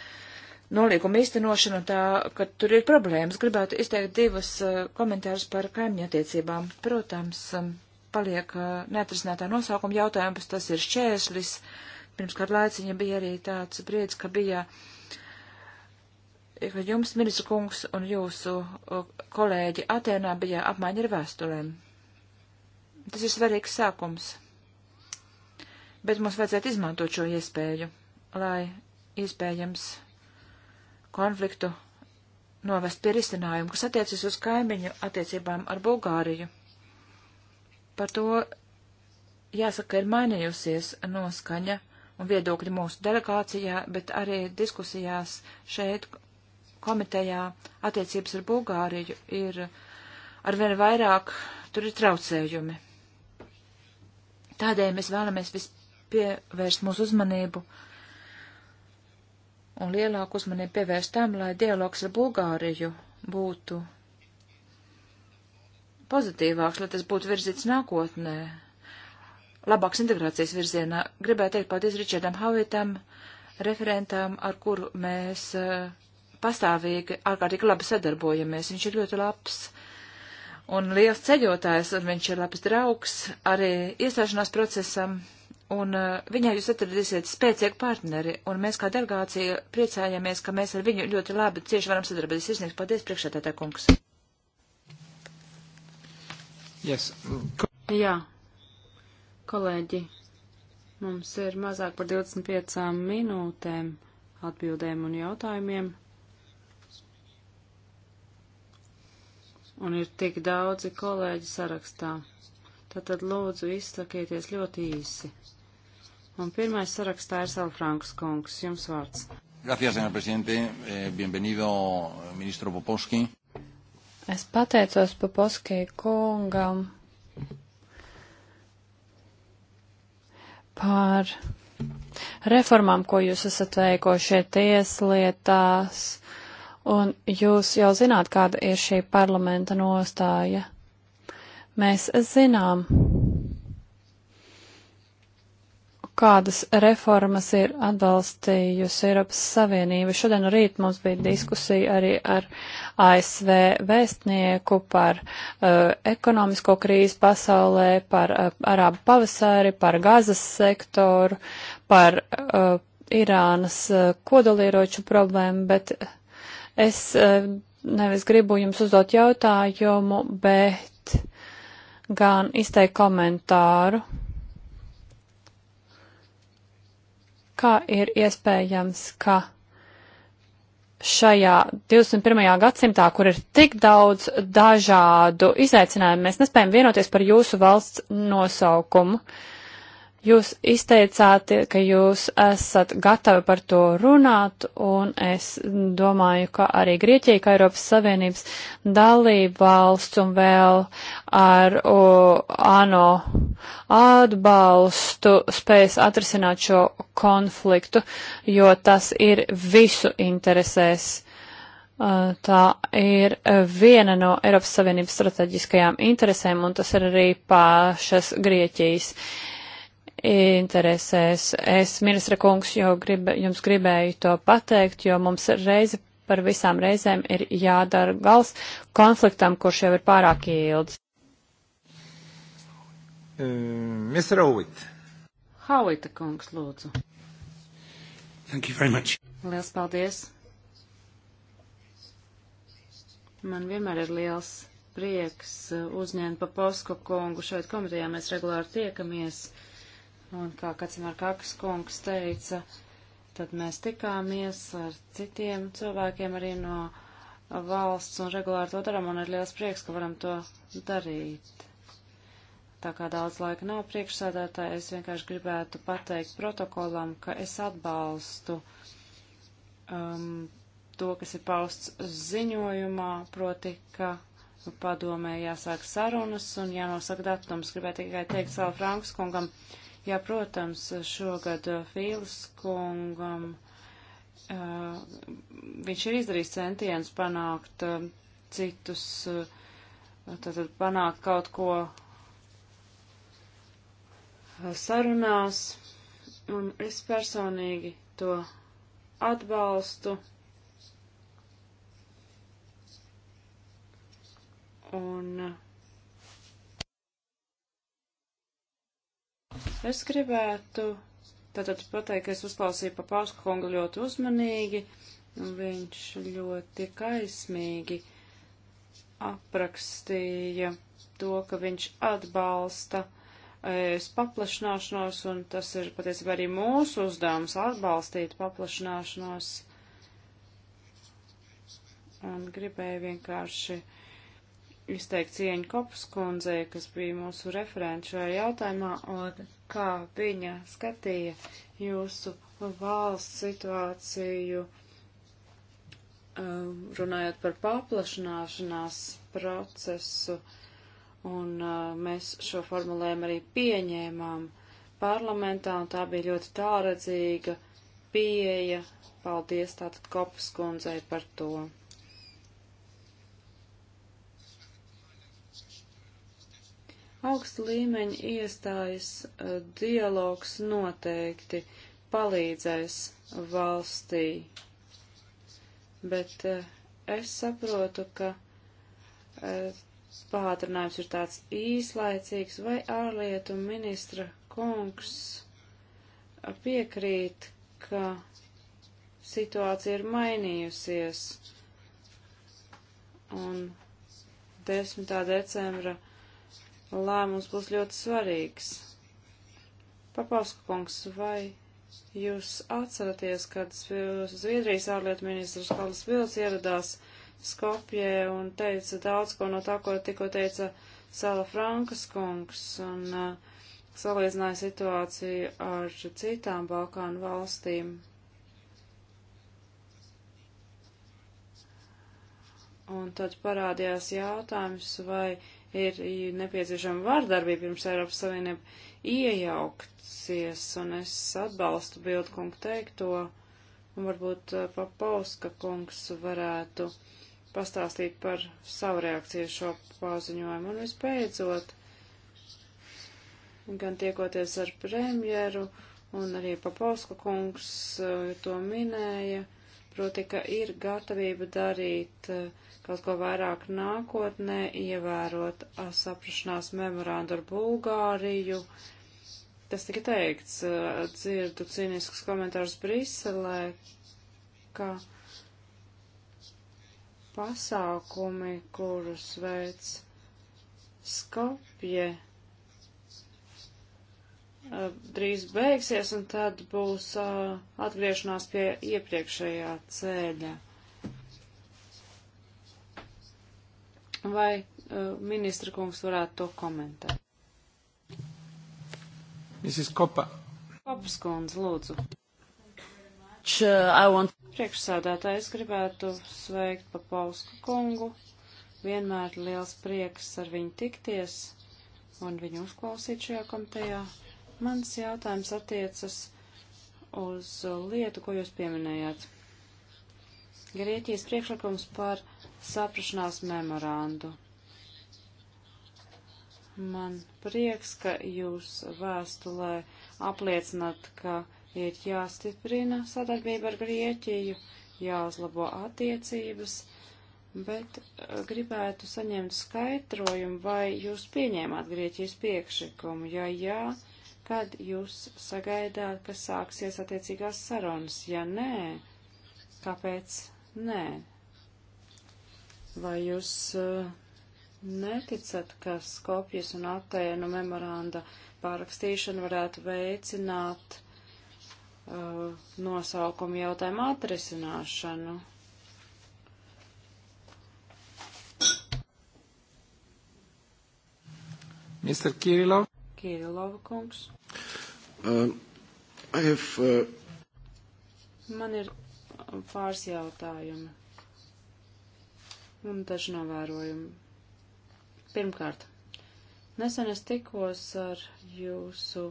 nolīguma īstenošanu un tā, ka tur ir problēmas. Gribētu izteikt divus uh, eh, komentārus par kaimiņattiecībām. Protams, um, paliek uh, neatrisinātā nosaukuma jautājums, tas ir šķērslis. Pirms kādu laiciņu bija arī tāds brīdis, ka bija, eh, ka jums, ministra kungs, un jūsu uh, kolēģi Atēnā bija apmaiņa ar vēstulēm. Tas ir svarīgs sākums. Bet mums vajadzētu izmantot šo iespēju, lai iespējams konfliktu novest pie risinājumu, kas attiecas uz kaimiņu attiecībām ar Bulgāriju. Par to jāsaka, ir mainījusies noskaņa un viedokļi mūsu delegācijā, bet arī diskusijās šeit komitejā attiecības ar Bulgāriju ir arvien vairāk, tur ir traucējumi. Tādēļ mēs vēlamies vispār pievērst mūsu uzmanību un lielāku uzmanību pievērst tam, lai dialogs ar Bulgāriju būtu pozitīvāks, lai tas būtu virzīts nākotnē, labāks integrācijas virzienā. Gribētu teikt paldies Ričardam Havitam, referentam, ar kuru mēs eh, pastāvīgi ārkārtīgi labi sadarbojamies. Viņš ir ļoti labs un liels ceļotājs, un viņš ir labs draugs arī iestāšanās procesam un eh, viņai jūs atradīsiet spēcīgu partneri, un mēs kā delegācija priecājamies, ka mēs ar viņu ļoti labi cieši varam sadarboties. Izniegs, paldies, priekšētātā kungs. Yes. Jā, kolēģi, mums ir mazāk par 25 minūtēm atbildēm un jautājumiem. Un ir tik daudzi kolēģi sarakstā. Tātad lūdzu izsakieties ļoti īsi. Un pirmais sarakstā ir Salfrankas kungs. Jums vārds. Gracias, senor presidente. Eh, bienvenido, ministro Popovski. Es pateicos Popovski kungam par reformām, ko jūs esat veikošie tieslietās, un jūs jau zināt, kāda ir šī parlamenta nostāja. Mēs zinām, kādas reformas ir atbalstījusi Eiropas Savienība. Šodien no rīt mums bija diskusija arī ar ASV vēstnieku par uh, ekonomisko krīzi pasaulē, par uh, arābu pavasari, par gazas sektoru, par uh, Irānas uh, kodolieroču problēmu, bet es uh, nevis gribu jums uzdot jautājumu, bet gan izteikt komentāru kā ir iespējams, ka šajā 21. gadsimtā, kur ir tik daudz dažādu izaicinājumu, mēs nespējam vienoties par jūsu valsts nosaukumu. Uh, Jūs izteicāt, ka jūs esat gatavi par to runāt, un es domāju, ka arī Grieķija, kā Eiropas Savienības dalība valsts un vēl ar o, ANO atbalstu spēs atrisināt šo konfliktu, jo tas ir visu interesēs. Tā ir viena no Eiropas Savienības strateģiskajām interesēm, un tas ir arī pašas Grieķijas interesēs. Es, ministra kungs, jau grib, jums gribēju to pateikt, jo mums reizi par visām reizēm ir jādara gals konfliktam, kurš jau ir pārāk ilgs. Uh, eh, Mr. Howitt. Howita kungs, lūdzu. Thank you very much. Liels paldies. Man vienmēr ir liels prieks eh, uzņemt Paposko kungu šeit komitejā. Mēs regulāri tiekamies. Uh, Un kā Kacimar Kakas kungs teica, tad mēs tikāmies ar citiem cilvēkiem arī no valsts un regulāri to darām, un ir liels prieks, ka varam to darīt. Tā kā daudz laika nav priekšsēdētāji, es vienkārši gribētu pateikt protokolam, ka es atbalstu um, to, kas ir pausts ziņojumā, proti, ka padomē jāsāk sarunas un jānosaka datums. Gribētu tikai teikt savu Frankus kungam. Uh, Jā, protams, šogad uh, Fīls kungam uh, viņš ir izdarījis centienus panākt uh, citus, uh, tātad panākt kaut ko uh, sarunās, un es personīgi to atbalstu. Un uh, Es gribētu tātad pateikt, ka es uzklausīju pa Pausku kungu ļoti uzmanīgi, un viņš ļoti kaismīgi aprakstīja to, ka viņš atbalsta e, es paplašināšanos, un tas ir patiesībā arī mūsu uzdevums atbalstīt paplašināšanos. Un gribēju vienkārši uh, izteikt cieņu Kopas kundzei, kas bija mūsu referents šajā jautājumā, un kā viņa skatīja jūsu valsts situāciju, um, runājot par paplašanāšanās procesu, un uh, mēs šo formulējumu arī pieņēmām parlamentā, un tā bija ļoti tāredzīga pieeja. Paldies tātad Kopas kundzei par to. Augsta līmeņa iestājas eh, dialogs noteikti palīdzēs valstī, bet eh, es saprotu, ka eh, pātrinājums ir tāds īslaicīgs, vai ārlietu ministra kungs piekrīt, ka situācija ir mainījusies. Un 10. decembra lēmums būs ļoti svarīgs. Papausku kungs, vai jūs atceraties, kad Zviedrijas ārlietu ministrs Kalas Vils ieradās Skopjē un teica daudz ko no tā, ko tikko teica Sala Frankas kungs un uh, salīdzināja situāciju ar citām Balkānu valstīm? Un tad parādījās jautājums, vai ir nepieciešama vārdarbība pirms Eiropas Savienība iejaukties, un es atbalstu Bildkungu teikto, un varbūt eh, Papauska kungs varētu pastāstīt par savu reakciju šo paziņojumu. Un vispēcot, gan tiekoties ar premjeru, un arī Papauska kungs eh, to minēja, proti, ka ir gatavība darīt uh, kaut ko vairāk nākotnē, ievērot saprašanās memorandu ar Bulgāriju. Tas tika teikts, dzirdu cīniskus komentārus Briselē, ka pasākumi, kurus veic Skopje, drīz beigsies, un tad būs atgriešanās pie iepriekšējā ceļa. Vai uh, ministra kungs varētu to komentēt? Mrs. Kopa. Kopas kundze, lūdzu. Uh, want... Priekšsēdētāji, es gribētu sveikt Papausku kungu. Vienmēr liels prieks ar viņu tikties un viņu uzklausīt šajā komitejā. Mans jautājums attiecas uz lietu, ko jūs pieminējāt. Grieķijas priekšlikums par saprašanās memorandu. Man prieks, ka jūs vēstulē apliecinat, ka ir jāstiprina sadarbība ar Grieķiju, jāuzlabo attiecības, bet eh, gribētu saņemt skaidrojumu, vai jūs pieņēmāt Grieķijas priekšlikumu, ja jā, kad jūs sagaidāt, ka sāksies attiecīgās sarunas, ja nē, kāpēc nē? Vai jūs eh, neticat, ka Skopjas un Atēnu memoranda pārakstīšana varētu veicināt uh, nosaukumu jautājumu atrisināšanu? Mr. Kirilov. Kirilov kungs. Uh, I have, uh... Man ir eh, pāris jautājumi un daži novērojumi. Pirmkārt, nesen es tikos ar jūsu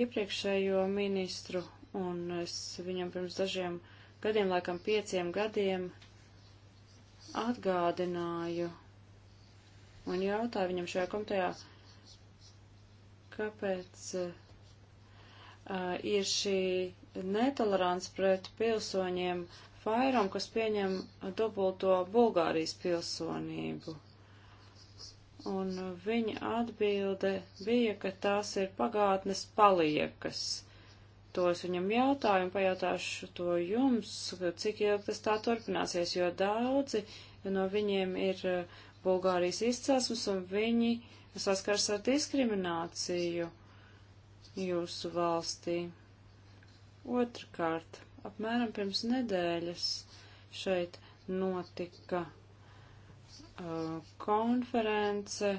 iepriekšējo ministru, un es viņam pirms dažiem gadiem, laikam pieciem gadiem, atgādināju un jautāju viņam šajā komitejā, kāpēc uh, ir šī netolerants pret pilsoņiem vairumu, kas pieņem dubulto Bulgārijas pilsonību. Un viņa atbilde bija, ka tās ir pagātnes paliekas. To es viņam jautāju un pajautāšu to jums, cik ilgi tas tā turpināsies, jo daudzi no viņiem ir eh, Bulgārijas izcelsmes un viņi saskars ar diskrimināciju jūsu valstī. Otrakārt apmēram pirms nedēļas šeit notika uh, konference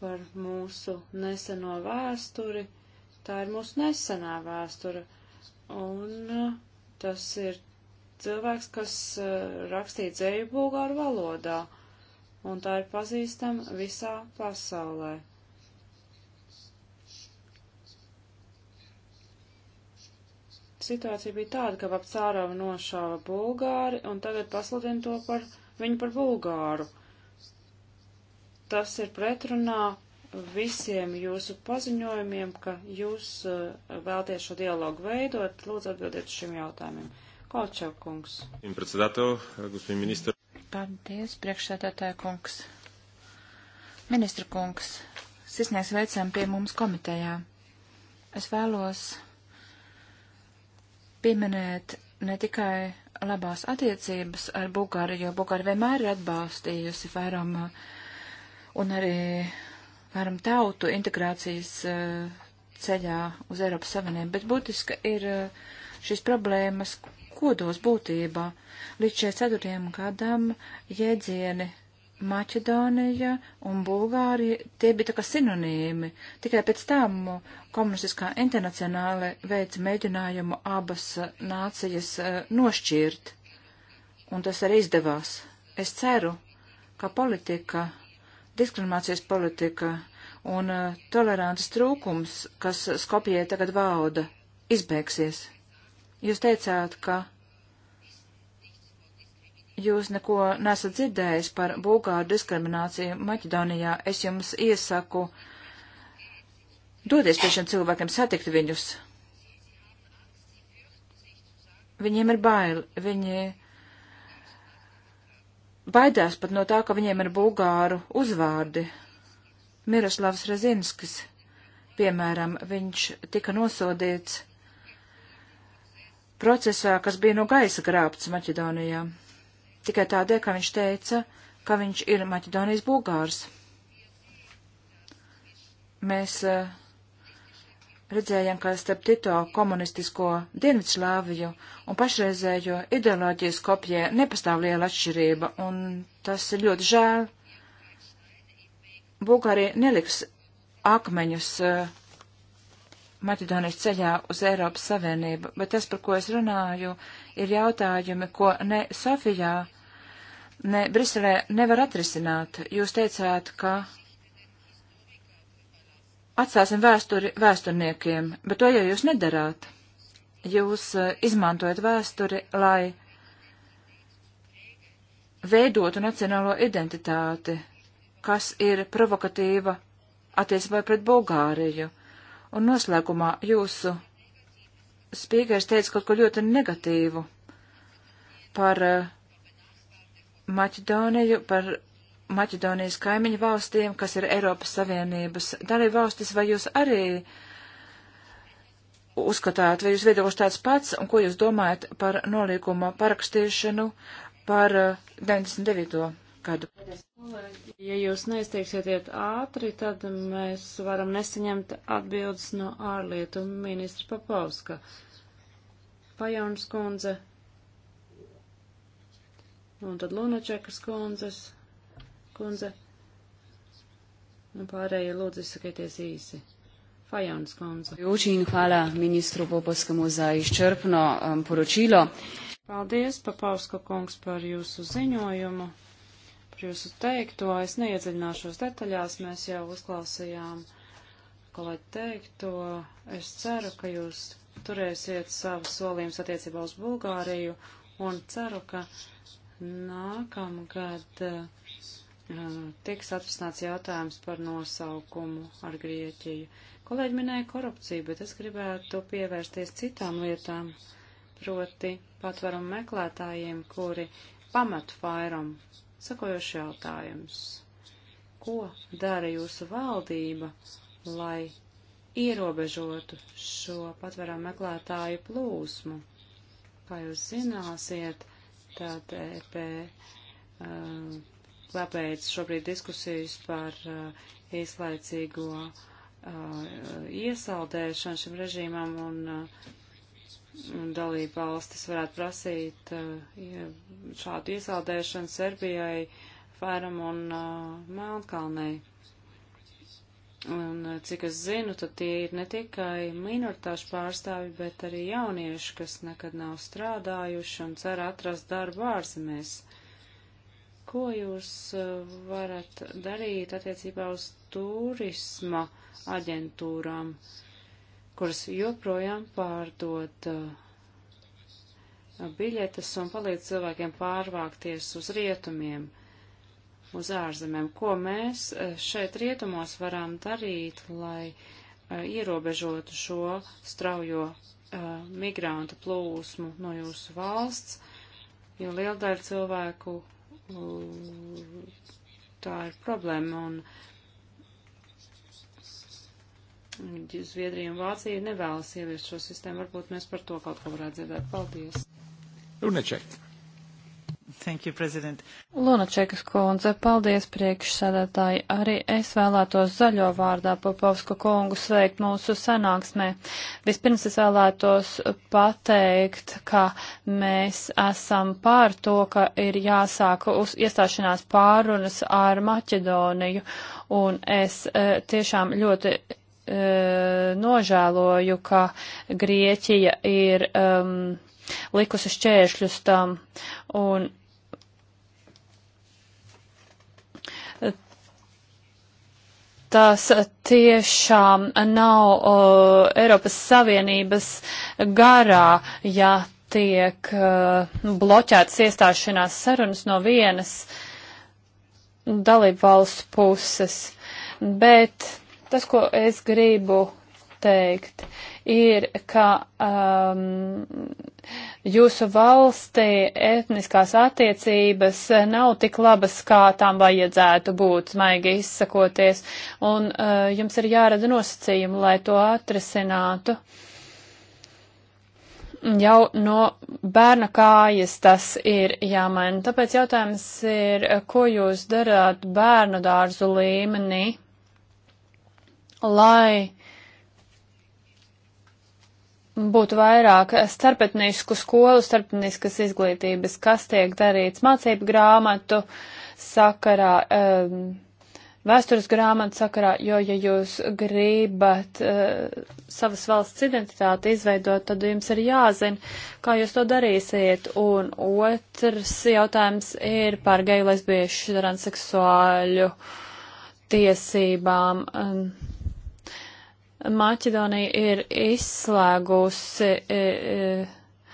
par mūsu neseno vēsturi. Tā ir mūsu nesenā vēsture. Un uh, tas ir cilvēks, kas uh, rakstīja dzēju bulgāru valodā. Un tā ir pazīstama visā pasaulē. situācija bija tāda, ka Vapcārava nošāva Bulgāri un tagad pasludina to par viņu par Bulgāru. Tas ir pretrunā visiem jūsu paziņojumiem, ka jūs uh, vēlties šo dialogu veidot. Lūdzu atbildiet šim jautājumiem. Kolčev kungs. Paldies, priekšsētātāja kungs. Ministra kungs, sisnieks veicam pie mums komitejā. Es vēlos pieminēt ne tikai labās attiecības ar Bulgāriju, jo Bulgārija vienmēr ir atbalstījusi varam uh, un arī varam tautu integrācijas uh, ceļā uz Eiropas Savienību, bet būtiska ir uh, šīs problēmas kodos būtībā. Līdz 44 gadam jēdzieni Maķedānija un Bulgārija, tie bija tā kā sinonīmi. Tikai pēc tam komunistiskā internacionāla veica mēģinājumu abas eh, nācijas eh, nošķirt. Un tas arī izdevās. Es ceru, ka politika, diskriminācijas politika un eh, tolerants trūkums, kas Skopijai tagad valda, izbeigsies. Jūs teicāt, ka jūs neko nesat dzirdējis par Bulgāru diskrimināciju Maķedonijā, es jums iesaku doties pie šiem cilvēkiem, satikt viņus. Viņiem ir bail, viņi baidās pat no tā, ka viņiem ir bulgāru uzvārdi. Miroslavs Rezinskis, piemēram, viņš tika nosodīts procesā, kas bija no gaisa grābts Maķedonijā tikai tādēļ, ka viņš teica, ka viņš ir Maķedonijas bulgārs. Mēs uh, redzējām, ka starp Tito komunistisko Dienvidslāviju un pašreizējo ideoloģiju Skopjē nepastāv liela atšķirība, un tas ir ļoti žēl. Bulgārija neliks akmeņus uh, Maķedonijas ceļā uz Eiropas Savienību, bet tas, par ko es runāju, ir jautājumi, ko ne Sofijā, ne, Briselē nevar atrisināt. Jūs teicāt, ka atstāsim vēsturi vēsturniekiem, bet to jau jūs nedarāt. Jūs eh, izmantojat vēsturi, lai veidotu nacionālo identitāti, kas ir provokatīva attiecībā pret Bulgāriju. Un noslēgumā jūsu spīgais teica kaut ko ļoti negatīvu par uh, Maķedoniju, par Maķedonijas kaimiņu valstīm, kas ir Eiropas Savienības dalībvalstis, vai jūs arī uzskatāt, vai jūs viedoklis tāds pats, un ko jūs domājat par nolīguma parakstīšanu par 99. Eh, gadu? Ja jūs neizteiksieties ātri, tad mēs varam nesaņemt atbildes no ārlietu ministra Papauska. Pajauns kundze, un tad Lunačekas kundzes, kundze, un pārējie lūdzu izsakieties īsi. Fajons kundze. Jūčīn, hvala ministru Popovskamu za izčerpno um, poročilo. Paldies, Papauska kungs, par jūsu ziņojumu, par jūsu teikto. Es neiedziļināšos detaļās, mēs jau uzklausījām kolēģi teikto. Es ceru, ka jūs turēsiet savus solījumus attiecībā uz Bulgāriju un ceru, ka Nākamgad eh, tiks atrasināts jautājums par nosaukumu ar Grieķiju. Kolēģi minēja korupciju, bet es gribētu pievērsties citām lietām, proti patvarumu meklētājiem, kuri pamatu fairam sakojoši jautājums. Ko dara jūsu valdība, lai ierobežotu šo patvarumu meklētāju plūsmu? Kā jūs zināsiet, Tad EP uh, eh, labēc šobrīd diskusijas par uh, īslaicīgo uh, iesaldēšanu šim režīmam un, un dalība valstis varētu prasīt šādu iesaldēšanu Serbijai, Fēram un Melnkalnei. Un, eh, cik es zinu, tad tie ir ne tikai minoritāšu pārstāvi, bet arī jaunieši, kas nekad nav strādājuši un cer atrast darbu ārzemēs. Ko jūs eh, varat darīt attiecībā uz turisma aģentūrām, kuras joprojām pārdod eh, biļetes un palīdz cilvēkiem pārvākties uz rietumiem? Uh, uz ārzemēm. Ko mēs e, šeit rietumos varam darīt, lai e, ierobežotu šo straujo e, migrantu plūsmu no jūsu valsts, jo liela daļa cilvēku tā ir problēma. Un Zviedrija un Vācija nevēlas ieviest šo sistēmu. Varbūt mēs par to kaut ko varētu dzirdēt. Paldies! Luneček. Thank you, President. Lunačekas kundze, paldies priekšsēdētāji. Arī es vēlētos zaļo vārdā Popovsku kungu sveikt mūsu sanāksmē. Vispirms es vēlētos pateikt, ka mēs esam pār to, ka ir jāsāk uz iestāšanās pārunas ar Maķedoniju, un es e, tiešām ļoti e, nožēloju, ka Grieķija ir. Um, likusi šķēršļus tam. Un Tas tiešām nav o, Eiropas Savienības garā, ja tiek uh, bloķētas iestāšanās sarunas no vienas dalību valsts puses. Bet tas, ko es gribu teikt, ir, ka um, jūsu valstī etniskās attiecības nav tik labas, kā tām vajadzētu būt, maigi izsakoties, un uh, jums ir jārada nosacījumi, lai to atrisinātu. Jau no bērna kājas tas ir jāmaina. Tāpēc jautājums ir, ko jūs darāt bērnu dārzu līmenī, lai būtu vairāk starpetnisku skolu, starpetniskas izglītības, kas tiek darīts mācību grāmatu sakarā, um, vēstures grāmatu sakarā, jo, ja jūs gribat uh, savas valsts identitāti izveidot, tad jums ir jāzina, kā jūs to darīsiet. Un otrs jautājums ir par geju, lesbiešu, transseksuāļu tiesībām. Um, Maķedonija ir izslēgusi e, e,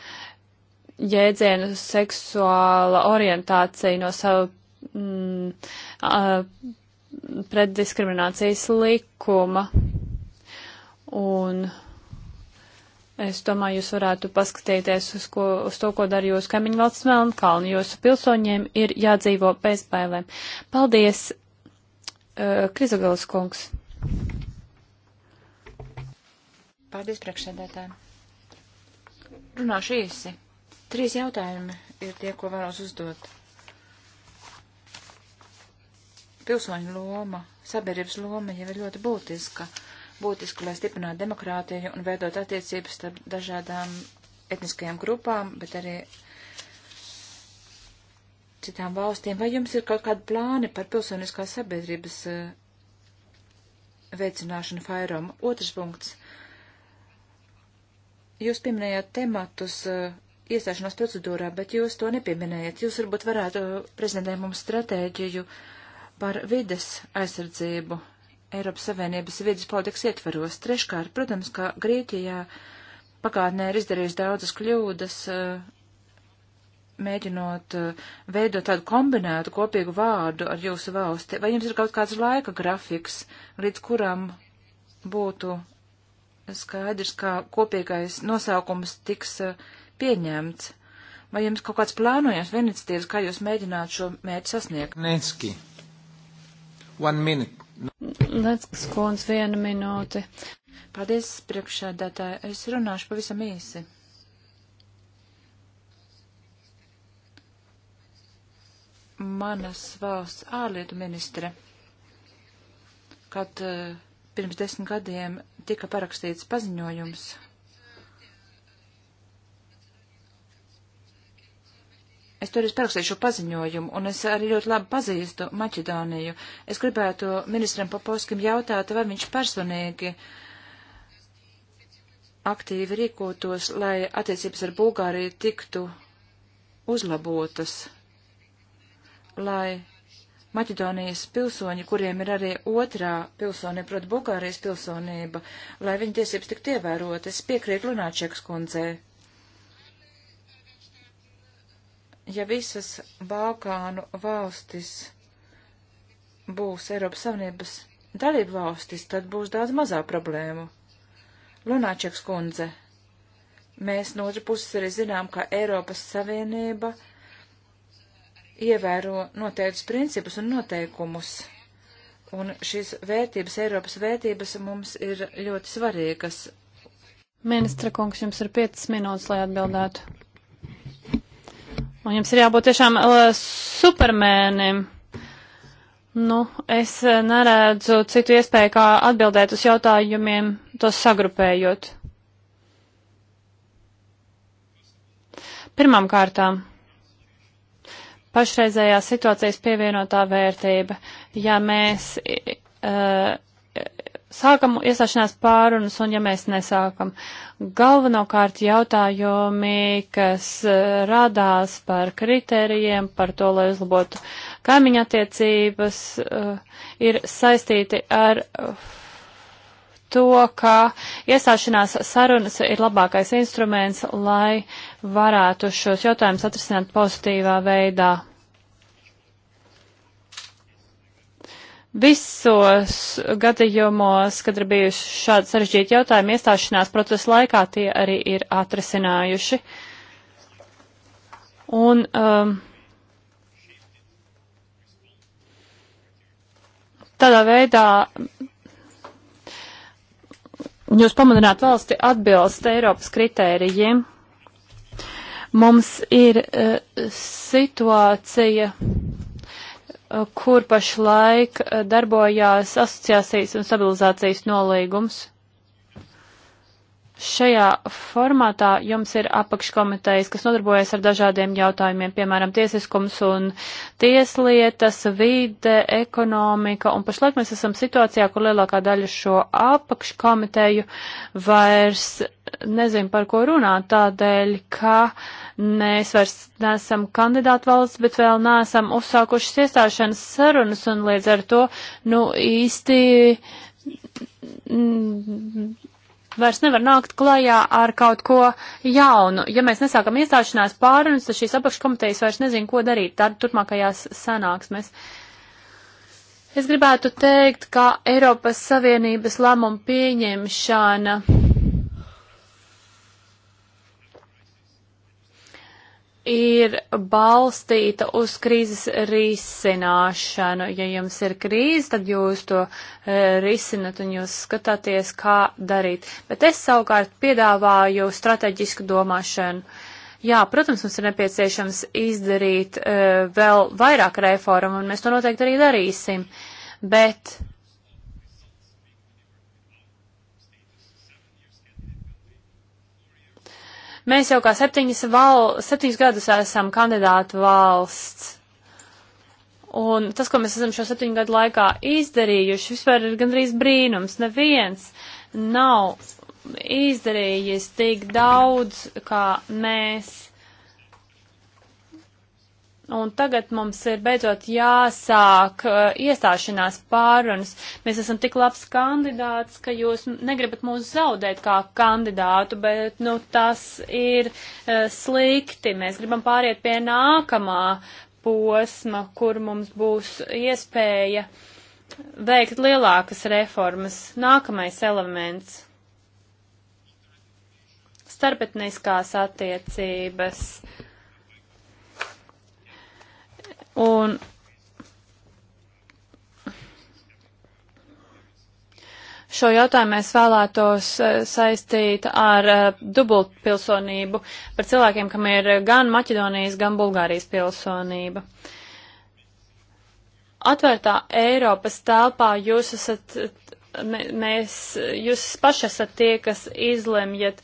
jēdzienu seksuāla orientācija no savu mm, a, preddiskriminācijas likuma. Un es domāju, jūs varētu paskatīties uz, ko, uz to, ko dara jūsu kaimiņu valsts Melnkalni. Jūsu pilsoņiem ir jādzīvo bez bailēm. Paldies, uh, Krizogalas kungs! Paldies, priekšsēdētājiem. Runāšu īsi. Trīs jautājumi ir tie, ko vēlos uzdot. Pilsoņu loma, sabiedrības loma jau ir ļoti būtiska. Būtiska, lai stiprinātu demokrātiju un veidot attiecības starp dažādām etniskajām grupām, bet arī citām valstīm. Vai jums ir kaut kādi plāni par pilsoniskās sabiedrības eh, veicināšanu Fairom? Otrs punkts Jūs pieminējāt tematus eh, iestāšanās procedūrā, bet jūs to nepieminējat. Jūs varbūt varētu prezentēt mums stratēģiju par vides aizsardzību Eiropas Savienības vides politikas ietveros. Treškārt, protams, ka Grieķijā pagātnē ir izdarījis daudzas kļūdas, eh, mēģinot eh, veidot tādu kombinētu kopīgu vārdu ar jūsu valsti. Vai jums ir kaut kāds laika grafiks, līdz kuram būtu skaidrs, kā kopīgais nosaukums tiks eh, pieņemts. Vai jums kaut kāds plānojams vienicities, kā jūs mēģināt šo mērķi sasniegt? Nenski. One minute. Lenskis kundz, viena minūte. Paldies, priekšsēdētāji. Es runāšu pavisam īsi. Manas valsts ārlietu ministre, kad uh, Pirms desmit gadiem tika parakstīts paziņojums. Es toreiz parakstīju šo paziņojumu, un es arī ļoti labi pazīstu Maķedāniju. Es gribētu ministram Papovskim jautāt, vai viņš personīgi aktīvi rīkotos, lai attiecības ar Bulgāriju tiktu uzlabotas, lai Maķedonijas pilsoņi, kuriem ir arī otrā pilsonība, proti Bulgārijas pilsonība, lai viņa tiesības tiktu ievērotas. Piekrīt Lunāčekas kundzē. Ja visas Balkānu valstis būs Eiropas Savienības dalību valstis, tad būs daudz mazā problēmu. Lunāčeks kundze, mēs no otras puses arī zinām, ka Eiropas Savienība ievēro noteiktus principus un noteikumus. Un šīs vērtības, Eiropas vērtības mums ir ļoti svarīgas. Ministra kungs, jums ir piecas minūtes, lai atbildētu. Un jums ir jābūt tiešām uh, supermēnim. Nu, es uh, neredzu citu iespēju, kā atbildēt uz jautājumiem, tos sagrupējot. Pirmām kārtām pašreizējā situācijas pievienotā vērtība. Ja mēs uh, sākam iestāšanās pārunas un ja mēs nesākam. Galvenokārt jautājumi, kas e, radās par kriterijiem, par to, lai uzlabotu kaimiņa attiecības, e, ir saistīti ar to, ka iestāšanās sarunas ir labākais instruments, lai varētu šos jautājumus atrisināt pozitīvā veidā. Visos gadījumos, kad ir bijuši šādi sarežģīti jautājumi iestāšanās procesa laikā, tie arī ir atrisinājuši. Un, um, tādā veidā un jūs pamudināt valsti atbilst Eiropas kritērijiem. Mums ir uh, situācija, uh, kur pašlaik uh, darbojās asociācijas un stabilizācijas nolīgums. Šajā formātā jums ir apakškomitejas, kas nodarbojas ar dažādiem jautājumiem, piemēram, tiesiskums un tieslietas, vide, ekonomika, un pašlaik mēs esam situācijā, kur lielākā daļa šo apakškomiteju vairs nezin par ko runāt, tādēļ, ka mēs vairs neesam kandidātu valsts, bet vēl neesam uzsākušas iestāšanas sarunas, un līdz ar to, nu, īsti vairs nevar nākt klajā ar kaut ko jaunu. Ja mēs nesākam iestāšanās pārunas, tad šīs apakškomitejas vairs nezin, ko darīt tad turpmākajās sanāksmēs. Es gribētu teikt, ka Eiropas Savienības lēmuma pieņemšana ir balstīta uz krīzes risināšanu. Ja jums ir krīze, tad jūs to e, risinat un jūs skatāties, kā darīt. Bet es savukārt piedāvāju strateģisku domāšanu. Jā, protams, mums ir nepieciešams izdarīt e, vēl vairāk reformu, un mēs to noteikti arī darīsim. Bet Mēs jau kā septiņas, val, septiņas gadus esam kandidātu valsts. Un tas, ko mēs esam šo septiņu gadu laikā izdarījuši, vispār ir gandrīz brīnums. Neviens nav izdarījis tik daudz, kā mēs Un tagad mums ir beidzot jāsāk uh, iestāšanās pārunas. Mēs esam tik labs kandidāts, ka jūs negribat mūs zaudēt kā kandidātu, bet nu, tas ir uh, slikti. Mēs gribam pāriet pie nākamā posma, kur mums būs iespēja veikt lielākas reformas. Nākamais elements starpetniskās attiecības. Uh, Un šo jautājumu mēs vēlētos eh, saistīt ar eh, dubultpilsonību par cilvēkiem, kam ir gan Maķedonijas, gan Bulgārijas pilsonība. Atvērtā Eiropas telpā jūs esat, mēs, jūs paši esat tie, kas izlemjat,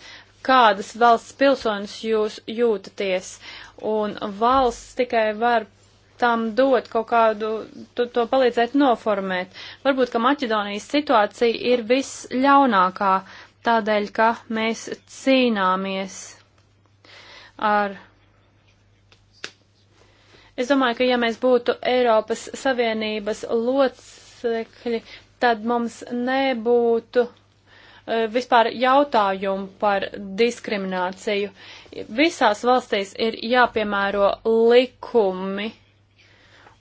kādas valsts pilsonis jūs jūtaties, un valsts tikai var tam dot kaut kādu, to, to palīdzēt noformēt. Varbūt, ka Maķedonijas situācija ir visļaunākā tādēļ, ka mēs cīnāmies ar. Es domāju, ka ja mēs būtu Eiropas Savienības locekļi, tad mums nebūtu e, vispār jautājumu par diskrimināciju. Visās valstīs ir jāpiemēro likumi,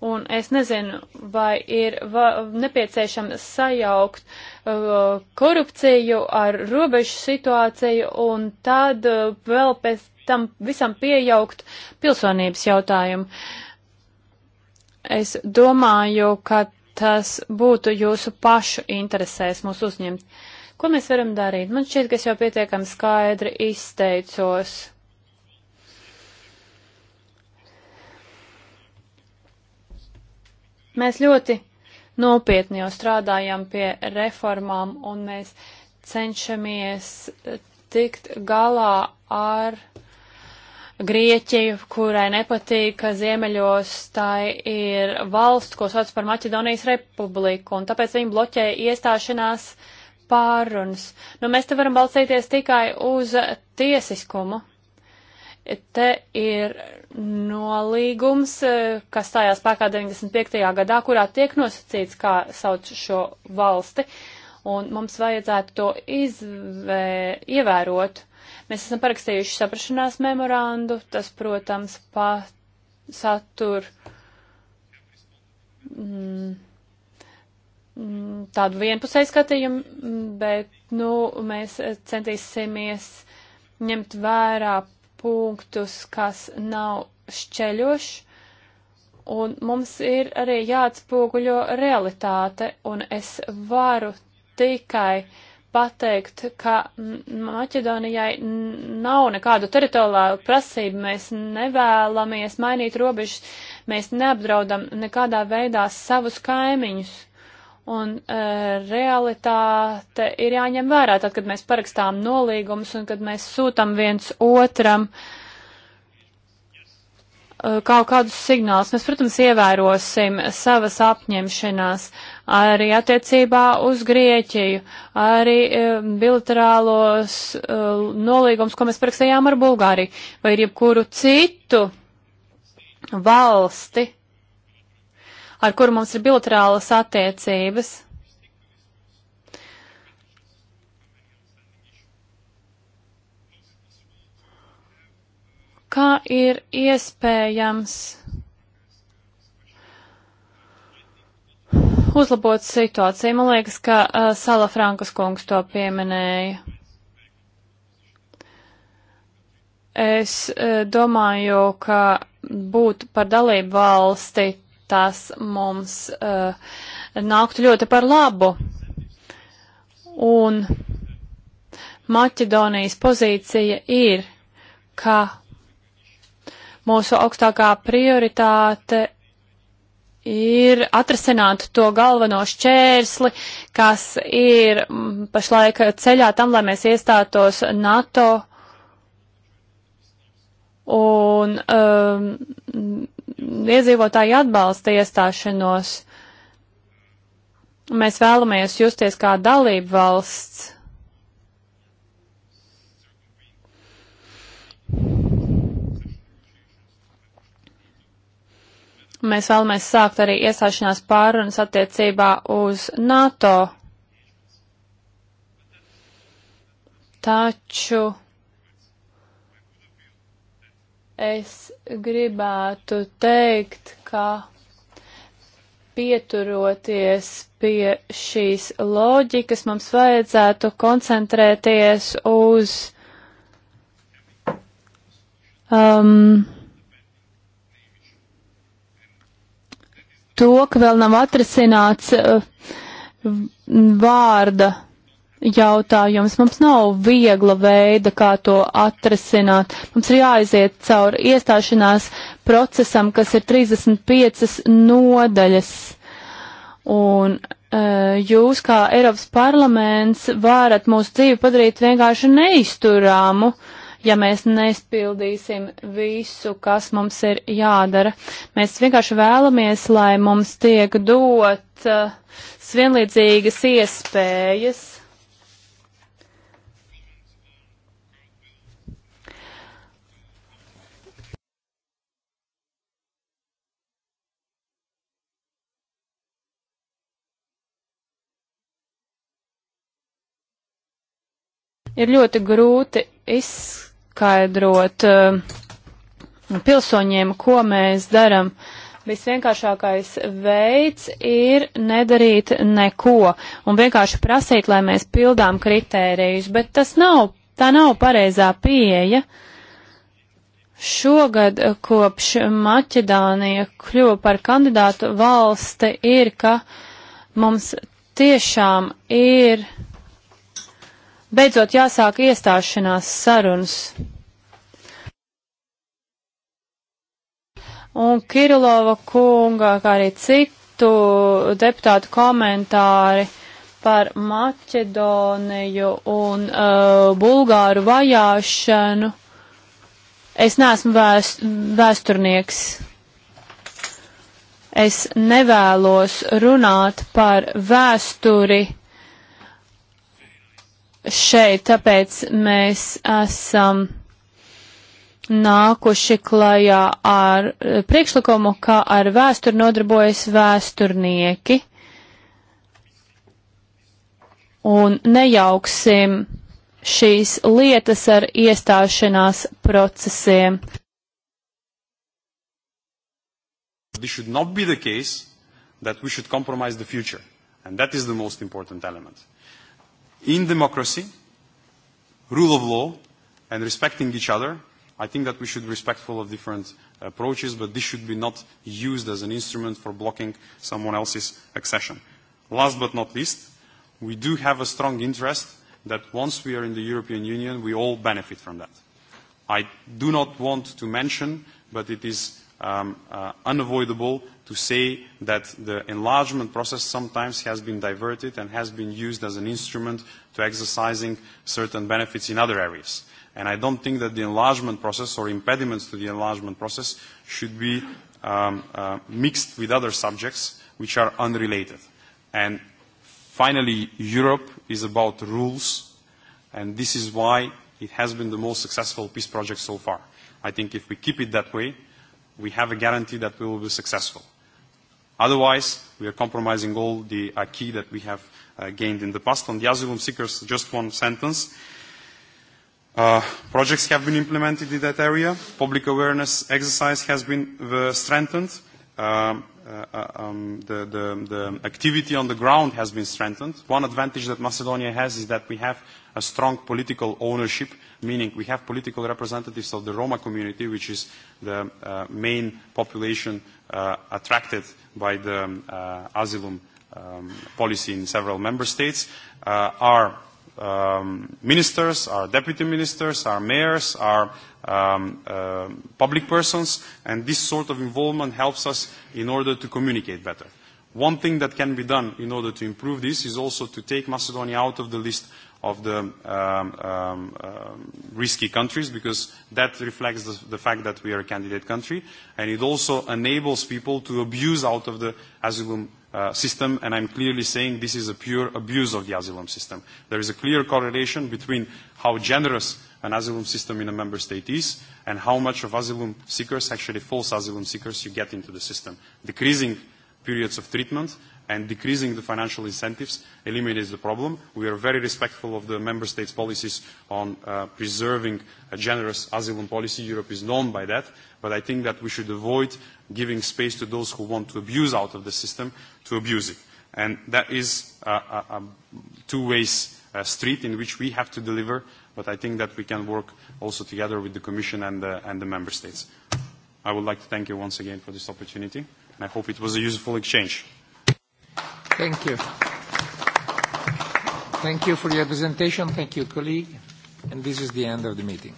Un es nezinu, vai ir va nepieciešams sajaukt uh, korupciju ar robežu situāciju un tad uh, vēl pēc tam visam piejaukt pilsonības jautājumu. Es domāju, ka tas būtu jūsu pašu interesēs mūs uzņemt. Ko mēs varam darīt? Man šķiet, ka es jau pietiekami skaidri izteicos. Mēs ļoti nopietni jau strādājam pie reformām un mēs cenšamies tikt galā ar Grieķiju, kurai nepatīk, ka ziemeļos tā ir valsts, ko sauc par Maķedonijas republiku, un tāpēc viņi bloķē iestāšanās pārunas. Nu, mēs te varam balstīties tikai uz tiesiskumu. Te ir nolīgums, eh, kas stājās spēkā 95. gadā, kurā tiek nosacīts, kā sauc šo valsti, un mums vajadzētu to izvē, ievērot. Mēs esam parakstījuši saprašanās memorandu, tas, protams, pa satur mm, mm tādu vienpusēju skatījumu, mm, bet, nu, mēs centīsimies ņemt vērā punktus, kas nav šķeļoši, un mums ir arī jāatspoguļo realitāte, un es varu tikai pateikt, ka Maķedonijai nav nekādu teritoriālu prasību, mēs nevēlamies mainīt robežas, mēs neapdraudam nekādā veidā savus kaimiņus. Un uh, realitāte ir jāņem vērā tad, kad mēs parakstām nolīgumus un kad mēs sūtam viens otram uh, kaut kādus signālus. Mēs, protams, ievērosim savas apņemšanās arī attiecībā uz Grieķiju, arī uh, bilaterālos uh, nolīgumus, ko mēs parakstījām ar Bulgāriju, vai ir jebkuru citu valsti ar kuru mums ir bilaterālas attiecības. Kā ir iespējams uzlabot situāciju? Man liekas, ka uh, Sala Frankas kungs to pieminēja. Es uh, domāju, ka būt par dalību valsti tas mums uh, nāktu ļoti par labu. Un Maķedonijas pozīcija ir, ka mūsu augstākā prioritāte ir atrasināt to galveno šķērsli, kas ir mm, pašlaik ceļā tam, lai mēs iestātos NATO. Un um, iedzīvotāji atbalsta iestāšanos. Mēs vēlamies justies kā dalība valsts. Mēs vēlamies sākt arī iestāšanās pārunas attiecībā uz NATO. Taču Es gribētu teikt, ka pieturoties pie šīs loģikas, mums vajadzētu koncentrēties uz um, to, ka vēl nav atrasināts uh, vārda jautājums. Mums nav viegla veida, kā to atrasināt. Mums ir jāaiziet cauri iestāšanās procesam, kas ir 35 nodaļas. Un e, jūs, kā Eiropas parlaments, varat mūsu dzīvi padarīt vienkārši neizturāmu, ja mēs neizpildīsim visu, kas mums ir jādara. Mēs vienkārši vēlamies, lai mums tiek dot uh, e, svienlīdzīgas iespējas Ir ļoti grūti izskaidrot uh, pilsoņiem, ko mēs darām. Visvienkāršākais veids ir nedarīt neko un vienkārši prasīt, lai mēs pildām kritērijus, bet tas nav, tā nav pareizā pieeja. Šogad, eh, kopš Maķedānija kļuva par kandidātu valsti, ir, ka mums tiešām ir beidzot jāsāk iestāšanās sarunas. Un Kirilova kunga, kā arī citu deputātu komentāri par Maķedoniju un uh, Bulgāru vajāšanu. Es neesmu vēst, vēsturnieks. Es nevēlos runāt par vēsturi šeit, tāpēc mēs esam nākuši klajā ar priekšlikumu, kā ar vēsturi nodarbojas vēsturnieki. Un nejauksim šīs lietas ar iestāšanās procesiem. This should not be the case that we should compromise the future. And that is the most important element. Uh, in democracy, rule of law, and respecting each other, I think that we should be respectful of different approaches, but this should be not used as an instrument for blocking someone else's accession. Last but not least, we do have a strong interest that once we are in the European Union, we all benefit from that. I do not want to mention, but it is um, uh, unavoidable to say that the enlargement process sometimes has been diverted and has been used as an instrument to exercising certain benefits in other areas. And I don't think that the enlargement process or impediments to the enlargement process should be um, uh, mixed with other subjects which are unrelated. And finally, Europe is about rules, and this is why it has been the most successful peace project so far. I think if we keep it that way, we have a guarantee that we will be successful. Otherwise, we are compromising all the acquis uh, that we have uh, gained in the past. On the asylum seekers, just one sentence. Uh, projects have been implemented in that area. Public awareness exercise has been uh, strengthened. Um, uh, uh um, the, the, the activity on the ground has been strengthened. One advantage that Macedonia has is that we have a strong political ownership, meaning we have political representatives of the Roma community, which is the uh, main population uh, attracted by the um, uh, asylum um, policy in several member states. Uh, our um, ministers, our deputy ministers, our mayors, our um, uh, public persons, and this sort of involvement helps us in order to communicate better. One thing that can be done in order to improve this is also to take Macedonia out of the list of the um, um, um, risky countries because that reflects the, the fact that we are a candidate country and it also enables people to abuse out of the asylum uh, system and I'm clearly saying this is a pure abuse of the asylum system. There is a clear correlation between how generous an asylum system in a member state is and how much of asylum seekers, actually false asylum seekers, you get into the system. Decreasing periods of treatment and decreasing the financial incentives eliminates the problem. We are very respectful of the member states' policies on uh, preserving a generous asylum policy. Europe is known by that. But I think that we should avoid giving space to those who want to abuse out of the system to abuse it. And that is a, a, a two-way uh, street in which we have to deliver, but I think that we can work also together with the Commission and the, and the Member States. I would like to thank you once again for this opportunity, and I hope it was a useful exchange. Thank you. Thank you for your presentation. Thank you, colleague. And this is the end of the meeting.